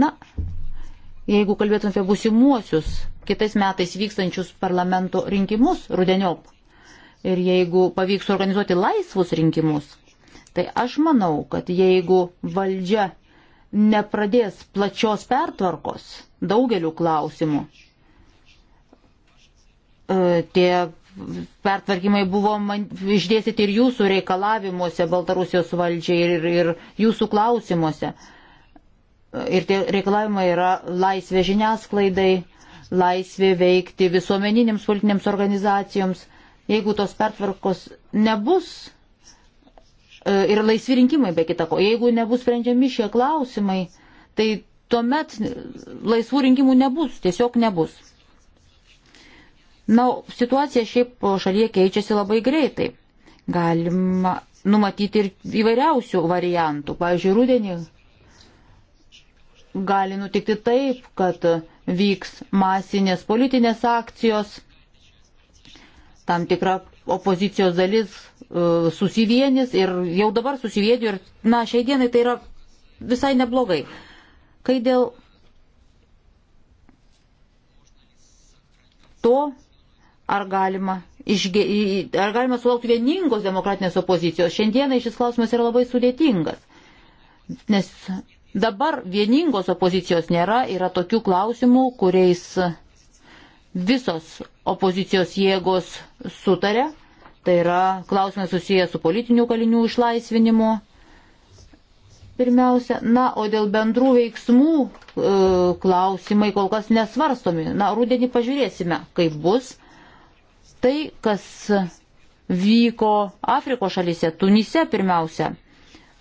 Na, jeigu kalbėtum apie busimuosius kitais metais vykstančius parlamento rinkimus rudeniop, ir jeigu pavyks organizuoti laisvus rinkimus, tai aš manau, kad jeigu valdžia nepradės plačios pertvarkos daugeliu klausimų, e, tie pertvarkymai buvo man, išdėstyti ir jūsų reikalavimuose Baltarusijos valdžiai ir, ir jūsų klausimuose. Ir tie reikalavimai yra laisvė žiniasklaidai, laisvė veikti visuomeninėms politinėms organizacijoms. Jeigu tos pertvarkos nebus e, ir laisvi rinkimai be kitako, jeigu nebus sprendžiami šie klausimai, tai tuomet laisvų rinkimų nebus, tiesiog nebus. Na, situacija šiaip šalyje keičiasi labai greitai. Galima numatyti ir įvairiausių variantų. Pavyzdžiui, rudenį gali nutikti taip, kad vyks masinės politinės akcijos tam tikra opozicijos dalis e, susivienis ir jau dabar susivienijo ir, na, šiai dienai tai yra visai neblogai. Kai dėl to, ar galima, išge, ar galima sulaukti vieningos demokratinės opozicijos, šiandienai šis klausimas yra labai sudėtingas. Nes dabar vieningos opozicijos nėra, yra tokių klausimų, kuriais visos opozicijos jėgos sutarė. Tai yra klausimai susiję su politinių kalinių išlaisvinimu. Pirmiausia, na, o dėl bendrų veiksmų e, klausimai kol kas nesvarstomi. Na, rūdienį pažiūrėsime, kaip bus. Tai, kas vyko Afrikos šalyse, Tunise pirmiausia.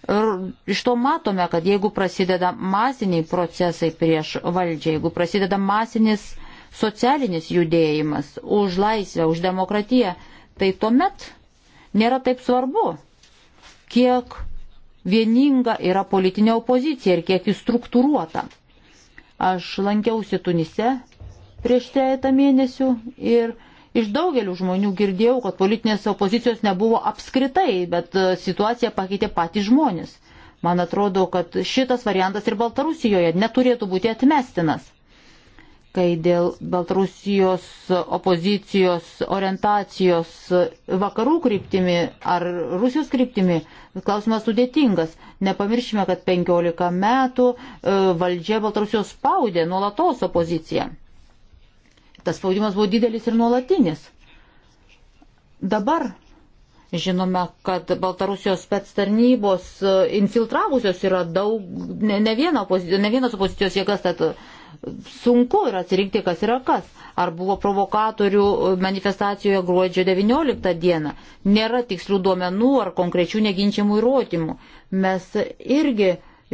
Ir iš to matome, kad jeigu prasideda masiniai procesai prieš valdžią, jeigu prasideda masinis socialinis judėjimas, už laisvę, už demokratiją, tai tuomet nėra taip svarbu, kiek vieninga yra politinė opozicija ir kiek ji struktūruota. Aš lankiausi Tunise prieš trejata mėnesių ir iš daugelių žmonių girdėjau, kad politinės opozicijos nebuvo apskritai, bet e, situaciją pakeitė patys žmonės. Man atrodo, kad šitas variantas ir Baltarusijoje neturėtų būti atmestinas kai dėl Baltarusijos opozicijos orientacijos vakarų kryptimi ar Rusijos kryptimi, klausimas sudėtingas. Nepamiršime, kad 15 metų e, valdžia Baltarusijos spaudė nuolatos opoziciją. Tas spaudimas buvo didelis ir nuolatinis. Dabar Žinome, kad Baltarusijos spets tarnybos e, infiltravusios yra daug, ne, ne, viena opozicijos, ne vienas opozicijos jėgas, tad sunku yra atsirinkti, kas yra kas. Ar buvo provokatorių manifestacijoje gruodžio 19 dieną. Nėra tikslių duomenų ar konkrečių neginčiamų įrodymų. Mes irgi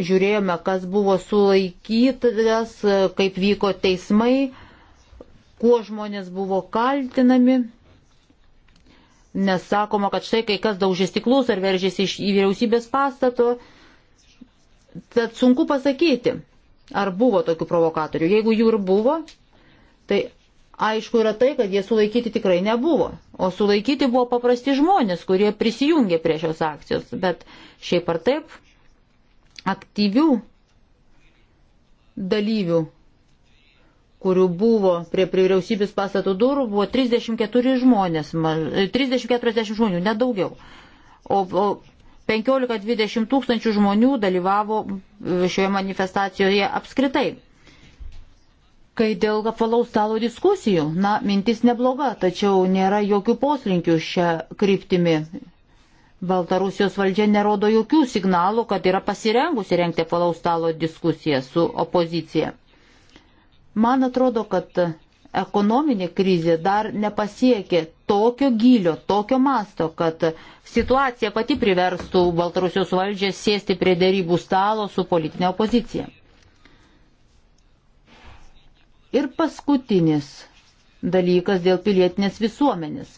žiūrėjome, kas buvo sulaikytas, kaip vyko teismai, kuo žmonės buvo kaltinami. Nes sakoma, kad štai kai kas daužė stiklus ar veržėsi iš vyriausybės pastato. Tad sunku pasakyti ar buvo tokių provokatorių. Jeigu jų ir buvo, tai aišku yra tai, kad jie sulaikyti tikrai nebuvo. O sulaikyti buvo paprasti žmonės, kurie prisijungė prie šios akcijos. Bet šiaip ar taip, aktyvių dalyvių, kurių buvo prie vyriausybės pastatų durų, buvo 34 žmonės, 30-40 žmonių, nedaugiau. O, o 15-20 tūkstančių žmonių dalyvavo e, šioje manifestacijoje apskritai. Kai dėl apvalaus stalo diskusijų, na, mintis nebloga, tačiau nėra jokių poslinkių šią kryptimį. Baltarusijos valdžia nerodo jokių signalų, kad yra pasirengusi renkti apvalaus stalo diskusiją su opozicija. Man atrodo, kad ekonominė krizė dar nepasiekė tokio gilio, tokio masto, kad situacija pati priverstų Baltarusijos valdžią sėsti prie dėrybų stalo su politinė opozicija. Ir paskutinis dalykas dėl pilietinės visuomenės.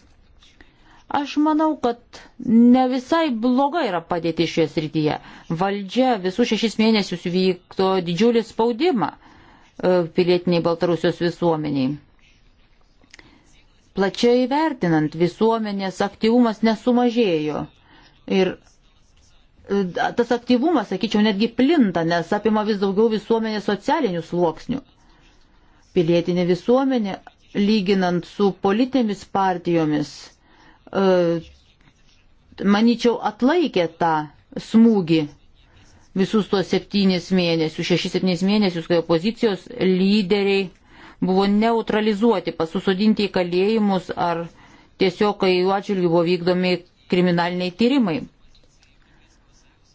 Aš manau, kad ne visai bloga yra padėti šioje srityje. Valdžia visus šešis mėnesius vykto didžiulį spaudimą e, pilietiniai Baltarusijos visuomeniai. Plačiai vertinant, visuomenės aktyvumas nesumažėjo. Ir e, tas aktyvumas, sakyčiau, netgi plinta, nes apima vis daugiau visuomenės socialinių sluoksnių. Pilietinė visuomenė, lyginant su politinėmis partijomis, e, manyčiau, atlaikė tą smūgį visus tuos septynis mėnesius, šešis septynis mėnesius, kai opozicijos lyderiai buvo neutralizuoti, pasusodinti į kalėjimus ar tiesiog, kai jų atžvilgių buvo vykdomi kriminaliniai tyrimai.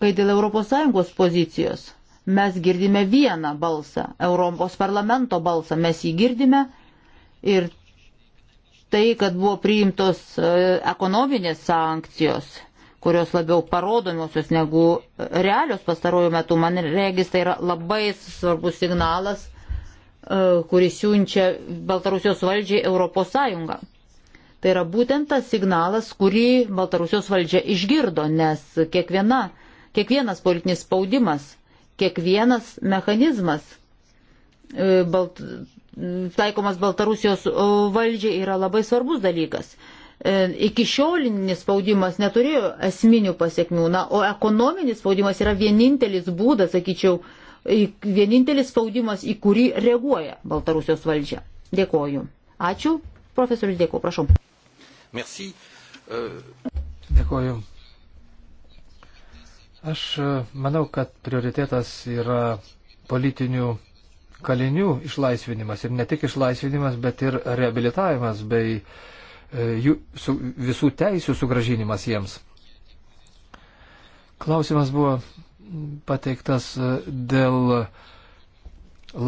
Kai dėl ES pozicijos mes girdime vieną balsą, Europos parlamento balsą, mes jį girdime ir tai, kad buvo priimtos e, ekonominės sankcijos, kurios labiau parodomiosios negu e, realios pastarojų metų, man regis tai yra labai svarbus signalas E, kuris siunčia Baltarusijos valdžiai Europos Sąjungą. Tai yra būtent tas signalas, kurį Baltarusijos valdžia išgirdo, nes kiekviena, kiekvienas politinis spaudimas, kiekvienas mechanizmas e, balt, taikomas Baltarusijos e, valdžiai yra labai svarbus dalykas. Iki šiolinis spaudimas neturėjo esminių pasiekmių, na, o ekonominis spaudimas yra vienintelis būdas, sakyčiau, vienintelis spaudimas, į kurį reaguoja Baltarusijos valdžia. Dėkoju. Ačiū. Profesorius Dėko, prašau. Merci. Uh, dėkoju. Aš uh, manau, kad prioritetas yra politinių kalinių išlaisvinimas ir ne tik išlaisvinimas, bet ir reabilitavimas bei uh, jų, su, visų teisių sugražinimas jiems. Klausimas buvo pateiktas e, dėl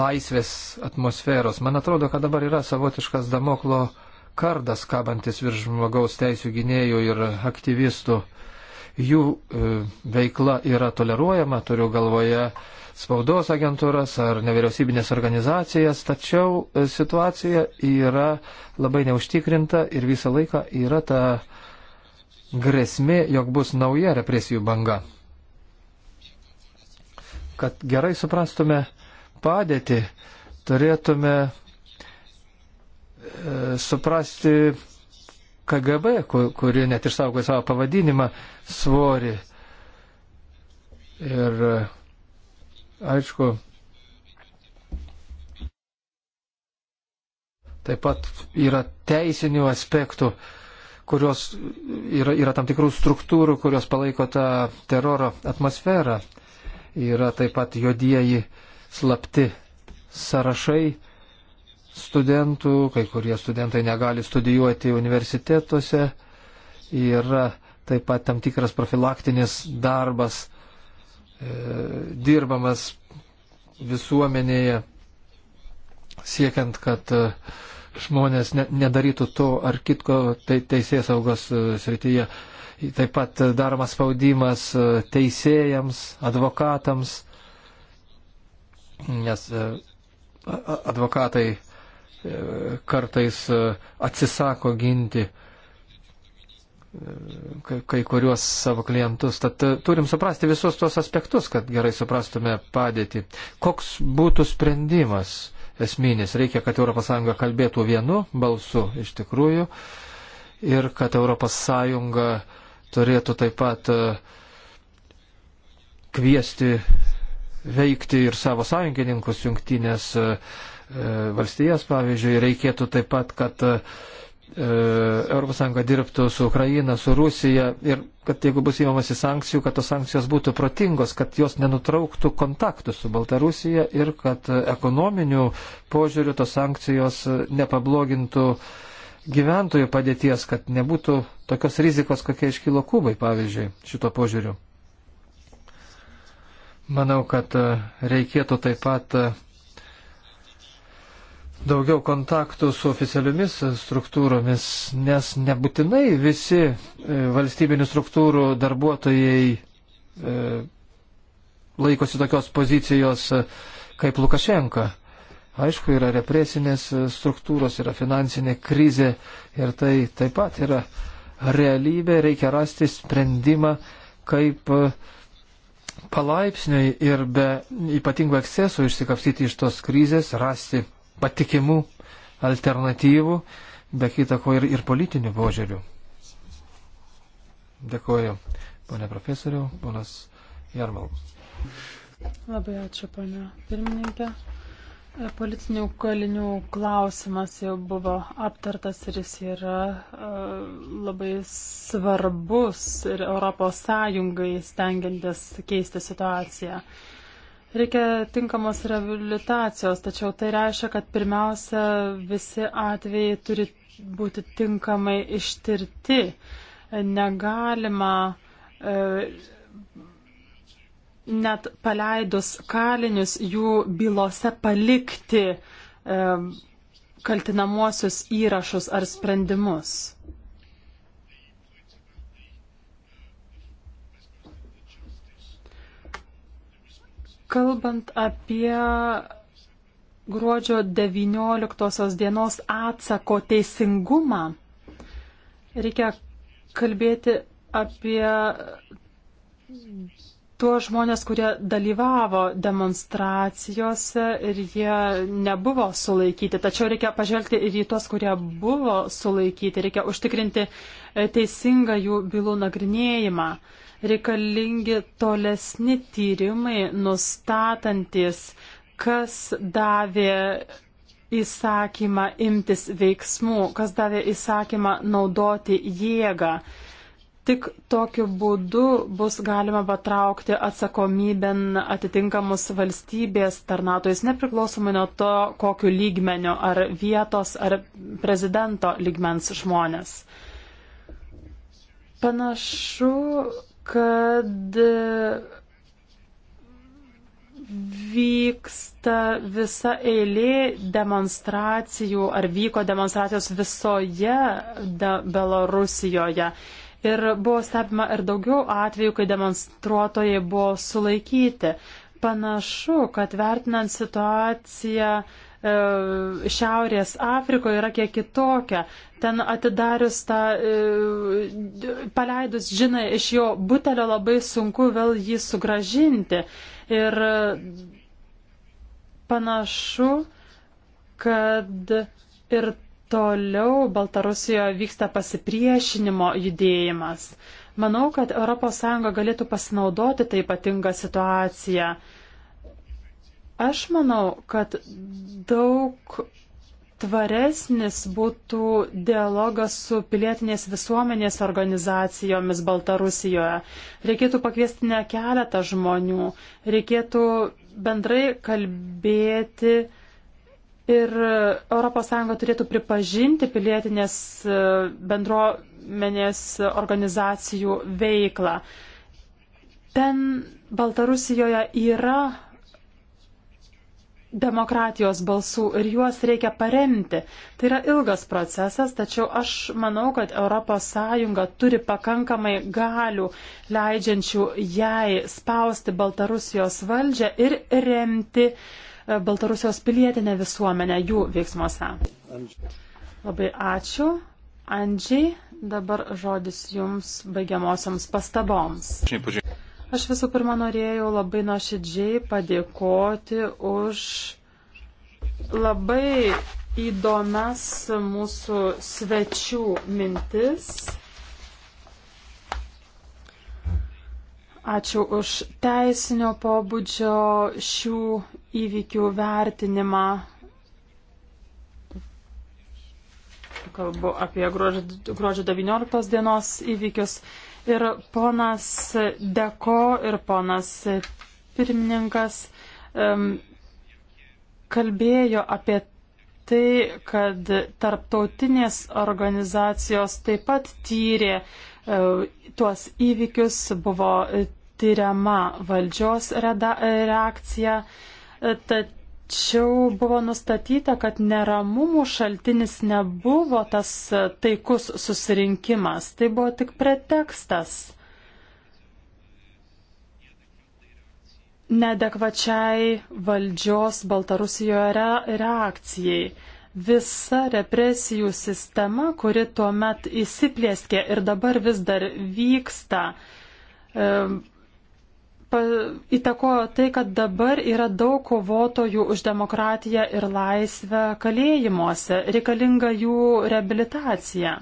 laisvės atmosferos. Man atrodo, kad dabar yra savotiškas Damoklo kardas kabantis virš žmogaus teisų gynėjų ir aktyvistų. Jų e, veikla yra toleruojama, turiu galvoje spaudos agentūras ar nevyriausybinės organizacijas, tačiau e, situacija yra labai neužtikrinta ir visą laiką yra ta grėsmė, jog bus nauja represijų banga kad gerai suprastume padėtį, turėtume e, suprasti KGB, kuri net išsaugojo savo pavadinimą, svorį. Ir e, aišku, taip pat yra teisinių aspektų, kurios yra, yra tam tikrų struktūrų, kurios palaiko tą teroro atmosferą yra taip pat jodieji slapti sąrašai studentų, kai kurie studentai negali studijuoti universitetuose, yra taip pat tam tikras profilaktinis darbas e, dirbamas visuomenėje, siekiant, kad e, žmonės ne, nedarytų to ar kitko tai, teisės saugos e, srityje. E, taip pat daromas spaudimas e, teisėjams, advokatams, nes e, advokatai e, kartais atsisako ginti kai kuriuos savo klientus. Tad turim suprasti visus tuos aspektus, kad gerai suprastume padėtį. Koks būtų sprendimas esminis? Reikia, kad ES kalbėtų vienu balsu iš tikrųjų ir kad ES turėtų taip pat e, kviesti veikti ir savo sąjungininkus, jungtinės e, e, valstijas, pavyzdžiui, reikėtų taip pat, kad ES dirbtų su Ukraina, su Rusija ir kad jeigu bus įmamasi sankcijų, kad tos sankcijos būtų protingos, kad jos nenutrauktų kontaktų su Baltarusija ir kad ekonominių požiūrių tos sankcijos nepablogintų uh, gyventojų padėties, kad nebūtų tokios rizikos, kokia iškilo Kubai, pavyzdžiui, šito požiūriu. Manau, kad e, reikėtų taip pat e, daugiau kontaktų su oficialiomis struktūromis, nes nebūtinai visi e, valstybinių struktūrų darbuotojai laikosi tokios pozicijos kaip Lukašenka. Aišku, yra represinės e, struktūros, yra finansinė krizė ir tai taip pat yra realybė, reikia rasti sprendimą, kaip e, palaipsniui ir be ypatingų ekscesų išsikapstyti iš tos krizės, rasti patikimų alternatyvų, be kita ko ir, ir politinių požiūrių. Dėkuoju, ponė profesoriau, ponas Jarmal. Labai ačiū, ponė pirmininkė. Policinių kalinių klausimas jau buvo aptartas ir jis yra e, labai svarbus ir Europos Sąjungai stengiantis keisti situaciją. Reikia tinkamos rehabilitacijos, tačiau tai reiškia, kad pirmiausia visi atvejai turi būti tinkamai ištirti. Negalima e, net paleidus kalinius jų bylose palikti e, kaltinamuosius įrašus ar sprendimus. Kalbant apie gruodžio 19 dienos atsako teisingumą, reikia kalbėti apie tuos žmonės, kurie dalyvavo demonstracijose ir jie nebuvo sulaikyti. Tačiau reikia pažvelgti ir į tuos, kurie buvo sulaikyti. Reikia užtikrinti e, teisingą jų bylų nagrinėjimą. Reikalingi tolesni tyrimai, nustatantis, kas davė įsakymą imtis veiksmų, kas davė įsakymą naudoti jėgą. Tik tokiu būdu bus galima patraukti atsakomybėn atitinkamus valstybės tarnautojus, nepriklausomai nuo to, kokiu lygmeniu ar vietos ar prezidento lygmens žmonės. Panašu, kad vyksta visa eilė demonstracijų ar vyko demonstracijos visoje de Belorusijoje. Ir buvo stebima ir daugiau atvejų, kai demonstruotojai buvo sulaikyti. Panašu, kad vertinant situaciją e, Šiaurės Afrikoje yra kiek kitokia. Ten atidarius tą, e, paleidus žiną iš jo butelio labai sunku vėl jį sugražinti. Ir panašu, kad ir Toliau Baltarusijoje vyksta pasipriešinimo judėjimas. Manau, kad ES galėtų pasinaudoti tą ypatingą situaciją. Aš manau, kad daug tvaresnis būtų dialogas su pilietinės visuomenės organizacijomis Baltarusijoje. Reikėtų pakviesti ne keletą žmonių, reikėtų bendrai kalbėti Ir ES turėtų pripažinti pilietinės e, bendruomenės organizacijų veiklą. Ten Baltarusijoje yra demokratijos balsų ir juos reikia paremti. Tai yra ilgas procesas, tačiau aš manau, kad ES turi pakankamai galių leidžiančių jai spausti Baltarusijos valdžią ir remti uh, E, Baltarusijos pilietinę visuomenę jų veiksmuose. Labai ačiū. Andžiai, dabar žodis jums baigiamosiams pastaboms. Aš visų pirma norėjau labai nuoširdžiai padėkoti už labai įdomias mūsų svečių mintis. Ačiū už teisinio pobūdžio šių įvykių vertinimą. Kalbu apie gruodžio, gruodžio 19 dienos įvykius. Ir ponas Deko ir ponas pirmininkas um, kalbėjo apie tai, kad tarptautinės organizacijos taip pat tyrė e, tuos įvykius, buvo tyriama valdžios reakcija, e, tačiau buvo nustatyta, kad neramumų šaltinis nebuvo tas e, taikus susirinkimas, tai buvo tik pretekstas. Nedekvačiai valdžios Baltarusijoje reakcijai visa represijų sistema, kuri tuo met įsiplėskė ir dabar vis dar vyksta, e, įtakojo tai, kad dabar yra daug kovotojų už demokratiją ir laisvę kalėjimuose, reikalinga jų reabilitacija.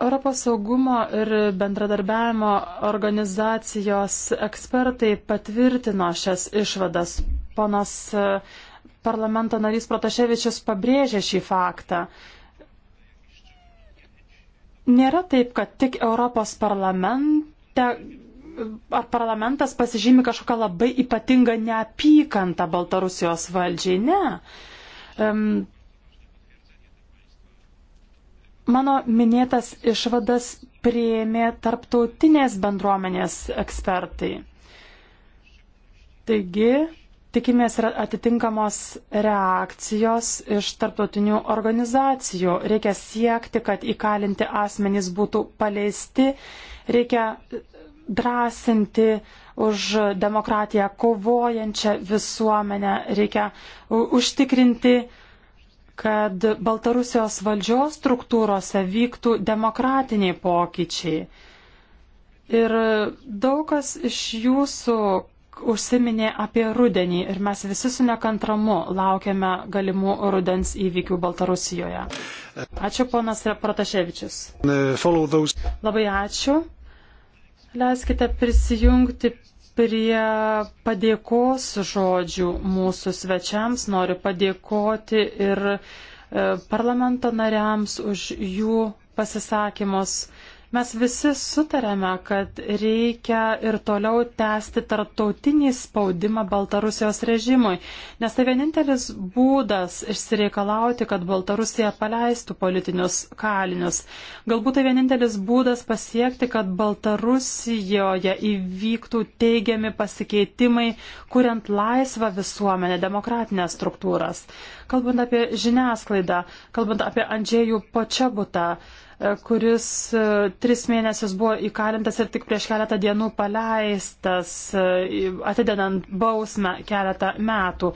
Europos saugumo ir bendradarbiavimo organizacijos ekspertai patvirtino šias išvadas. Ponas e, parlamento narys Protaševičius pabrėžė šį faktą. Nėra taip, kad tik Europos parlament te, ar parlamentas pasižymi kažkokią labai ypatingą neapykantą Baltarusijos valdžiai. Ne. Um, mano minėtas išvadas prieimė tarptautinės bendruomenės ekspertai. Taigi, tikimės atitinkamos reakcijos iš tarptautinių organizacijų. Reikia siekti, kad įkalinti asmenys būtų paleisti Reikia drąsinti už demokratiją kovojančią visuomenę. Reikia užtikrinti, kad Baltarusijos valdžios struktūrose vyktų demokratiniai pokyčiai. Ir daug kas iš jūsų užsiminė apie rudenį ir mes visi su nekantramu laukiame galimų rudens įvykių Baltarusijoje. Ačiū ponas Prataševičius. Labai ačiū. Leiskite prisijungti prie padėkos žodžių mūsų svečiams. Noriu padėkoti ir e, parlamento nariams už jų pasisakymus. Mes visi sutarėme, kad reikia ir toliau tęsti tarptautinį spaudimą Baltarusijos režimui, nes tai vienintelis būdas išsireikalauti, kad Baltarusija paleistų politinius kalinius. Galbūt tai vienintelis būdas pasiekti, kad Baltarusijoje įvyktų teigiami pasikeitimai, kuriant laisvą visuomenę, demokratinės struktūras. Kalbant apie žiniasklaidą, kalbant apie Andžėjų Počebutą, kuris e, tris mėnesius buvo įkalintas ir tik prieš keletą dienų paleistas, e, atidedant bausmę keletą metų.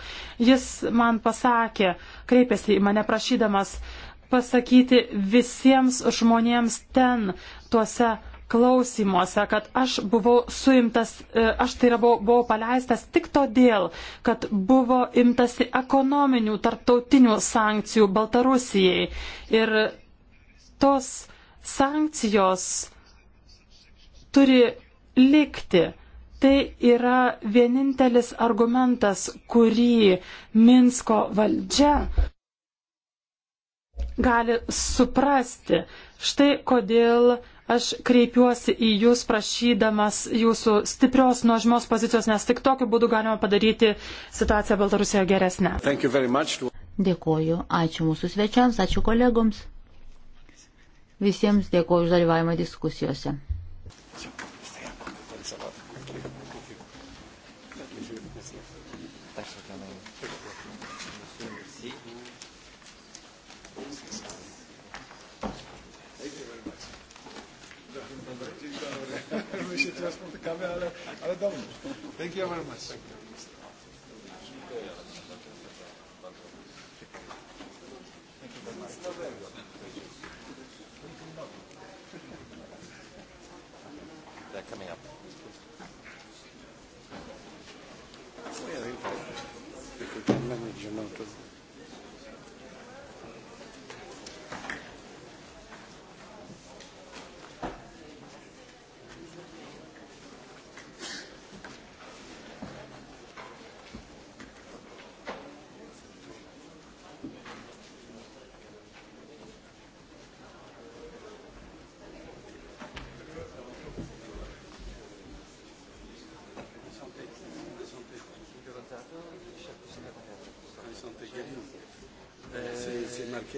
Jis man pasakė, kreipėsi į mane prašydamas pasakyti visiems žmonėms ten, tuose klausimuose, kad aš buvau suimtas, e, aš tai yra buvau, buvau paleistas tik todėl, kad buvo imtasi ekonominių tarptautinių sankcijų Baltarusijai. Ir tos sankcijos turi likti. Tai yra vienintelis argumentas, kurį Minsko valdžia gali suprasti. Štai kodėl aš kreipiuosi į Jūs prašydamas Jūsų stiprios nuožmios pozicijos, nes tik tokiu būdu galima padaryti situaciją Baltarusijoje geresnę. Dėkoju. Ačiū mūsų svečiams, ačiū kolegoms. Visiems dėkoju už dalyvavimą diskusijose. Thank you very much.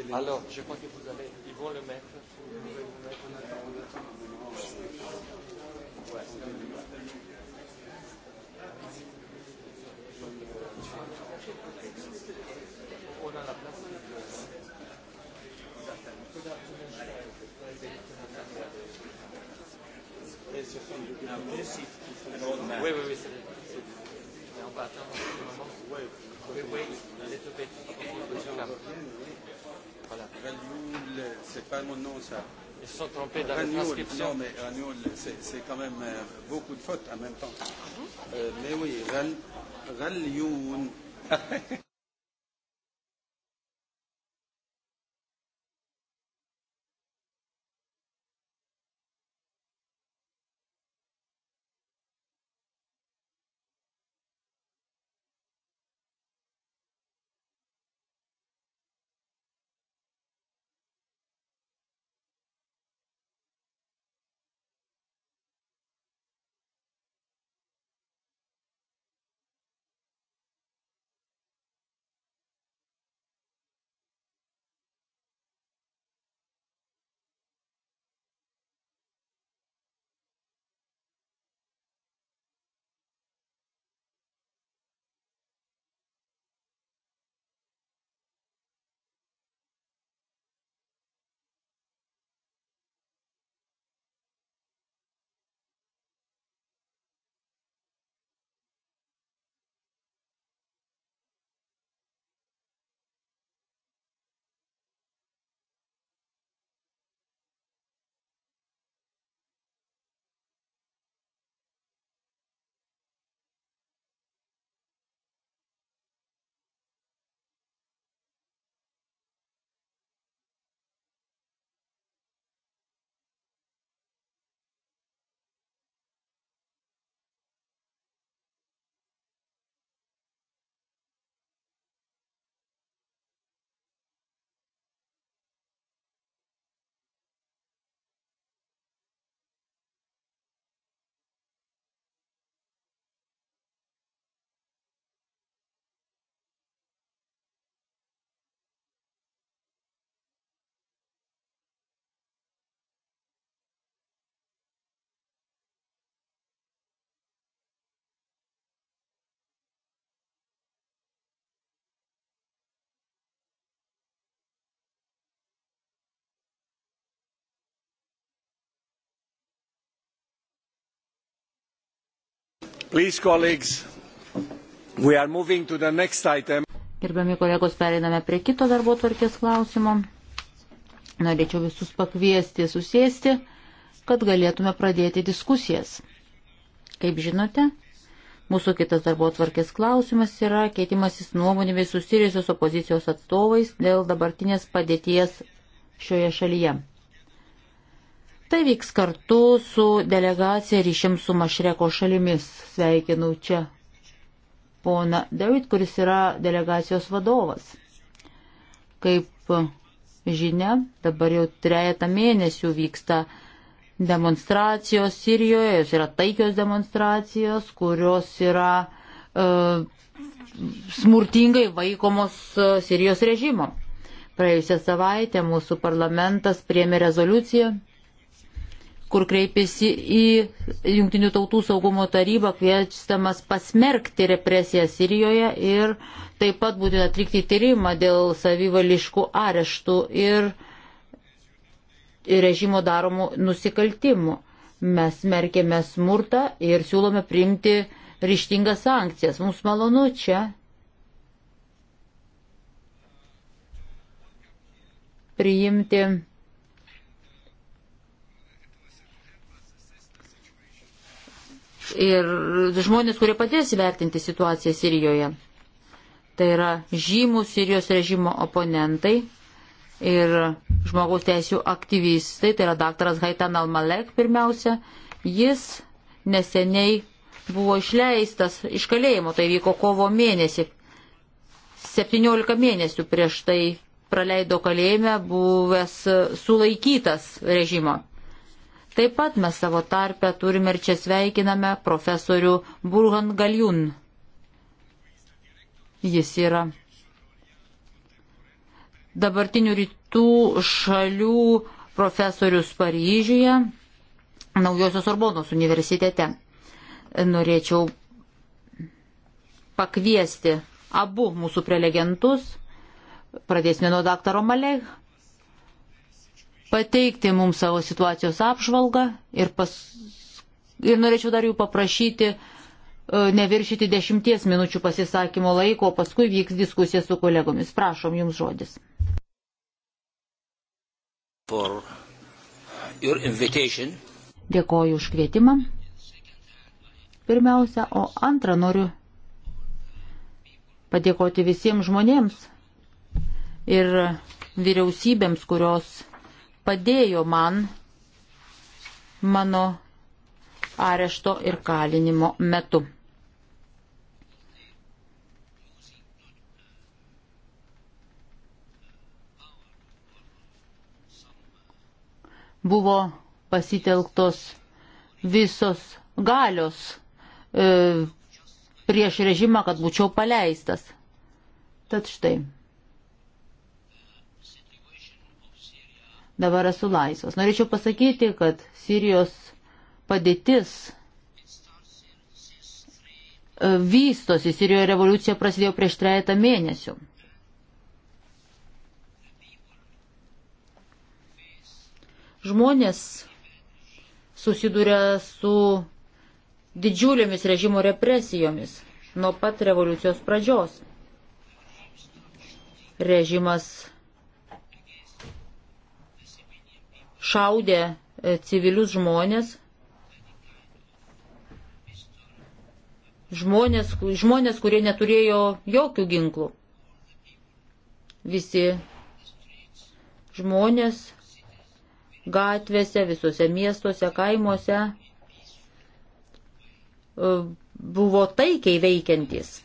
les... Alors, je crois que vous avez... Ils vont le mettre. non, ça. Ils se sont trompés dans Ragnoul, la transcription. Non, mais Ragnoul, c'est quand même eh, beaucoup de fautes en même temps. Ah bon euh, mais oui, Ragnoul. Please, colleagues, we are moving to the next item. Gerbiami kolegos, pereiname prie kito darbo tvarkės klausimo. Norėčiau visus pakviesti susėsti, kad galėtume pradėti diskusijas. Kaip žinote, mūsų kitas darbo tvarkės klausimas yra keitimasis nuomonėmis susijusios opozicijos atstovais dėl dabartinės padėties šioje šalyje. Tai vyks kartu su delegacija ryšim su Mašreko šalimis. Sveikinu čia pona David, kuris yra delegacijos vadovas. Kaip žinia, dabar jau trejata mėnesių vyksta demonstracijos Sirijoje, jos yra taikios demonstracijos, kurios yra e, smurtingai vaikomos e, Sirijos režimo. Praėjusią savaitę mūsų parlamentas priemė rezoliuciją kur kreipėsi į Junktinių tautų saugumo tarybą, kviečiamas pasmerkti represiją Sirijoje ir taip pat būtina atlikti tyrimą dėl savivališkų areštų ir režimo daromų nusikaltimų. Mes smerkėme smurtą ir siūlome priimti ryštingas sankcijas. Mums malonu čia priimti ir žmonės, kurie padės įvertinti situaciją Sirijoje. Tai yra žymus Sirijos režimo oponentai ir žmogaus teisų aktyvistai, tai yra daktaras Haitan Almalek pirmiausia. Jis neseniai buvo išleistas iš kalėjimo, tai vyko kovo mėnesį. 17 mėnesių prieš tai praleido kalėjime buvęs sulaikytas režimo. Taip pat mes savo tarpę turime ir čia sveikiname profesorių Burhan Galjun. Jis yra dabartinių rytų šalių profesorius Paryžiuje, Naujosios Orbonos universitete. Norėčiau pakviesti abu mūsų prelegentus. Pradėsime nuo daktaro Malek, pateikti mums savo situacijos apžvalgą ir, pas, ir norėčiau dar jų paprašyti e, neviršyti dešimties minučių pasisakymo laiko, o paskui vyks diskusija su kolegomis. Prašom, jums žodis. Dėkoju už kvietimą. Pirmiausia, o antrą noriu padėkoti visiems žmonėms ir vyriausybėms, kurios padėjo man mano arešto ir kalinimo metu. Buvo pasitelktos visos galios e, prieš režimą, kad būčiau paleistas. Tad štai. dabar esu laisvas. Norėčiau pasakyti, kad Sirijos padėtis e, vystosi. Sirijoje revoliucija prasidėjo prieš trejata mėnesių. Žmonės susiduria su didžiulėmis režimo represijomis nuo pat revoliucijos pradžios. Režimas šaudė e, civilius žmonės. Žmonės, žmonės, kurie neturėjo jokių ginklų. Visi žmonės gatvėse, visuose miestuose, kaimuose e, buvo taikiai veikiantis.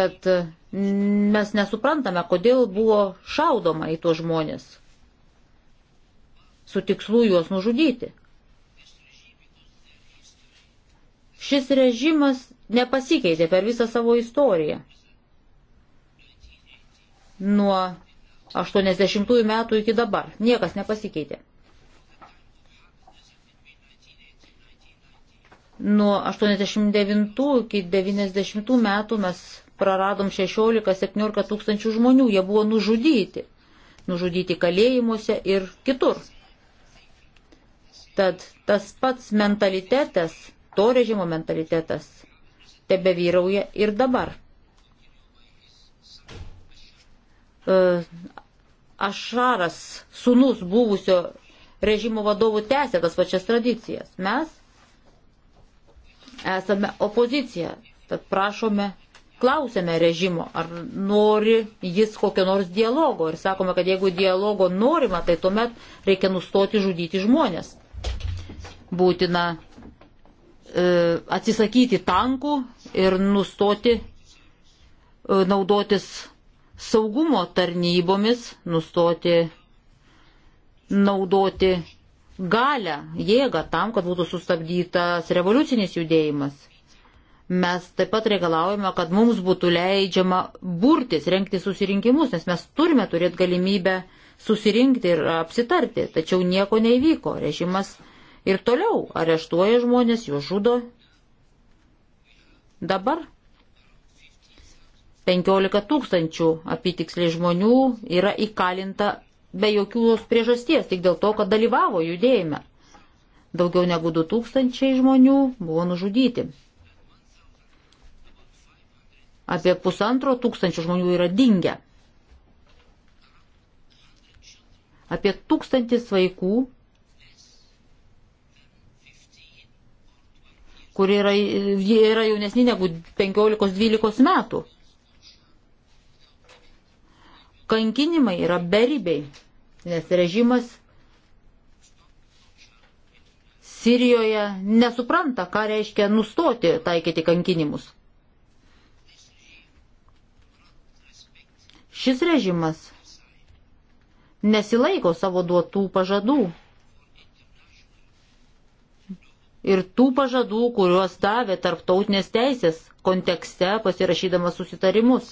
bet mes nesuprantame, kodėl buvo šaudoma į tuos žmonės su tikslu juos nužudyti. Šis režimas nepasikeitė per visą savo istoriją. Nuo 80 metų iki dabar niekas nepasikeitė. Nuo 89 iki 90 metų mes praradom 16-17 tūkstančių žmonių, jie buvo nužudyti, nužudyti kalėjimuose ir kitur. Tad tas pats mentalitetas, to režimo mentalitetas, tebe vyrauja ir dabar. E, Ašaras, sunus buvusio režimo vadovų, tęsė tas pačias tradicijas. Mes esame opozicija, tad prašome klausėme režimo, ar nori jis kokio nors dialogo. Ir sakome, kad jeigu dialogo norima, tai tuomet reikia nustoti žudyti žmonės. Būtina e, atsisakyti tankų ir nustoti e, naudotis saugumo tarnybomis, nustoti naudoti galę, jėgą tam, kad būtų sustabdytas revoliucinis judėjimas. Mes taip pat reikalaujame, kad mums būtų leidžiama burtis, renkti susirinkimus, nes mes turime turėti galimybę susirinkti ir apsitarti, tačiau nieko neįvyko. Režimas ir toliau areštuoja žmonės, juos žudo. Dabar 15 tūkstančių apitiksliai žmonių yra įkalinta be jokios priežasties, tik dėl to, kad dalyvavo judėjime. Daugiau negu 2000 žmonių buvo nužudyti. Apie pusantro tūkstančio žmonių yra dingę. Apie tūkstantis vaikų, kurie yra, yra jaunesni negu 15-12 metų. Kankinimai yra beribiai, nes režimas Sirijoje nesupranta, ką reiškia nustoti taikyti kankinimus. Šis režimas nesilaiko savo duotų pažadų. Ir tų pažadų, kuriuos davė tarptautinės teisės kontekste pasirašydamas susitarimus.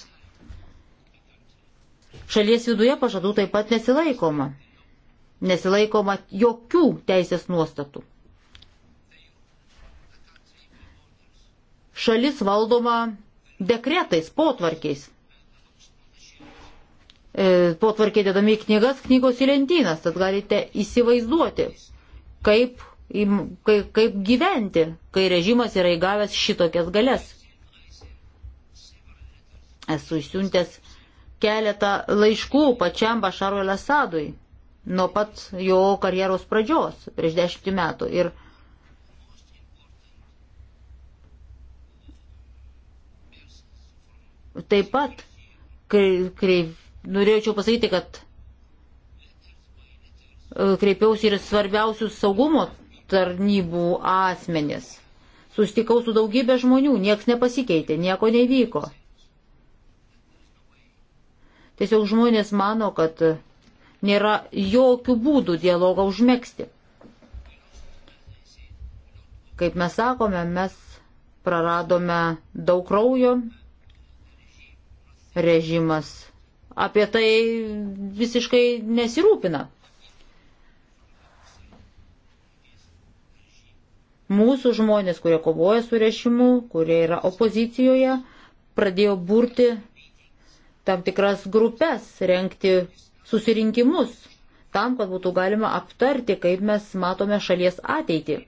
Šalies viduje pažadų taip pat nesilaikoma. Nesilaikoma jokių teisės nuostatų. Šalis valdoma dekretais, potvarkiais. E, potvarkė dedami knygas, knygos į lentynas, tad galite įsivaizduoti, kaip, kaip, kaip gyventi, kai režimas yra įgavęs šitokias galės. Esu išsiuntęs keletą laiškų pačiam Bašarui Lesadui nuo pat jo karjeros pradžios, prieš dešimtį metų. Ir taip pat kreip norėčiau pasakyti, kad e, kreipiausi ir svarbiausius saugumo tarnybų asmenės. Sustikau su daugybė žmonių, nieks nepasikeitė, nieko nevyko. Tiesiog žmonės mano, kad nėra jokių būdų dialogą užmėgsti. Kaip mes sakome, mes praradome daug kraujo, režimas apie tai visiškai nesirūpina. Mūsų žmonės, kurie kovoja su režimu, kurie yra opozicijoje, pradėjo burti tam tikras grupės, renkti susirinkimus, tam, kad būtų galima aptarti, kaip mes matome šalies ateitį.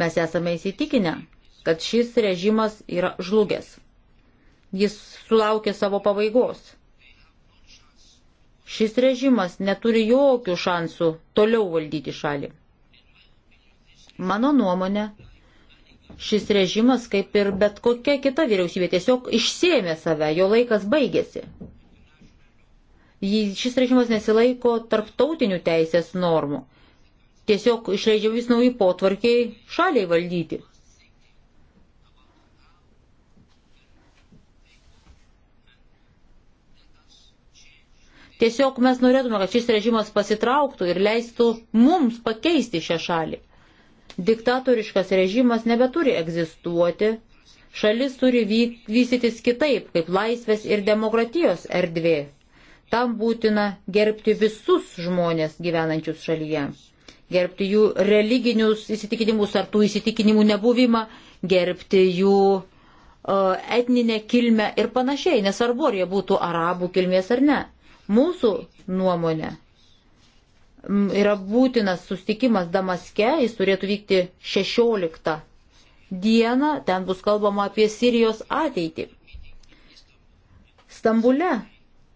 Mes esame įsitikinę, kad šis režimas yra žlugęs. Jis sulaukė savo pabaigos. Šis režimas neturi jokių šansų toliau valdyti šalį. Mano nuomonė, šis režimas, kaip ir bet kokia kita vyriausybė, tiesiog išsėmė save, jo laikas baigėsi. Šis režimas nesilaiko tarptautinių teisės normų. Tiesiog išleidžia vis nauji potvarkiai šaliai valdyti. Tiesiog mes norėtume, kad šis režimas pasitrauktų ir leistų mums pakeisti šią šalį. Diktatoriškas režimas nebeturi egzistuoti, šalis turi vystytis kitaip, kaip laisvės ir demokratijos erdvė. Tam būtina gerbti visus žmonės gyvenančius šalyje, gerbti jų religinius įsitikinimus ar tų įsitikinimų nebuvimą, gerbti jų uh, etninę kilmę ir panašiai, nesvarbu, ar jie būtų arabų kilmės ar ne. Mūsų nuomonė yra būtinas sustikimas Damaske, jis turėtų vykti 16 dieną, ten bus kalbama apie Sirijos ateitį. Stambule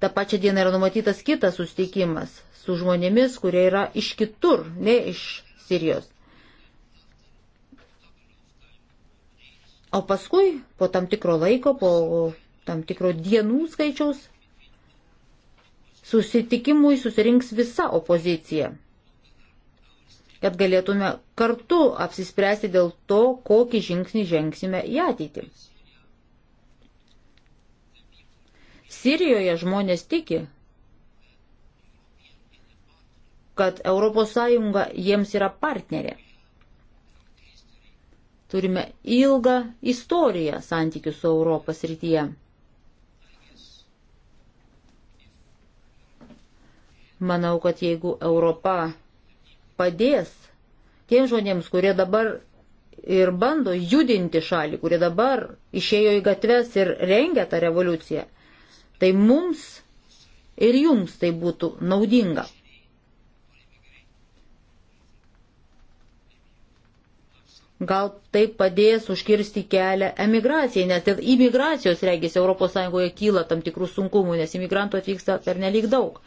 tą pačią dieną yra numatytas kitas sustikimas su žmonėmis, kurie yra iš kitur, ne iš Sirijos. O paskui, po tam tikro laiko, po tam tikro dienų skaičiaus, Susitikimui susirinks visa opozicija, kad galėtume kartu apsispręsti dėl to, kokį žingsnį žengsime į ateitį. Sirijoje žmonės tiki, kad ES jiems yra partnerė. Turime ilgą istoriją santykių su Europos rytyje. Manau, kad jeigu Europa padės tiems žmonėms, kurie dabar ir bando judinti šalį, kurie dabar išėjo į gatves ir rengia tą revoliuciją, tai mums ir jums tai būtų naudinga. Gal tai padės užkirsti kelią emigracijai, nes dėl imigracijos, regis, ES kyla tam tikrų sunkumų, nes imigrantų atvyksta per nelik daug.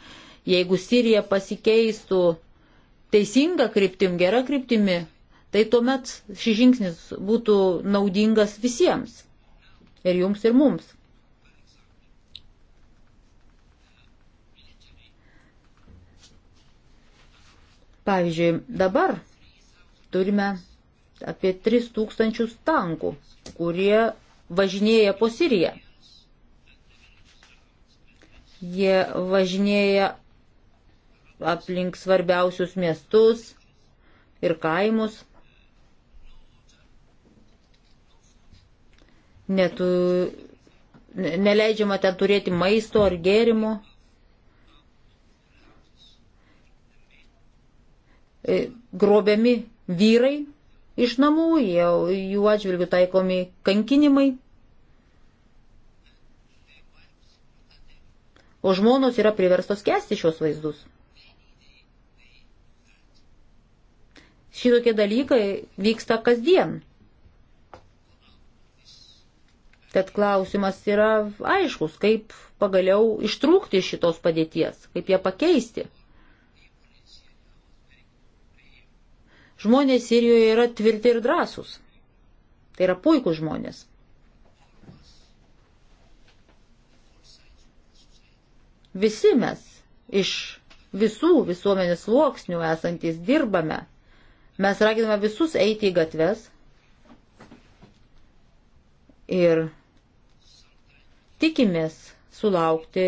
Jeigu Sirija pasikeistų teisinga kryptim, gera kryptimi, tai tuomet šis žingsnis būtų naudingas visiems. Ir jums, ir mums. Pavyzdžiui, dabar turime apie 3000 tankų, kurie važinėja po Siriją. Jie važinėja aplink svarbiausius miestus ir kaimus. Netu, neleidžiama ten turėti maisto ar gėrimo. E, grobiami vyrai iš namų, jie, jų atžvilgių taikomi kankinimai. O žmonos yra priverstos kesti šios vaizdus. šitokie dalykai vyksta kasdien. Tad klausimas yra aiškus, kaip pagaliau ištrūkti iš šitos padėties, kaip ją pakeisti. Žmonės Sirijoje yra tvirti ir drąsūs. Tai yra puikūs žmonės. Visi mes iš visų visuomenės sluoksnių esantis dirbame Mes raginame visus eiti į gatves ir tikimės sulaukti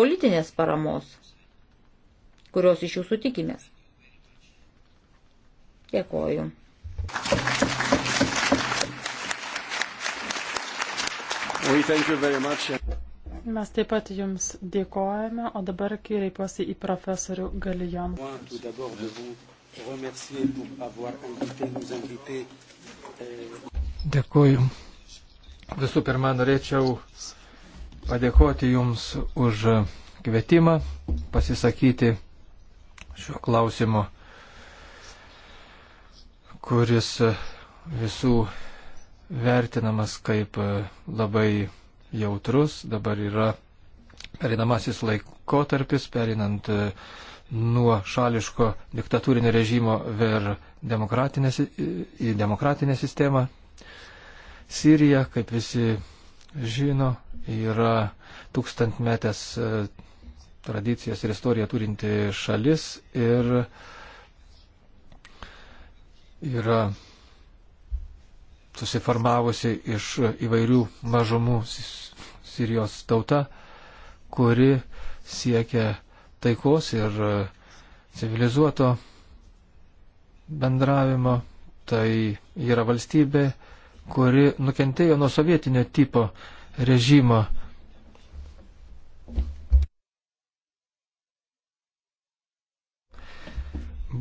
politinės paramos, kurios iš jūsų tikimės. Dėkoju. Mes taip pat Jums dėkojame, o dabar kreipiuosi į profesorių Galijon remercier pour avoir invité, nous invité. Euh, Dėkuoju. Visų pirma, norėčiau padėkoti Jums už kvietimą pasisakyti šiuo klausimu, kuris visų vertinamas kaip labai jautrus. Dabar yra perinamasis laikotarpis, perinant uh, nuo šališko diktatūrinio režimo ver demokratinę, į demokratinę sistemą. Sirija, kaip visi žino, yra tūkstantmetės e, tradicijas ir istoriją turinti šalis ir yra susiformavusi iš įvairių mažumų Sirijos tauta, kuri siekia taikos ir e, civilizuoto bendravimo. Tai yra valstybė, kuri nukentėjo nuo sovietinio tipo režimo.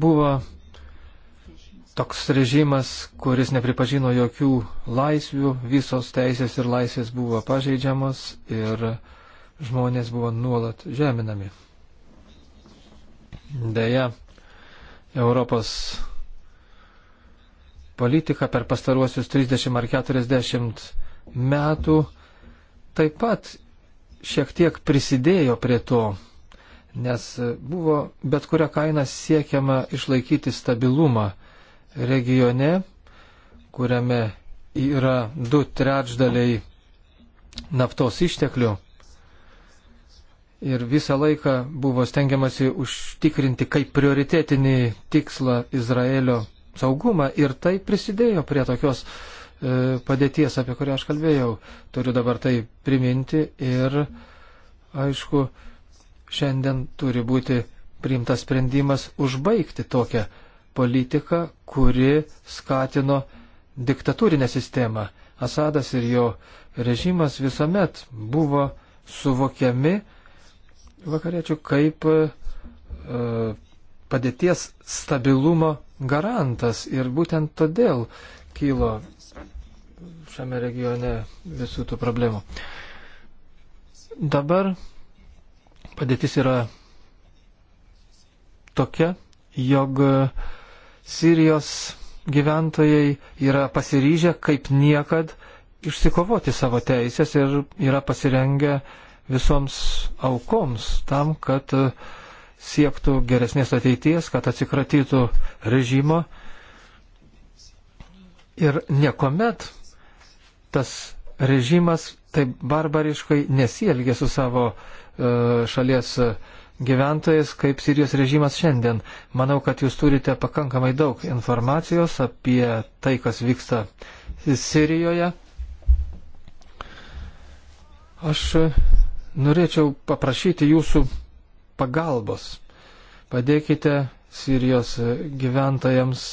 Buvo toks režimas, kuris nepripažino jokių laisvių, visos teisės ir laisvės buvo pažeidžiamos ir žmonės buvo nuolat žeminami. Deja, Europos politika per pastaruosius 30 ar 40 metų taip pat šiek tiek prisidėjo prie to, nes buvo bet kuria kaina siekiama išlaikyti stabilumą regione, kuriame yra du trečdaliai naftos išteklių ir visą laiką buvo stengiamasi užtikrinti kaip prioritetinį tikslą Izraelio saugumą ir tai prisidėjo prie tokios e, padėties, apie kurią aš kalbėjau. Turiu dabar tai priminti ir, aišku, šiandien turi būti priimtas sprendimas užbaigti tokią politiką, kuri skatino diktatūrinę sistemą. Asadas ir jo režimas visuomet buvo suvokiami vakariečių kaip e, padėties stabilumo garantas ir būtent todėl kylo šiame regione visų tų problemų. Dabar padėtis yra tokia, jog Sirijos gyventojai yra pasiryžę kaip niekad išsikovoti savo teisės ir yra pasirengę uh, visoms aukoms tam, kad e, siektų geresnės ateities, kad atsikratytų režimo. Ir niekuomet tas režimas taip barbariškai nesielgia su savo e, šalies e, gyventojais, kaip Sirijos režimas šiandien. Manau, kad jūs turite pakankamai daug informacijos apie tai, kas vyksta Sirijoje. Aš norėčiau paprašyti jūsų pagalbos. Padėkite Sirijos gyventojams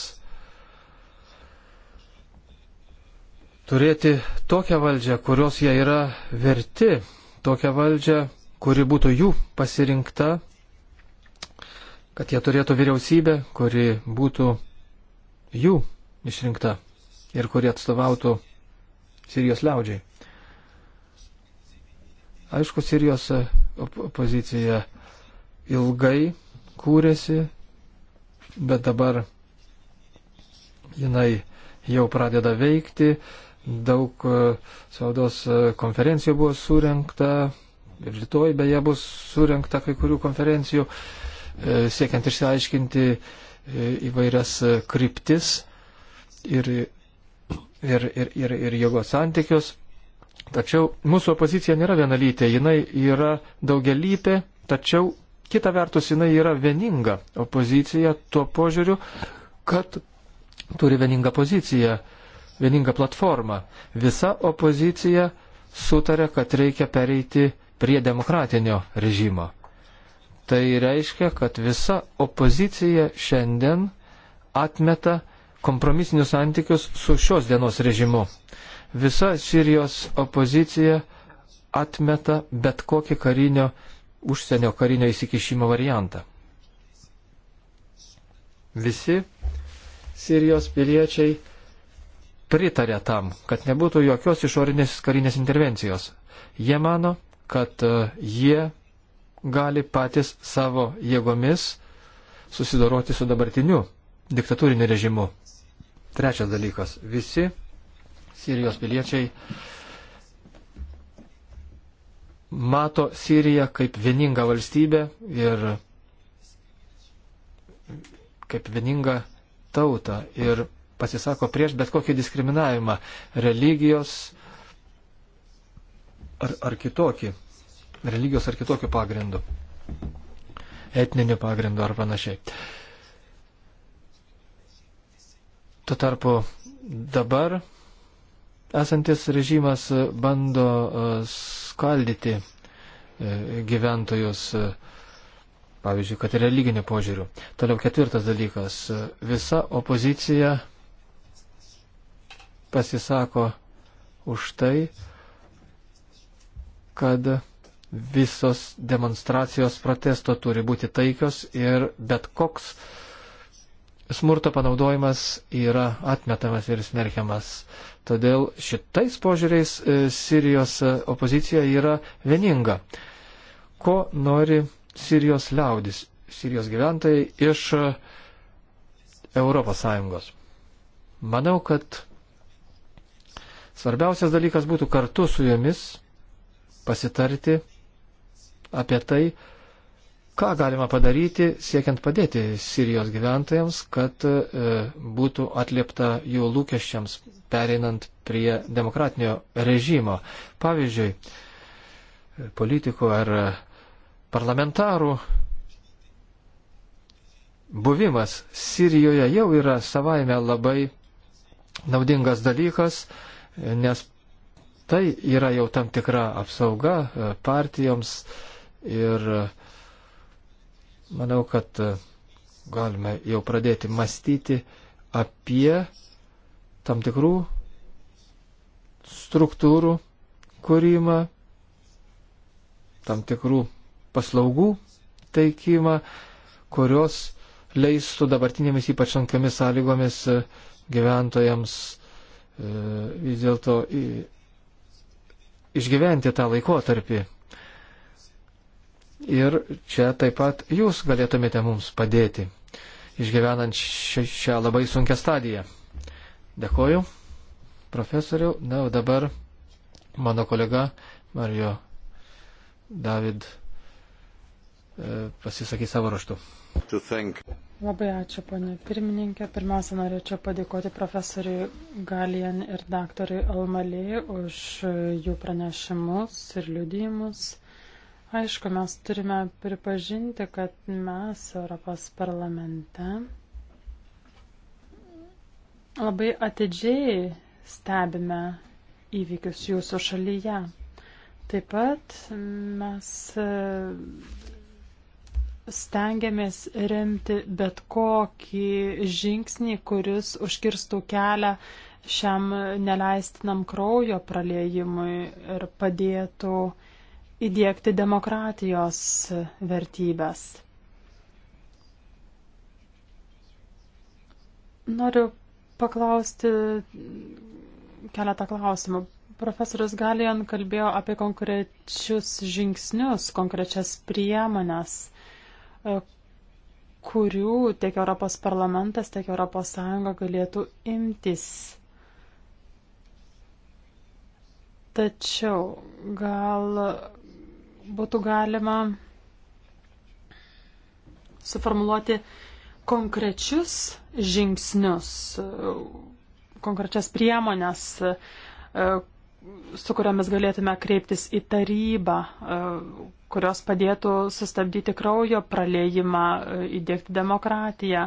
turėti tokią valdžią, kurios jie yra verti, tokią valdžią, kuri būtų jų pasirinkta, kad jie turėtų vyriausybę, kuri būtų jų išrinkta ir kuri atstovautų Sirijos liaudžiai. Aišku, Sirijos opozicija ilgai kūrėsi, bet dabar jinai jau pradeda veikti, daug e, saudos e, konferencijų buvo surinkta ir rytoj beje bus surinkta kai kurių konferencijų, e, siekiant išsiaiškinti įvairias kryptis ir, ir, ir, ir, ir jėgos santykius. Tačiau mūsų opozicija nėra vienalytė, jinai yra daugialytė, tačiau kita vertus jinai yra vieninga opozicija tuo požiūriu, kad turi vieningą poziciją, vieningą platformą. Visa opozicija sutarė, kad reikia pereiti prie demokratinio režimo. Tai reiškia, kad visa opozicija šiandien atmeta kompromisinius santykius su šios dienos režimu. Visa Sirijos opozicija atmeta bet kokį karinio, užsienio karinio įsikišimo variantą. Visi Sirijos piliečiai pritarė tam, kad nebūtų jokios išorinės karinės intervencijos. Jie mano, kad e, jie gali patys savo jėgomis susidoroti su dabartiniu diktatūriniu režimu. Trečias dalykas. Visi Sirijos piliečiai mato Siriją kaip vieningą valstybę ir kaip vieningą tautą ir pasisako prieš bet kokį diskriminavimą religijos ar, ar kitokį, religijos ar kitokių pagrindų, etninių pagrindų ar panašiai. Tuo tarpu dabar esantis režimas bando e, skaldyti e, gyventojus, e, pavyzdžiui, kad ir religinio požiūrių. Toliau ketvirtas dalykas. Visa opozicija pasisako už tai, kad visos demonstracijos protesto turi būti taikios ir bet koks uh, smurto panaudojimas yra atmetamas ir smerkiamas. Todėl šitais požiūriais e, Sirijos e, opozicija yra vieninga. Ko nori Sirijos liaudis, Sirijos gyventojai iš ES? Manau, kad svarbiausias dalykas būtų kartu su jomis pasitarti apie tai, Ką galima padaryti, siekiant padėti Sirijos gyventojams, kad e, būtų atliepta jų lūkesčiams, pereinant prie demokratinio režimo. Pavyzdžiui, politikų ar parlamentarų buvimas Sirijoje jau yra savaime labai naudingas dalykas, nes tai yra jau tam tikra apsauga e, partijoms ir uh, manau, kad e, galime jau pradėti mąstyti apie tam tikrų struktūrų kūrimą, tam tikrų paslaugų teikimą, kurios leistų dabartinėmis ypač sunkiomis sąlygomis e, gyventojams e, vis dėlto išgyventi tą laikotarpį Ir čia taip pat jūs galėtumėte mums padėti, išgyvenant šią labai sunkę stadiją. Dėkoju, profesoriu. Na, o dabar mano kolega Mario David e, pasisakys savo raštu. Labai ačiū, ponė pirmininkė. Pirmiausia, norėčiau padėkoti profesoriui Galijan ir daktarui Almalėjai už jų pranešimus ir liudijimus. Aišku, mes turime pripažinti, kad mes Europos parlamente labai atidžiai stebime įvykius jūsų šalyje. Taip pat mes e, stengiamės remti bet kokį žingsnį, kuris užkirstų kelią šiam neleistinam kraujo praliejimui ir padėtų uh, įdėkti demokratijos vertybės. Noriu paklausti keletą klausimų. Profesorius Galijan kalbėjo apie konkrečius žingsnius, konkrečias priemonės, e, kurių tiek Europos parlamentas, tiek Europos Sąjunga galėtų imtis. Tačiau gal būtų galima suformuluoti konkrečius žingsnius, konkrečias priemonės, su kuriomis galėtume kreiptis į tarybą, kurios padėtų sustabdyti kraujo praleimą, įdėkti demokratiją.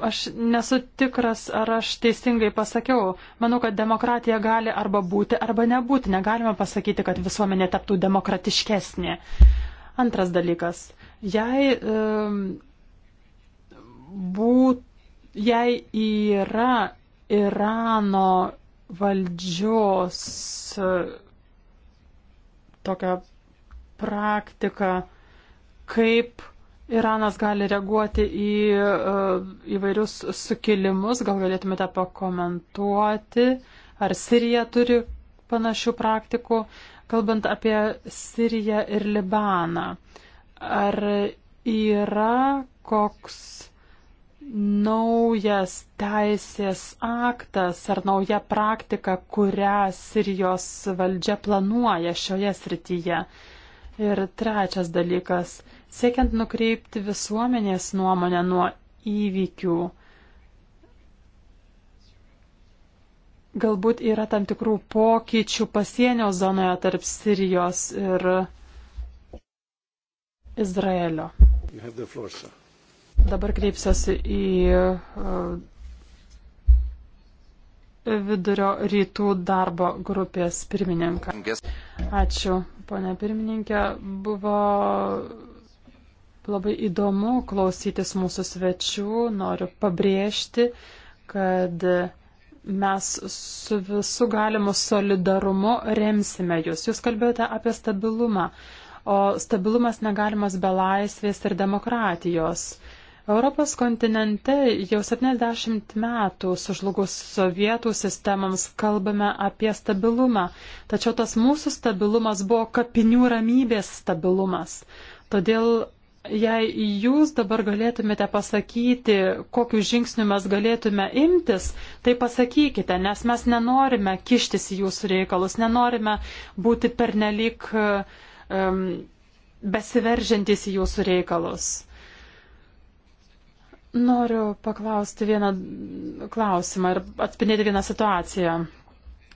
Aš nesu tikras, ar aš teisingai pasakiau. Manau, kad demokratija gali arba būti, arba nebūti. Negalime pasakyti, kad visuomenė taptų demokratiškesnė. Antras dalykas. Jei, um, būt, jei yra Irano valdžios e, tokia praktika, kaip Iranas gali reaguoti į e, įvairius sukilimus, gal galėtumėte pakomentuoti, ar Sirija turi panašių praktikų, kalbant apie Siriją ir Libaną. Ar yra koks naujas teisės aktas ar nauja praktika, kurią Sirijos valdžia planuoja šioje srityje? Ir trečias dalykas siekiant nukreipti visuomenės nuomonę nuo įvykių. Galbūt yra tam tikrų pokyčių pasienio zonoje tarp Sirijos ir Izraelio. Floor, Dabar kreipsiuosi į uh, vidurio rytų darbo grupės pirmininką. Ačiū, ponė pirmininkė. Buvo Labai įdomu klausytis mūsų svečių. Noriu pabrėžti, kad mes su visu galimu solidarumu remsime jūs. Jūs kalbėjote apie stabilumą, o stabilumas negalimas be laisvės ir demokratijos. Europos kontinente jau 70 metų sužlugus sovietų sistemams kalbame apie stabilumą, tačiau tas mūsų stabilumas buvo kapinių ramybės stabilumas. Todėl jei jūs dabar galėtumėte pasakyti, kokiu žingsniu mes galėtume imtis, tai pasakykite, nes mes nenorime kištis į jūsų reikalus, nenorime būti pernelik um, besiveržiantis į jūsų reikalus. Noriu paklausti vieną klausimą ir atspindėti vieną situaciją.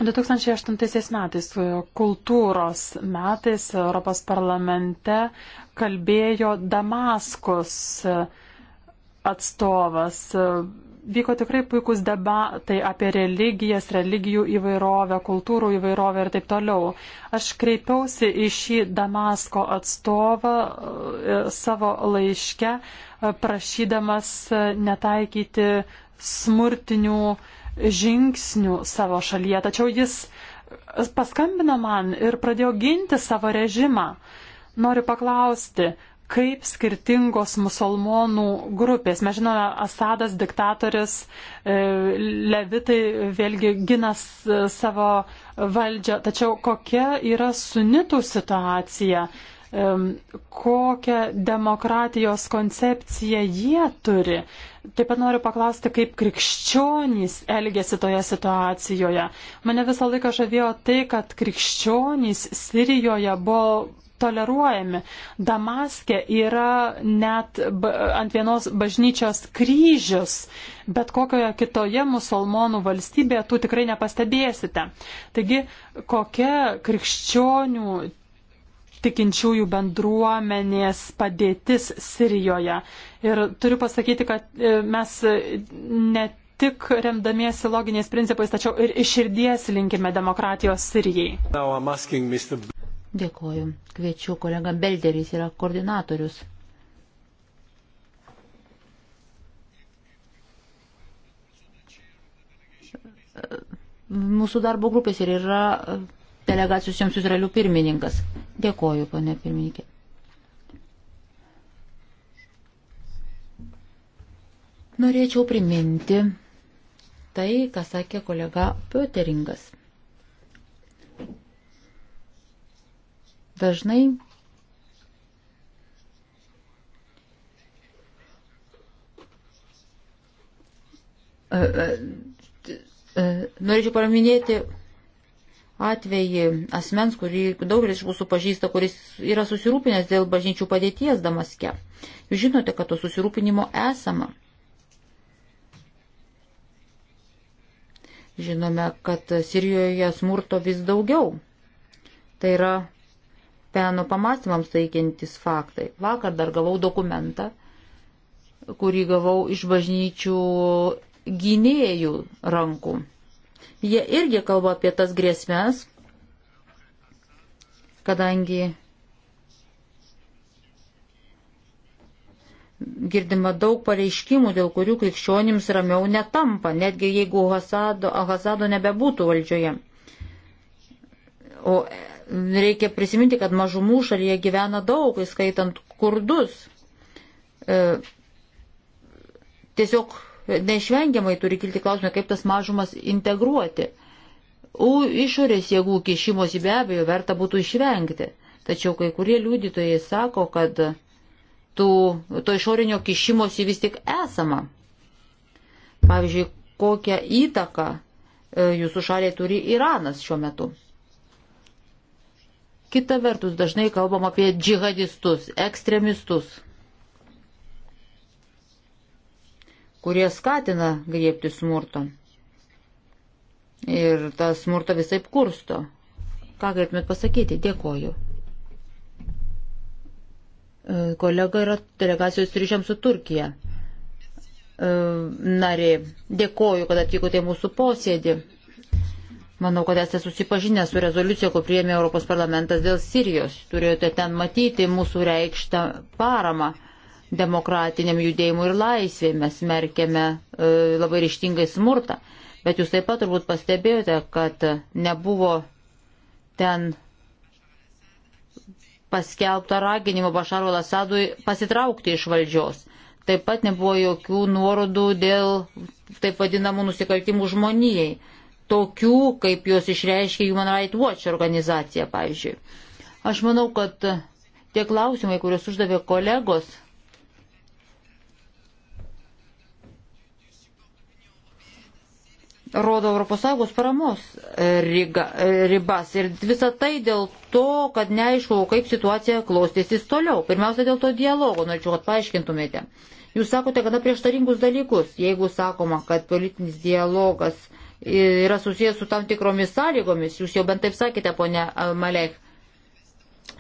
2008 metais, e, kultūros metais, Europos parlamente kalbėjo Damaskos e, atstovas. E, vyko tikrai puikus debatai apie religijas, religijų įvairovę, kultūrų įvairovę ir taip toliau. Aš kreipiausi į šį Damasko atstovą savo laiške, prašydamas netaikyti smurtinių uh, žingsnių savo šalyje, tačiau jis paskambino man ir pradėjo ginti savo režimą. Noriu paklausti, kaip skirtingos musulmonų grupės. Mes žinome, Asadas, diktatorius, e, levitai vėlgi gina savo valdžią. Tačiau kokia yra sunitų situacija? kokią demokratijos koncepciją jie turi. Taip pat noriu paklausti, kaip krikščionys elgėsi toje situacijoje. Mane visą laiką žavėjo tai, kad krikščionys Sirijoje buvo toleruojami. Damaskė yra net ant vienos bažnyčios kryžius, bet kokioje kitoje musulmonų valstybėje tu tikrai nepastebėsite. Taigi, kokia krikščionių tikinčiųjų bendruomenės padėtis Sirijoje. Ir turiu pasakyti, kad e, mes e, ne tik remdamiesi loginiais principais, tačiau ir iš širdies linkime demokratijos Sirijai. Dėkoju. Kviečiu kolega Belderis yra koordinatorius. Mūsų darbo grupės ir yra delegacijos joms Izraelių pirmininkas. Dėkoju, ponė pirmininkė. Norėčiau priminti tai, ką sakė kolega Pöteringas. Dažnai norėčiau paminėti atvejį asmens, kurį daugelis iš mūsų pažįsta, kuris yra susirūpinęs dėl bažnyčių padėties Damaske. Jūs žinote, kad to susirūpinimo esama. Žinome, kad Sirijoje smurto vis daugiau. Tai yra peno pamastymams taikiantis faktai. Vakar dar gavau dokumentą, kurį gavau iš bažnyčių gynėjų rankų. Jie irgi kalba apie tas grėsmės, kadangi girdima daug pareiškimų, dėl kurių krikščionims ramiau netampa, netgi jeigu Hasado, Hasado nebebūtų valdžioje. O reikia prisiminti, kad mažumų šalyje gyvena daug, įskaitant kurdus. E, tiesiog neišvengiamai turi kilti klausimą, kaip tas mažumas integruoti. U išorės jėgų kišimosi be abejo verta būtų išvengti. Tačiau kai kurie liudytojai sako, kad tų, to išorinio kišimosi vis tik esama. Pavyzdžiui, kokią įtaką e, jūsų šaliai turi Iranas šiuo metu. Kita vertus, dažnai kalbam apie džihadistus, ekstremistus. kurie skatina griebti smurto. Ir tą smurtą visai kursto. Ką galėtumėt pasakyti? Dėkoju. E, kolega yra delegacijos ryšiams su Turkija. E, narė, dėkoju, kad atvykote į mūsų posėdį. Manau, kad esate susipažinę su rezoliucija, kur priėmė Europos parlamentas dėl Sirijos. Turėjote ten matyti mūsų reikštą paramą demokratiniam judėjimui ir laisvėj, mes merkėme e, labai ryštingai smurtą. Bet jūs taip pat turbūt pastebėjote, kad nebuvo ten paskelbta raginimo Bašaro Lasadui pasitraukti iš valdžios. Taip pat nebuvo jokių nuorodų dėl taip vadinamų nusikaltimų žmonijai. Tokių, kaip juos išreiškia Human Rights Watch organizacija, pavyzdžiui. Aš manau, kad tie klausimai, kuriuos uždavė kolegos, rodo ES paramos e, riga, e, ribas. Ir visa tai dėl to, kad neaišku, kaip situacija klostysis toliau. Pirmiausia, dėl to dialogo norėčiau, kad paaiškintumėte. Jūs sakote gana prieštaringus dalykus, jeigu sakoma, kad politinis dialogas yra susijęs su tam tikromis sąlygomis. Jūs jau bent taip sakėte, ponė Malek.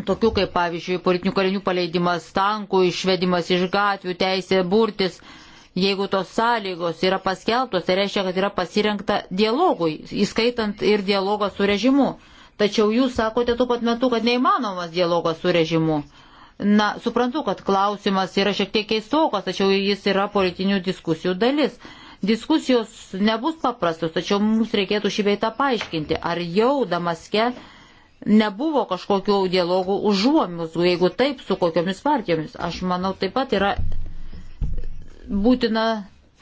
Tokių kaip, pavyzdžiui, politinių kalinių paleidimas, tankų išvedimas iš gatvių, teisė burtis. Uh, Jeigu tos sąlygos yra paskelbtos, tai reiškia, kad yra pasirengta dialogui, įskaitant ir dialogą su režimu. Tačiau jūs sakote tuo pat metu, kad neįmanomas dialogas su režimu. Na, suprantu, kad klausimas yra šiek tiek keistokas, tačiau jis yra politinių diskusijų dalis. Diskusijos nebus paprastos, tačiau mums reikėtų šį beitą paaiškinti. Ar jau Damaske nebuvo kažkokių dialogų užuomius, jeigu taip, su kokiomis partijomis? Aš manau, taip pat yra būtina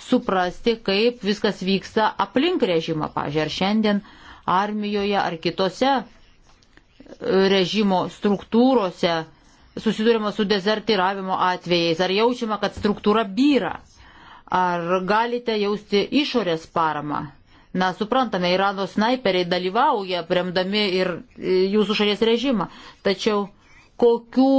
suprasti, kaip viskas vyksta aplink režimą, pažiūrėjau, ar šiandien armijoje ar kitose e, režimo struktūrose susidurima su dezertiravimo atvejais, ar jaučiama, kad struktūra byra, ar galite jausti išorės paramą. Na, suprantame, Irano snaiperiai dalyvauja, premdami ir e, jūsų šalies režimą, tačiau kokių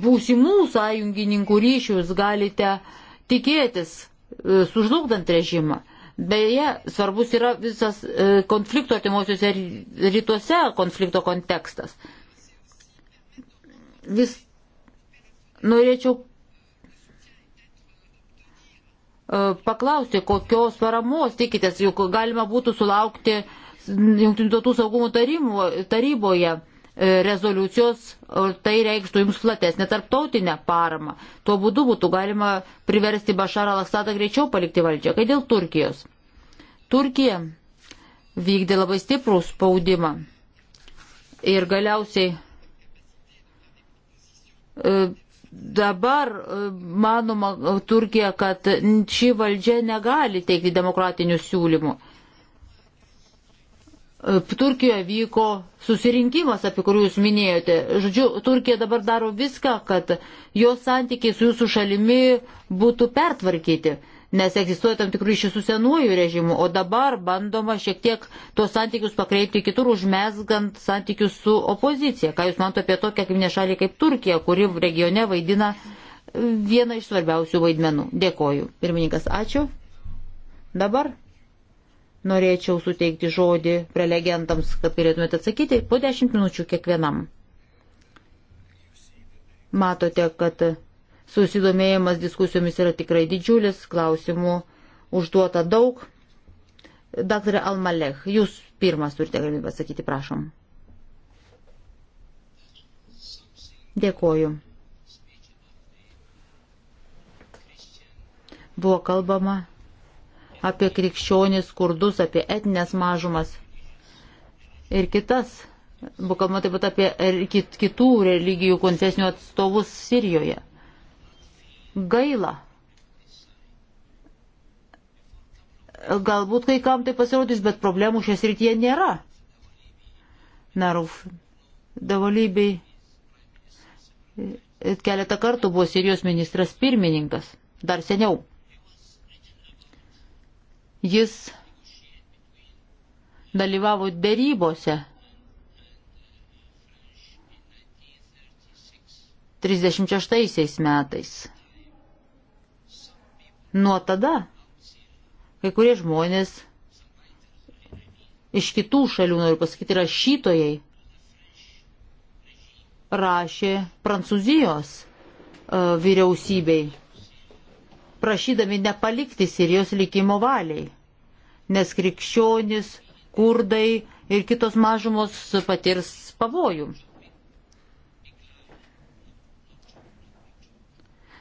būsimų sąjungininkų ryšius galite uh, tikėtis e, sužlugdant režimą. Beje, svarbus yra visas e, konflikto artimuosiuose rytuose konflikto kontekstas. Vis norėčiau e, paklausti, kokios paramos tikitės, juk galima būtų sulaukti Junktinių tautų saugumo taryboje rezoliucijos, tai reikštų jums platesnę tarptautinę paramą. Tuo būdu būtų galima priversti Bašarą Laksadą greičiau palikti valdžią, kai dėl Turkijos. Turkija vykdė labai stiprų spaudimą ir galiausiai e, dabar e, manoma Turkija, kad ši valdžia negali teikti demokratinių siūlymų. E, Turkijoje vyko susirinkimas, apie kurį jūs minėjote. Žodžiu, Turkija dabar daro viską, kad jos santykiai su jūsų šalimi būtų pertvarkyti, nes egzistuoja tam tikrų iš su senuoju režimu, o dabar bandoma šiek tiek tuos santykius pakreipti kitur, užmesgant santykius su opozicija. Ką jūs manote apie tokią kaiminę šalį kaip Turkija, kuri regione vaidina vieną iš svarbiausių vaidmenų. Dėkoju. Pirmininkas, ačiū. Dabar norėčiau suteikti žodį prelegentams, kad galėtumėte atsakyti po 10 minučių kiekvienam. Matote, kad susidomėjimas diskusijomis yra tikrai didžiulis, klausimų užduota daug. Daktarė Almalech, jūs pirmas turite galimybę atsakyti, prašom. Dėkoju. Buvo kalbama apie krikščionis, kurdus, apie etinės mažumas ir kitas. Buvo kalbama taip pat apie er, kitų religijų konfesinių atstovus Sirijoje. Gaila. Galbūt kai kam tai pasirodys, bet problemų šią srityje nėra. Naruf, davalybei keletą kartų buvo Sirijos ministras pirmininkas, dar seniau. Jis dalyvavo dėrybose 36 metais. Nuo tada kai kurie žmonės iš kitų šalių, noriu pasakyti, rašytojai rašė Prancūzijos e, vyriausybei prašydami nepalikti Sirijos likimo valiai, nes krikščionis, kurdai ir kitos mažumos patirs pavojų.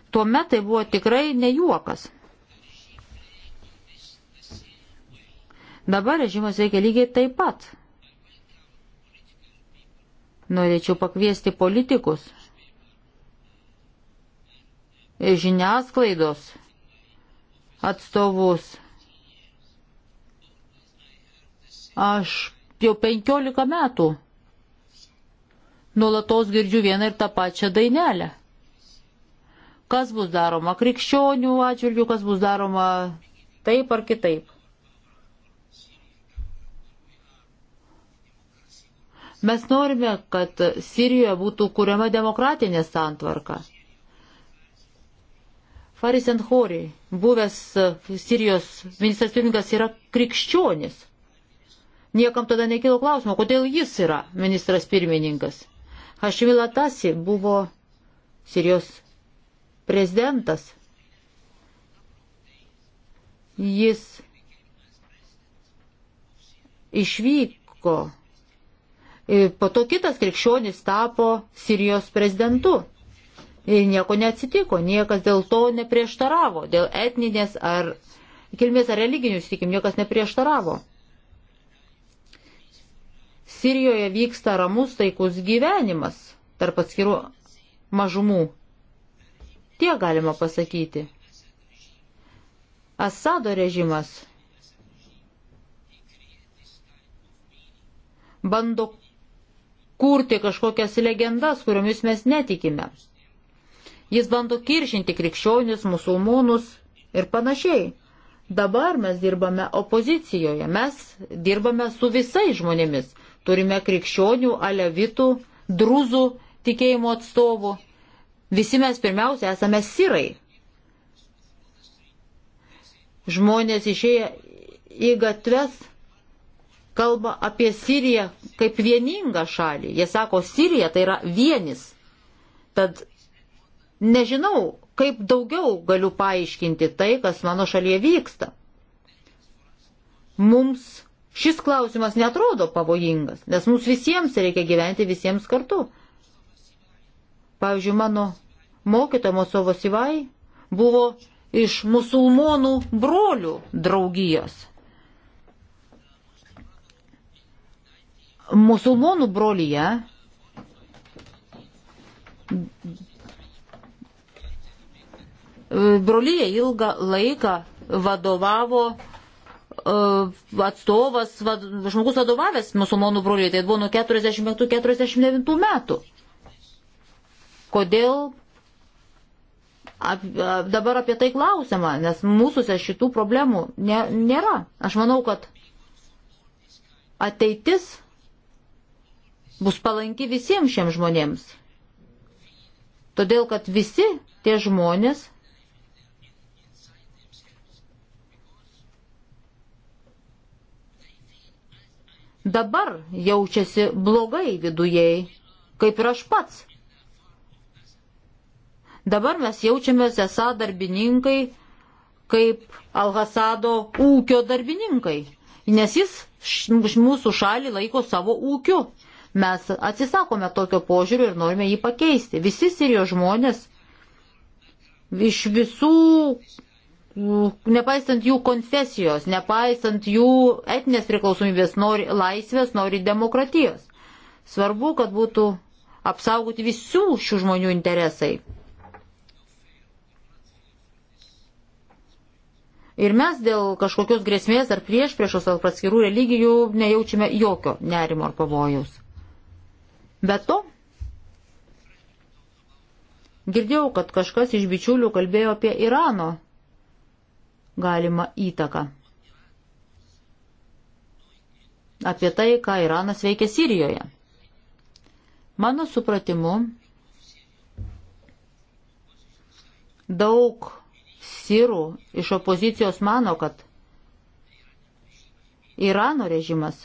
Tuomet tai buvo tikrai ne juokas. Dabar režimas veikia lygiai taip pat. Norėčiau pakviesti politikus, žiniasklaidos atstovus. Aš jau 15 metų nuolatos girdžiu vieną ir tą pačią dainelę. Kas bus daroma krikščionių atžvilgių, kas bus daroma taip ar kitaip. Mes norime, kad Sirijoje būtų kuriama demokratinė santvarka. Faris Enhori, buvęs e, Sirijos ministras pirmininkas, yra krikščionis. Niekam tada nekilo klausimo, kodėl jis yra ministras pirmininkas. Hašimila Tasi buvo Sirijos prezidentas. Jis išvyko. E, po to kitas krikščionis tapo Sirijos prezidentu nieko neatsitiko, niekas dėl to neprieštaravo, dėl etninės ar kilmės ar religinių įsitikim, niekas neprieštaravo. Sirijoje vyksta ramus taikus gyvenimas tarp atskirų mažumų. Tie galima pasakyti. Asado režimas bando kurti kažkokias legendas, kuriomis mes netikime. Jis bando kiršinti krikščionis, musulmonus ir panašiai. Dabar mes dirbame opozicijoje, mes dirbame su visais žmonėmis. Turime krikščionių, alevitų, drūzų tikėjimo atstovų. Visi mes pirmiausia esame sirai. Žmonės išėję į gatves kalba apie Siriją kaip vieningą šalį. Jie sako, Sirija tai yra vienis. Tad Nežinau, kaip daugiau galiu paaiškinti tai, kas mano šalyje vyksta. Mums šis klausimas netrodo pavojingas, nes mums visiems reikia gyventi visiems kartu. Pavyzdžiui, mano mokytoja Mosovo Sivai buvo iš musulmonų brolių draugijos. Musulmonų brolyje Brolyje ilgą laiką vadovavo e, atstovas, vad, žmogus vadovavęs musulmonų brolyje, tai buvo nuo 45-49 metų. Kodėl ap, dabar apie tai klausimą, nes mūsųse šitų problemų ne, nėra. Aš manau, kad ateitis bus palanki visiems šiems žmonėms. Todėl, kad visi tie žmonės dabar jaučiasi blogai vidujei, kaip ir aš pats. Dabar mes jaučiamės esą darbininkai kaip Alhasado ūkio darbininkai, nes jis mūsų šalį laiko savo ūkiu. Mes atsisakome tokio požiūrio ir norime jį pakeisti. Visi Sirijos žmonės iš visų nepaisant jų konfesijos, nepaisant jų etinės priklausomybės, nori laisvės, nori demokratijos. Svarbu, kad būtų apsaugoti visų šių žmonių interesai. Ir mes dėl kažkokios grėsmės ar prieš priešos ar atskirų religijų nejaučiame jokio nerimo ar pavojaus. Be to, girdėjau, kad kažkas iš bičiulių kalbėjo apie Irano galimą įtaką. Apie tai, ką Iranas veikia Sirijoje. Mano supratimu, daug sirų iš opozicijos mano, kad Irano režimas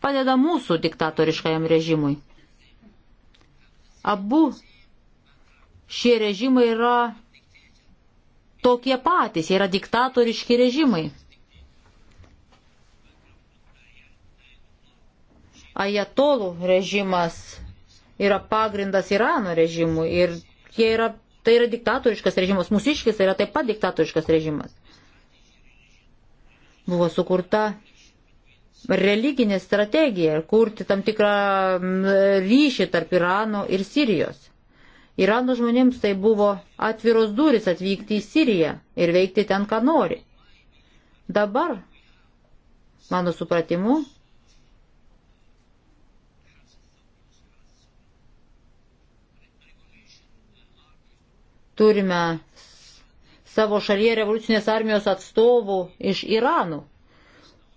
padeda mūsų diktatoriškajam režimui. Abu šie režimai yra tokie patys, jie yra diktatoriški režimai. Ajatolų režimas yra pagrindas Irano režimui ir yra, tai yra diktatoriškas režimas, mūsiškis tai yra taip pat diktatoriškas režimas. Buvo sukurta religinė strategija kurti tam tikrą ryšį tarp Irano ir Sirijos. Irano žmonėms tai buvo atviros duris atvykti į Siriją ir veikti ten, ką nori. Dabar, mano supratimu, turime savo šalyje revoliucinės armijos atstovų iš Iranų,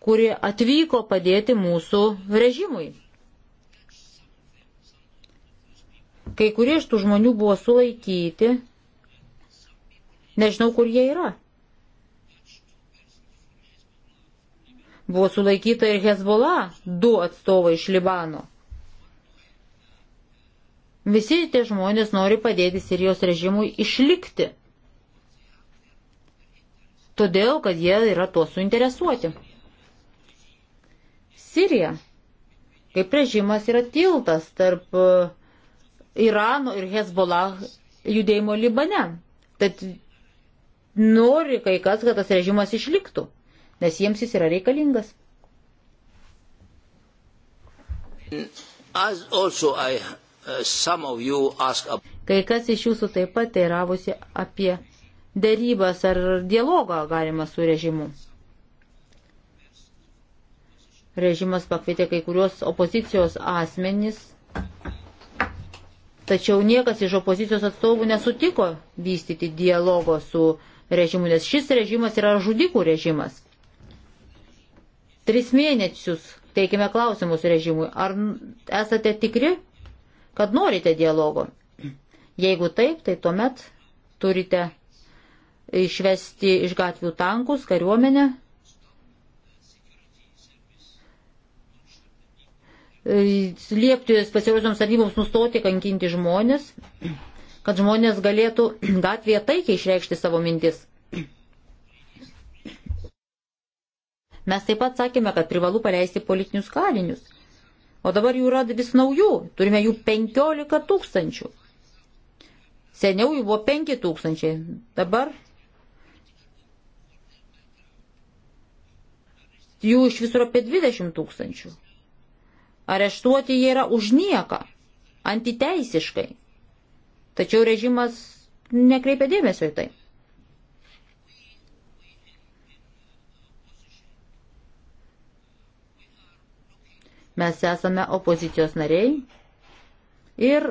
kurie atvyko padėti mūsų režimui. Kai kurie iš tų žmonių buvo sulaikyti, nežinau, kur jie yra. Buvo sulaikyta ir Hezbollah, du atstovai iš Libano. Visi tie žmonės nori padėti Sirijos režimui išlikti. Todėl, kad jie yra tuo suinteresuoti. Sirija kaip režimas yra tiltas tarp Irano ir Hezbollah judėjimo Libane. Tad nori kai kas, kad tas režimas išliktų, nes jiems jis yra reikalingas. I, uh, kai kas iš jūsų taip pat teiravosi apie dėrybas ar dialogą galima su režimu. Režimas pakvietė kai kurios opozicijos asmenys Tačiau niekas iš opozicijos atstovų nesutiko vystyti dialogo su režimu, nes šis režimas yra žudikų režimas. Tris mėnesius teikime klausimus režimui. Ar esate tikri, kad norite dialogo? Jeigu taip, tai tuomet turite išvesti iš gatvių tankus, kariuomenę E, liepti specialiosioms tarnyboms nustoti kankinti žmonės, kad žmonės galėtų gatvėje taikiai išreikšti savo mintis. Mes taip pat sakėme, kad privalu paleisti politinius kalinius. O dabar jų yra vis naujų, turime jų 15 tūkstančių. Seniau jų buvo 5 tūkstančiai, dabar jų iš viso yra apie 20 tūkstančių. Areštuoti jie yra už nieką, antiteisiškai. Tačiau režimas nekreipia dėmesio į tai. Mes esame opozicijos nariai ir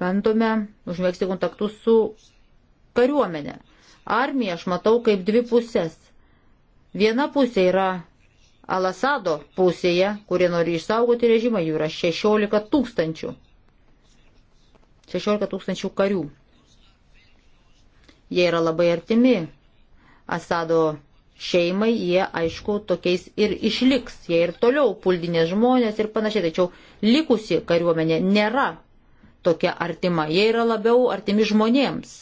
bandome užmėgsti kontaktus su kariuomenė. Armiją aš matau kaip dvi pusės. Viena pusė yra Alasado pusėje, kurie nori išsaugoti režimą, jų yra 16 tūkstančių. 16 tūkstančių karių. Jie yra labai artimi Asado šeimai, jie aišku tokiais ir išliks, jie ir toliau puldinės žmonės ir panašiai, tačiau likusi kariuomenė nėra tokia artima, jie yra labiau artimi žmonėms.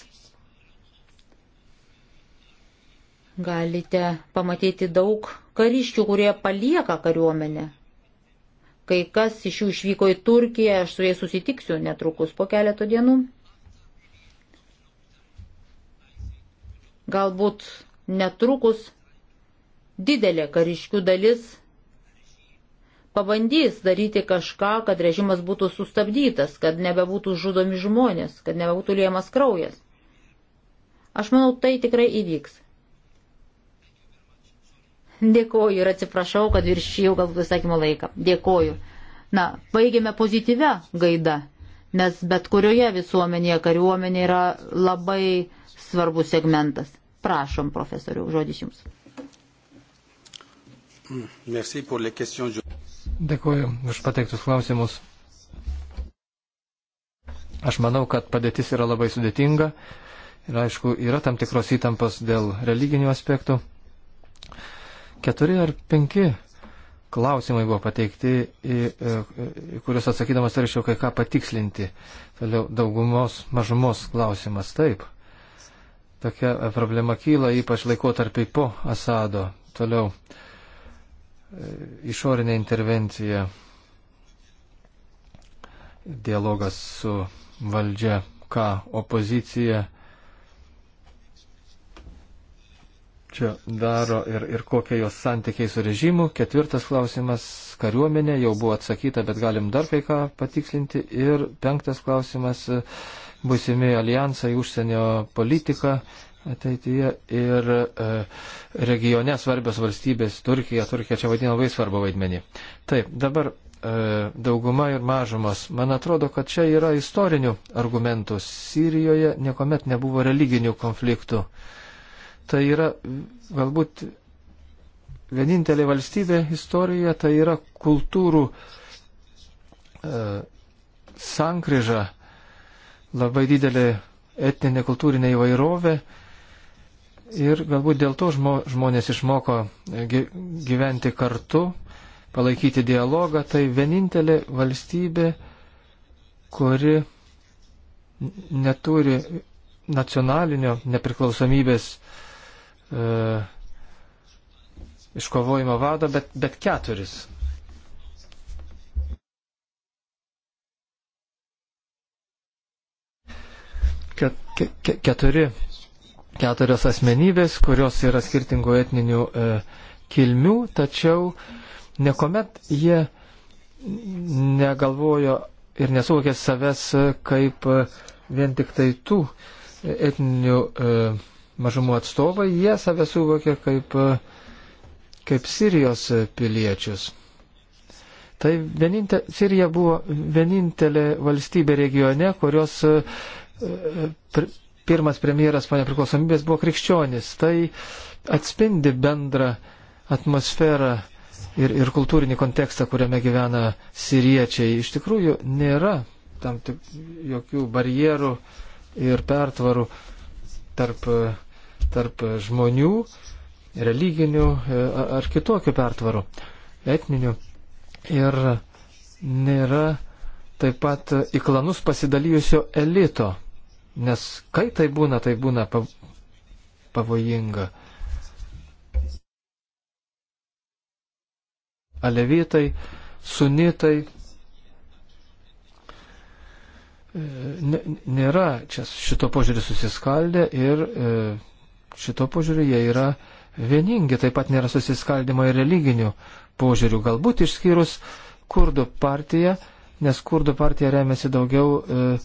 Galite pamatyti daug kariškių, kurie palieka kariuomenę. Kai kas iš jų išvyko į Turkiją, aš su jais susitiksiu netrukus po keleto dienų. Galbūt netrukus didelė kariškių dalis pabandys daryti kažką, kad režimas būtų sustabdytas, kad nebebūtų žudomi žmonės, kad nebebūtų liemas kraujas. Aš manau, tai tikrai įvyks. Dėkoju ir atsiprašau, kad viršijau galbūt sakymo laiką. Dėkoju. Na, baigėme pozityvę gaidą, nes bet kurioje visuomenėje kariuomenė yra labai svarbus segmentas. Prašom, profesoriu, žodis jums. Dėkoju už pateiktus klausimus. Aš manau, kad padėtis yra labai sudėtinga ir aišku, yra tam tikros įtampos dėl religinių aspektų. Keturi ar penki klausimai buvo pateikti, į, e, į kuriuos atsakydamas turėčiau kai ką patikslinti. Toliau daugumos mažumos klausimas. Taip. Tokia e, problema kyla ypač laikotarpiai po Asado. Toliau e, išorinė intervencija, dialogas su valdžia, ką opozicija čia daro ir, ir kokie jos santykiai su režimu. Ketvirtas klausimas - kariuomenė, jau buvo atsakyta, bet galim dar kai ką patikslinti. Ir penktas klausimas - būsimi alijansai užsienio politika ateityje ir e, regione svarbios valstybės Turkija. Turkija čia vadina labai svarbu vaidmenį. Taip, dabar e, dauguma ir mažumas. Man atrodo, kad čia yra istorinių argumentų. Sirijoje niekuomet nebuvo religinių konfliktų. E, Tai yra galbūt vienintelė valstybė istorijoje, tai yra kultūrų e, sankryža, labai didelė etninė kultūrinė įvairovė. Ir galbūt dėl to žmo, žmonės išmoko e, gyventi kartu, palaikyti dialogą. Tai vienintelė valstybė, kuri neturi nacionalinio nepriklausomybės uh, e, iškovojimo vado, bet, bet keturis. Ket, ke, ke, keturi, keturios asmenybės, kurios yra skirtingų etninių e, kilmių, tačiau niekuomet jie negalvojo ir nesuvokė savęs kaip vien tik tai tų etninių e, mažumų atstovai, jie save suvokia kaip, kaip Sirijos piliečius. Tai vieninte, Sirija buvo vienintelė valstybė regione, kurios e, pr, pirmas premjeras po nepriklausomybės buvo krikščionis. Tai atspindi bendrą atmosferą ir, ir kultūrinį kontekstą, kuriame gyvena siriečiai. Iš tikrųjų nėra tam tik jokių barjerų ir pertvarų tarp tarp žmonių, religinių e, ar kitokių pertvarų, etninių. Ir nėra taip pat į klanus pasidalijusio elito, nes kai tai būna, tai būna pavojinga. Alevitai, sunitai, e, nėra čia šito požiūrį susiskaldę ir e, šito požiūriu jie yra vieningi, taip pat nėra susiskaldimo ir religinių požiūrių, galbūt išskyrus kurdų partiją, nes kurdų partija remiasi daugiau e,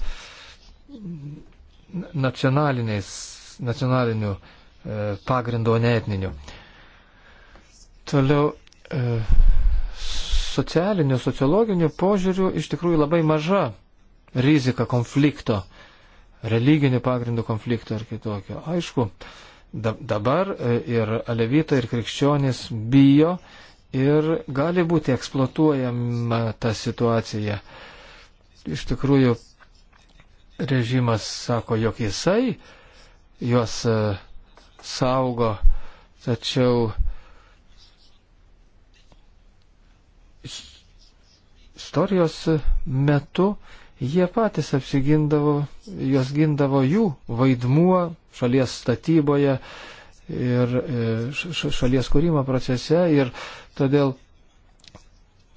nacionaliniu e, pagrindu, o ne etniniu. Toliau, e, socialiniu, sociologiniu požiūriu iš tikrųjų labai maža rizika konflikto, religinių pagrindų konflikto ar kitokio. Aišku, e, Dabar e, ir alevitai, ir krikščionys bijo ir gali būti eksploatuojama ta situacija. Iš tikrųjų, režimas sako, jog jisai juos e, saugo, tačiau istorijos metu jie patys apsigindavo, juos gindavo jų vaidmuo šalies statyboje ir e, šalies kūrimo procese ir todėl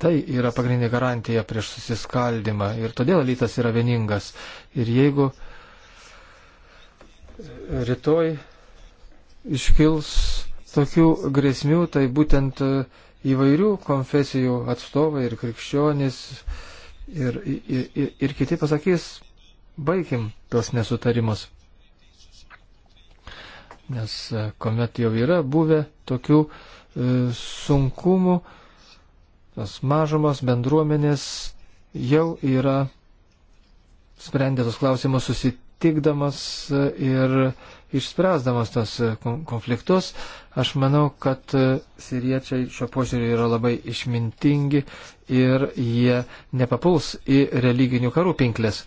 tai yra pagrindinė garantija prieš susiskaldimą ir todėl elitas yra vieningas. Ir jeigu e, rytoj iškils tokių grėsmių, tai būtent e, įvairių konfesijų atstovai ir krikščionys ir, ir, ir, ir kiti pasakys, baigim tos nesutarimus nes e, kuomet jau yra buvę tokių e, sunkumų, tas mažumos bendruomenės jau yra sprendę tos klausimus susitikdamas e, ir išspręsdamas tos e, konfliktus. Aš manau, kad siriečiai šio požiūriu yra labai išmintingi ir jie nepapuls į religinių karų pinklės.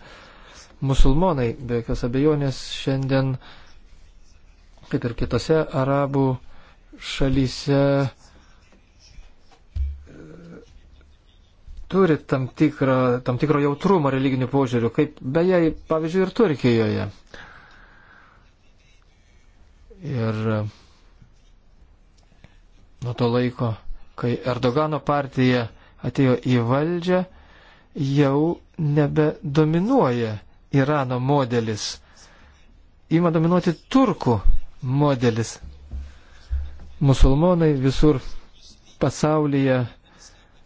Musulmonai, be jokios abejonės, šiandien uh, kaip ir kitose arabų šalyse, turi tam, tikrą, tam tikro jautrumo religinių požiūrių, kaip beje, pavyzdžiui, ir Turkijoje. Ir nuo to laiko, kai Erdogano partija atėjo į valdžią, jau nebedominuoja Irano modelis. Ima dominuoti turkų modelis. Musulmonai visur pasaulyje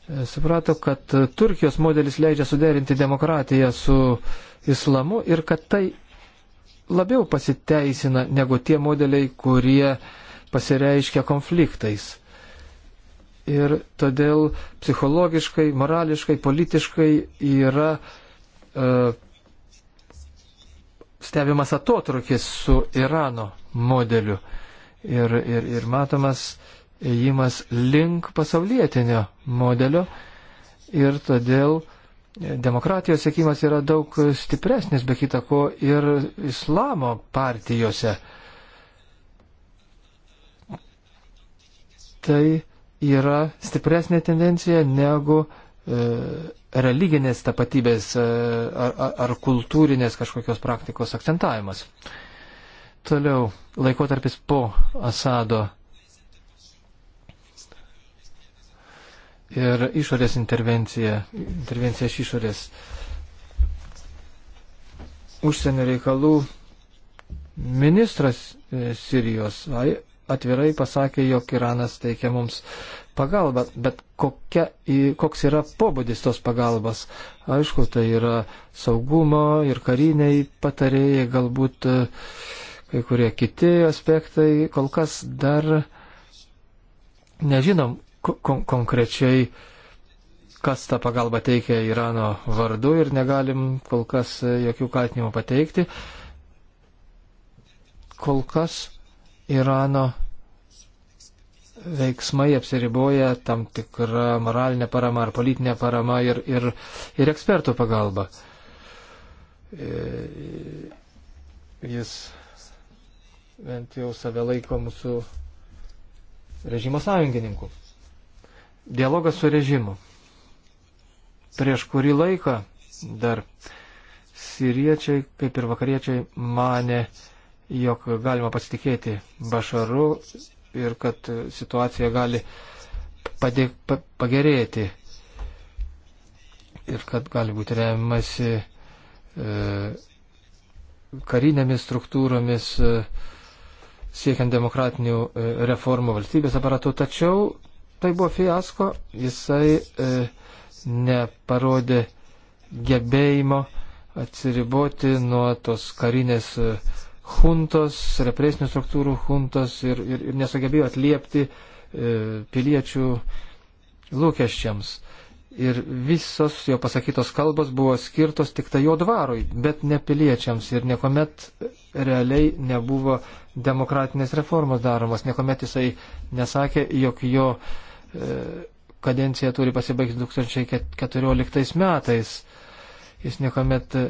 e, suprato, kad Turkijos modelis leidžia suderinti demokratiją su islamu ir kad tai labiau pasiteisina negu tie modeliai, kurie pasireiškia konfliktais. Ir todėl psichologiškai, morališkai, politiškai yra e, stebimas atotrukis su Irano modeliu. Ir, ir, ir matomas ėjimas link pasaulietinio modelio ir todėl demokratijos sėkimas yra daug stipresnis, be kita ko, ir islamo partijose. Tai yra stipresnė tendencija negu e, religinės tapatybės e, ar, ar kultūrinės kažkokios praktikos akcentavimas. E, Toliau, laikotarpis po Asado ir išorės intervencija, intervencija iš išorės užsienio reikalų ministras e, Sirijos atvirai pasakė, jog Iranas teikia mums pagalbą, bet kokia, koks yra pobūdis tos pagalbas. Aišku, tai yra saugumo ir kariniai patarėjai, galbūt uh, kai kurie kiti aspektai, kol kas dar nežinom kon konkrečiai, kas tą pagalbą teikia Irano vardu ir negalim kol kas e, jokių kaltinimų pateikti. Kol kas Irano veiksmai apsiriboja tam tikrą moralinę paramą ar politinę paramą ir, ir, ir ekspertų pagalba. E, jis. Yes bent jau save laiko mūsų režimo sąjungininkų. Dialogas su režimu. Prieš kurį laiką dar siriečiai, kaip ir vakariečiai, mane, jog galima pasitikėti Bašaru ir kad situacija gali padėk, pa, pagerėti ir kad gali būti remiamasi e, karinėmis struktūromis. E, siekiant demokratinių e, reformų valstybės aparatu, tačiau tai buvo fiasko, jisai e, neparodė gebėjimo atsiriboti nuo tos karinės e, huntos, represinių struktūrų huntos ir, ir, ir nesugebėjo atliepti e, piliečių lūkesčiams. Ir visos jo pasakytos kalbos buvo skirtos tik tai jo dvarui, bet ne piliečiams ir niekuomet realiai nebuvo demokratinės reformos daromos. Niekuomet jisai nesakė, jog jo e, kadencija turi pasibaigti 2014 metais. Jis niekuomet e,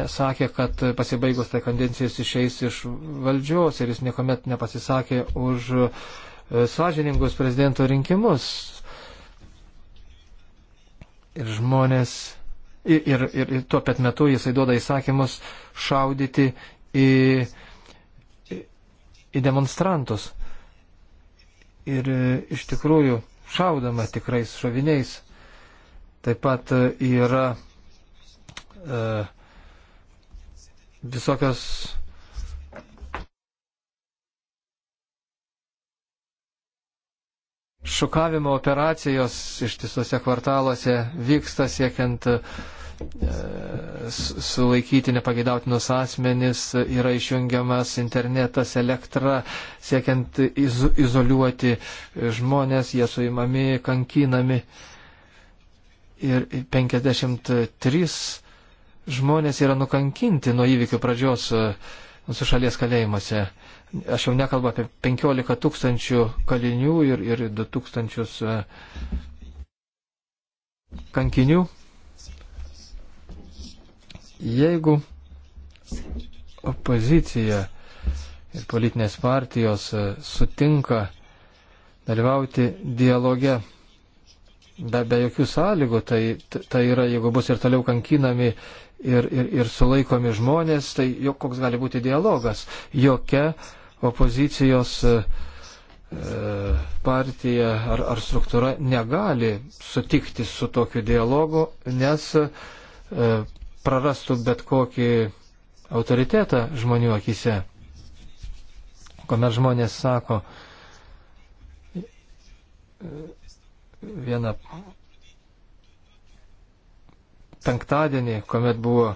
nesakė, kad pasibaigus tai kadencijai jis išeis iš valdžios ir jis niekuomet nepasisakė už e, sąžiningus prezidento rinkimus. Ir žmonės, ir, ir, ir tuo pat metu jisai duoda įsakymus šaudyti į į demonstrantus. Ir e, iš tikrųjų šaudama tikrais šoviniais. Taip pat e, yra e, visokios šukavimo operacijos ištisose kvartaluose vyksta siekiant e, E, sulaikyti nepageidautinus asmenis, e, yra išjungiamas internetas, elektra, siekiant iz izoliuoti žmonės, jie suimami, kankinami. Ir 53 žmonės yra nukankinti nuo įvykių pradžios e, mūsų šalies kalėjimuose. Aš jau nekalbu apie 15 tūkstančių kalinių ir, ir 2 tūkstančius kankinių. Jeigu opozicija ir politinės partijos e, sutinka dalyvauti dialoge be, be jokių sąlygų, tai, tai yra, jeigu bus ir toliau kankinami ir, ir, ir sulaikomi žmonės, tai jok, koks gali būti dialogas. Jokia opozicijos e, e, partija ar, ar struktūra negali sutikti su tokiu dialogu, nes e, prarastų bet kokį autoritetą žmonių akise. Komet žmonės sako vieną penktadienį, kuomet buvo,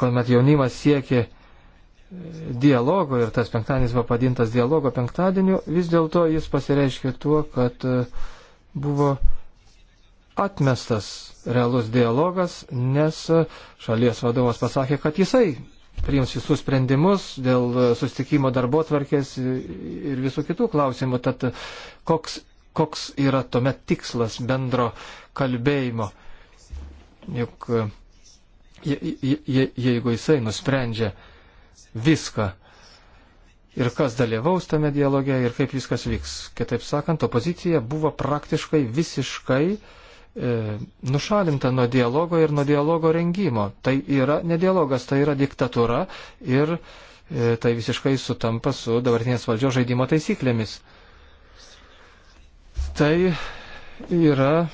kuomet jaunimas siekė dialogo ir tas penktadienis buvo padintas dialogo penktadieniu, vis dėlto jis pasireiškė tuo, kad buvo atmestas realus dialogas, nes šalies vadovas pasakė, kad jisai priims visus sprendimus dėl sustikimo darbo tvarkės ir visų kitų klausimų. Tad koks, koks yra tuomet tikslas bendro kalbėjimo? Juk je, je, je, jeigu jisai nusprendžia viską, ir kas dalyvaus tame dialoge ir kaip viskas vyks. Kitaip sakant, opozicija buvo praktiškai visiškai uh, E, nušalinta nuo dialogo ir nuo dialogo rengimo. Tai yra ne dialogas, tai yra diktatūra ir e, tai visiškai sutampa su dabartinės valdžios žaidimo taisyklėmis. Tai yra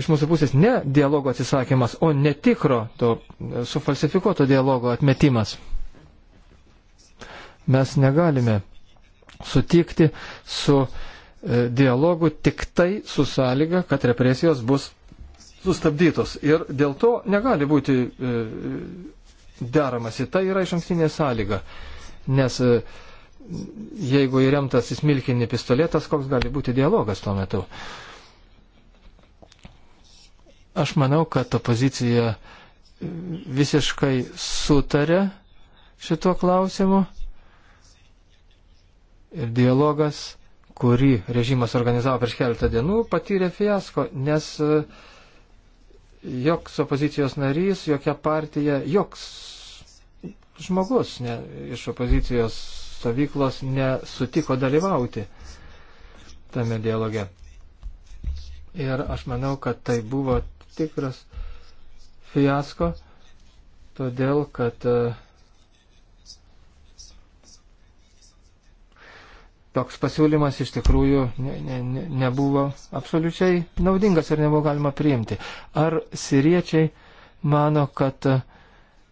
iš mūsų pusės ne dialogo atsisakymas, o netikro, to e, sufalsifikuoto dialogo atmetimas. Mes negalime sutikti su E, dialogų tik tai su sąlyga, kad represijos bus sustabdytos. Ir dėl to negali būti e, deramasi. Tai yra iš ankstinė sąlyga. Nes e, jeigu įremtas įsmilkinį pistoletas, koks gali būti dialogas tuo metu? Aš manau, kad opozicija visiškai sutarė šituo klausimu ir dialogas kurį režimas organizavo prieš keletą dienų, patyrė fiasko, nes e, joks opozicijos narys, jokia partija, joks žmogus ne, iš opozicijos stovyklos nesutiko dalyvauti tame dialoge. Ir aš manau, kad tai buvo tikras fiasko, todėl kad uh, toks pasiūlymas iš tikrųjų ne, ne, ne, nebuvo absoliučiai naudingas ir nebuvo galima priimti. Ar siriečiai mano, kad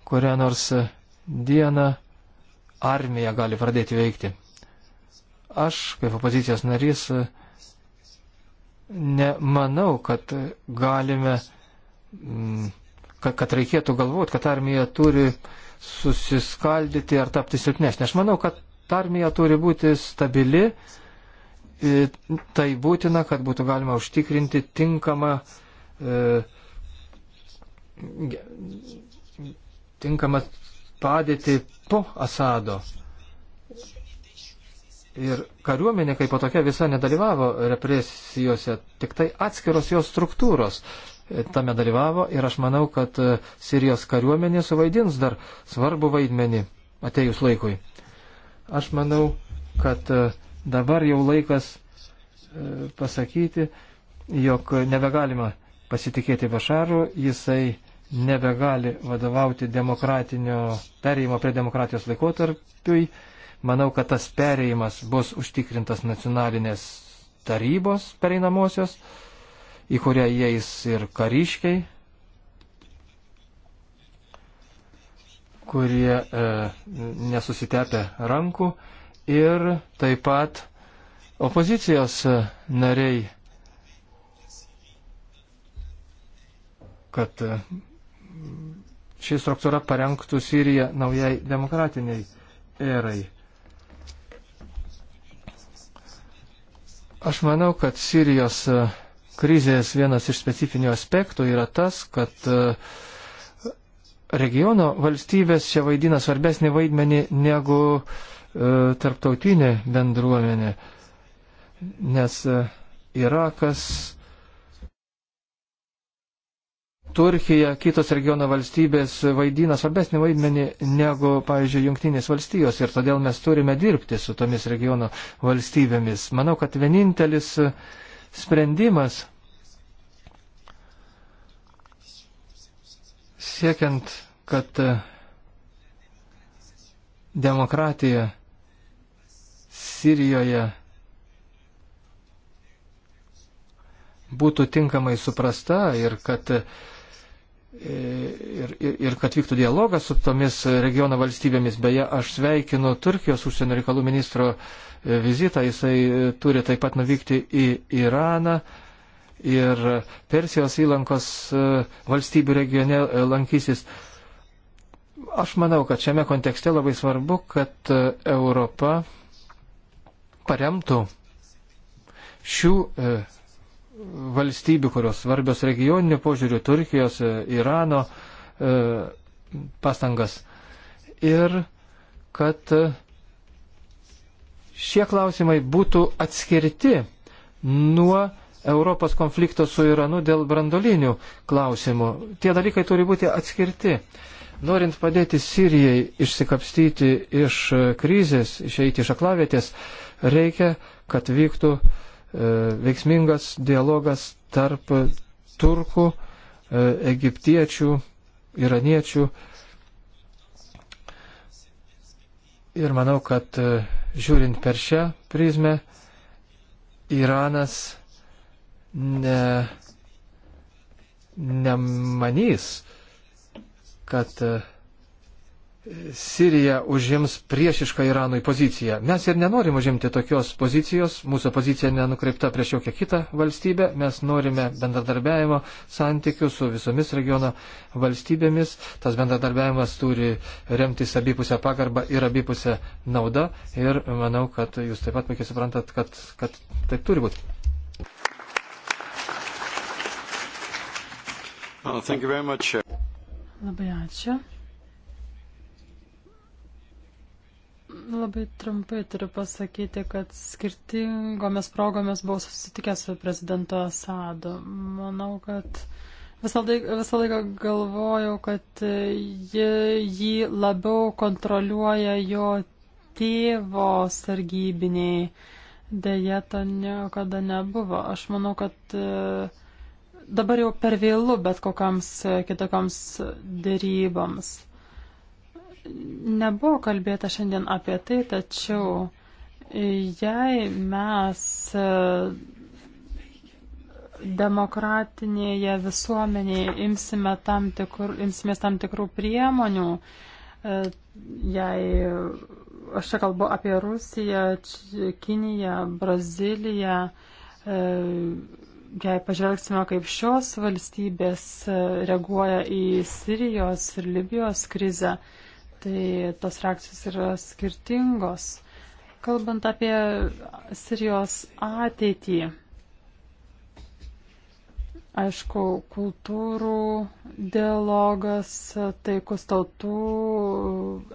kurią nors dieną armija gali pradėti veikti? Aš, kaip opozicijos narys, nemanau, kad galime, mm, kad, kad reikėtų galvoti, kad armija turi susiskaldyti ar tapti silpnesnė. Aš manau, kad armija turi būti stabili, tai būtina, kad būtų galima užtikrinti tinkamą, e, tinkamą padėtį po Asado. Ir kariuomenė kaip po tokia visa nedalyvavo represijose, tik tai atskiros jos struktūros e, tame dalyvavo ir aš manau, kad e, Sirijos kariuomenė suvaidins dar svarbu vaidmenį atejus laikui. Aš manau, kad e, dabar jau laikas e, pasakyti, jog nebegalima pasitikėti Bašaru, jisai nebegali vadovauti demokratinio perėjimo prie demokratijos laikotarpiui. Manau, kad tas perėjimas bus užtikrintas nacionalinės tarybos pereinamosios, į kurią įeis ir kariškiai, kurie e, nesusitepia rankų ir taip pat opozicijos e, nariai, kad e, ši struktūra parengtų Siriją naujai demokratiniai erai. Aš manau, kad Sirijos e, krizės vienas iš specifinių aspektų yra tas, kad uh, regiono valstybės čia vaidina svarbesnį vaidmenį negu e, tarptautinė bendruomenė, nes e, Irakas, Turkija, kitos regiono valstybės vaidina svarbesnį vaidmenį negu, pavyzdžiui, jungtinės valstijos ir todėl mes turime dirbti su tomis regiono valstybėmis. Manau, kad vienintelis e, sprendimas Siekiant, kad e, demokratija Sirijoje būtų tinkamai suprasta ir kad, e, ir, ir, ir kad vyktų dialogas su tomis regiono valstybėmis. Beje, aš sveikinu Turkijos užsienio reikalų ministro e, vizitą, jisai turi taip pat nuvykti į Iraną ir Persijos įlankos e, valstybių regione e, lankysis. Aš manau, kad šiame kontekste labai svarbu, kad e, Europa paremtų šių valstybių, kurios svarbios regioninių požiūrių, Turkijos, Irano pastangas. Ir kad šie klausimai būtų atskirti nuo Europos konflikto su Iranu dėl brandolinių klausimų. Tie dalykai turi būti atskirti. Norint padėti Sirijai išsikapstyti iš krizės, išeiti iš aklavietės, reikia, kad vyktų e, veiksmingas dialogas tarp turkų, e, egiptiečių, iraniečių. Ir manau, kad e, žiūrint per šią prizmę, Iranas ne, nemanys, kad e, Sirija užims priešišką Iranui poziciją. Mes ir nenorim užimti tokios pozicijos, mūsų pozicija nenukreipta prieš jokią kitą valstybę, mes norime bendradarbiavimo santykių su visomis regiono valstybėmis, tas bendradarbiavimas turi remtis abipusę pagarbą ir abipusę naudą ir manau, kad jūs taip pat puikiai suprantat, kad, kad taip turi būti. Oh, Labai ačiū. Labai trumpai turiu pasakyti, kad skirtingomis progomis buvau susitikęs su prezidento Asadu. Manau, kad visą laiką, visą laiką galvojau, kad jį, jį labiau kontroliuoja jo tėvo sargybiniai. Deja, to niekada nebuvo. Aš manau, kad uh, dabar jau per vėlų bet kokiams e, kitokiams dėryboms. Nebuvo kalbėta šiandien apie tai, tačiau e, jei mes e, demokratinėje visuomenėje imsime tam tikr, imsimės tam tikrų priemonių, jei aš čia kalbu apie Rusiją, Kiniją, Braziliją, jei pažvelgsime, kaip šios valstybės e, reaguoja į Sirijos ir Libijos krizę, tai tos reakcijos yra skirtingos. Kalbant apie Sirijos ateitį, aišku, kultūrų dialogas, e, taikus tautų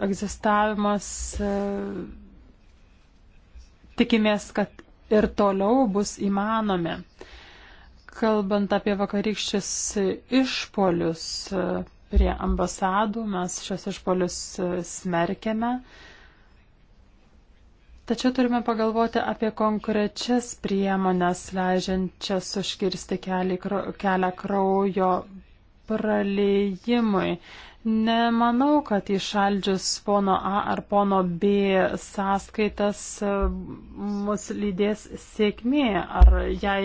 egzistavimas, e, tikimės, kad ir toliau bus įmanomi. Kalbant apie vakarykščius išpolius e, prie ambasadų, mes šios išpolius e, smerkėme. Tačiau turime pagalvoti apie konkrečias priemonės, leidžiančias užkirsti kelią kraujo praleimui. Nemanau, kad įšaldžius pono A ar pono B sąskaitas e, mus lydės sėkmė, ar jai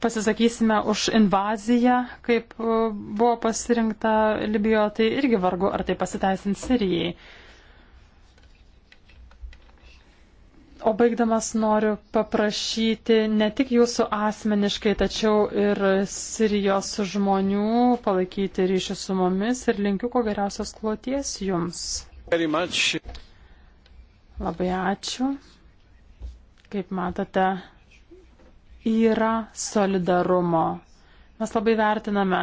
pasisakysime už invaziją, kaip e, buvo pasirinkta Libijoje, tai irgi vargu, ar tai pasiteisins Sirijai. O baigdamas noriu paprašyti ne tik jūsų asmeniškai, tačiau ir Sirijos žmonių palaikyti ryšį su mumis ir linkiu ko geriausios kloties jums. Labai ačiū. Kaip matote, yra solidarumo. Mes labai vertiname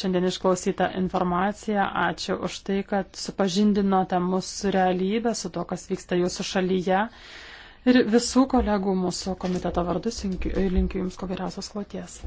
šiandien išklausytą informaciją. Ačiū už tai, kad supažindinote mus su realybė, su to, kas vyksta jūsų šalyje. Ir visų kolegų mūsų komiteto vardu linkiu Jums ko geriausios kloties.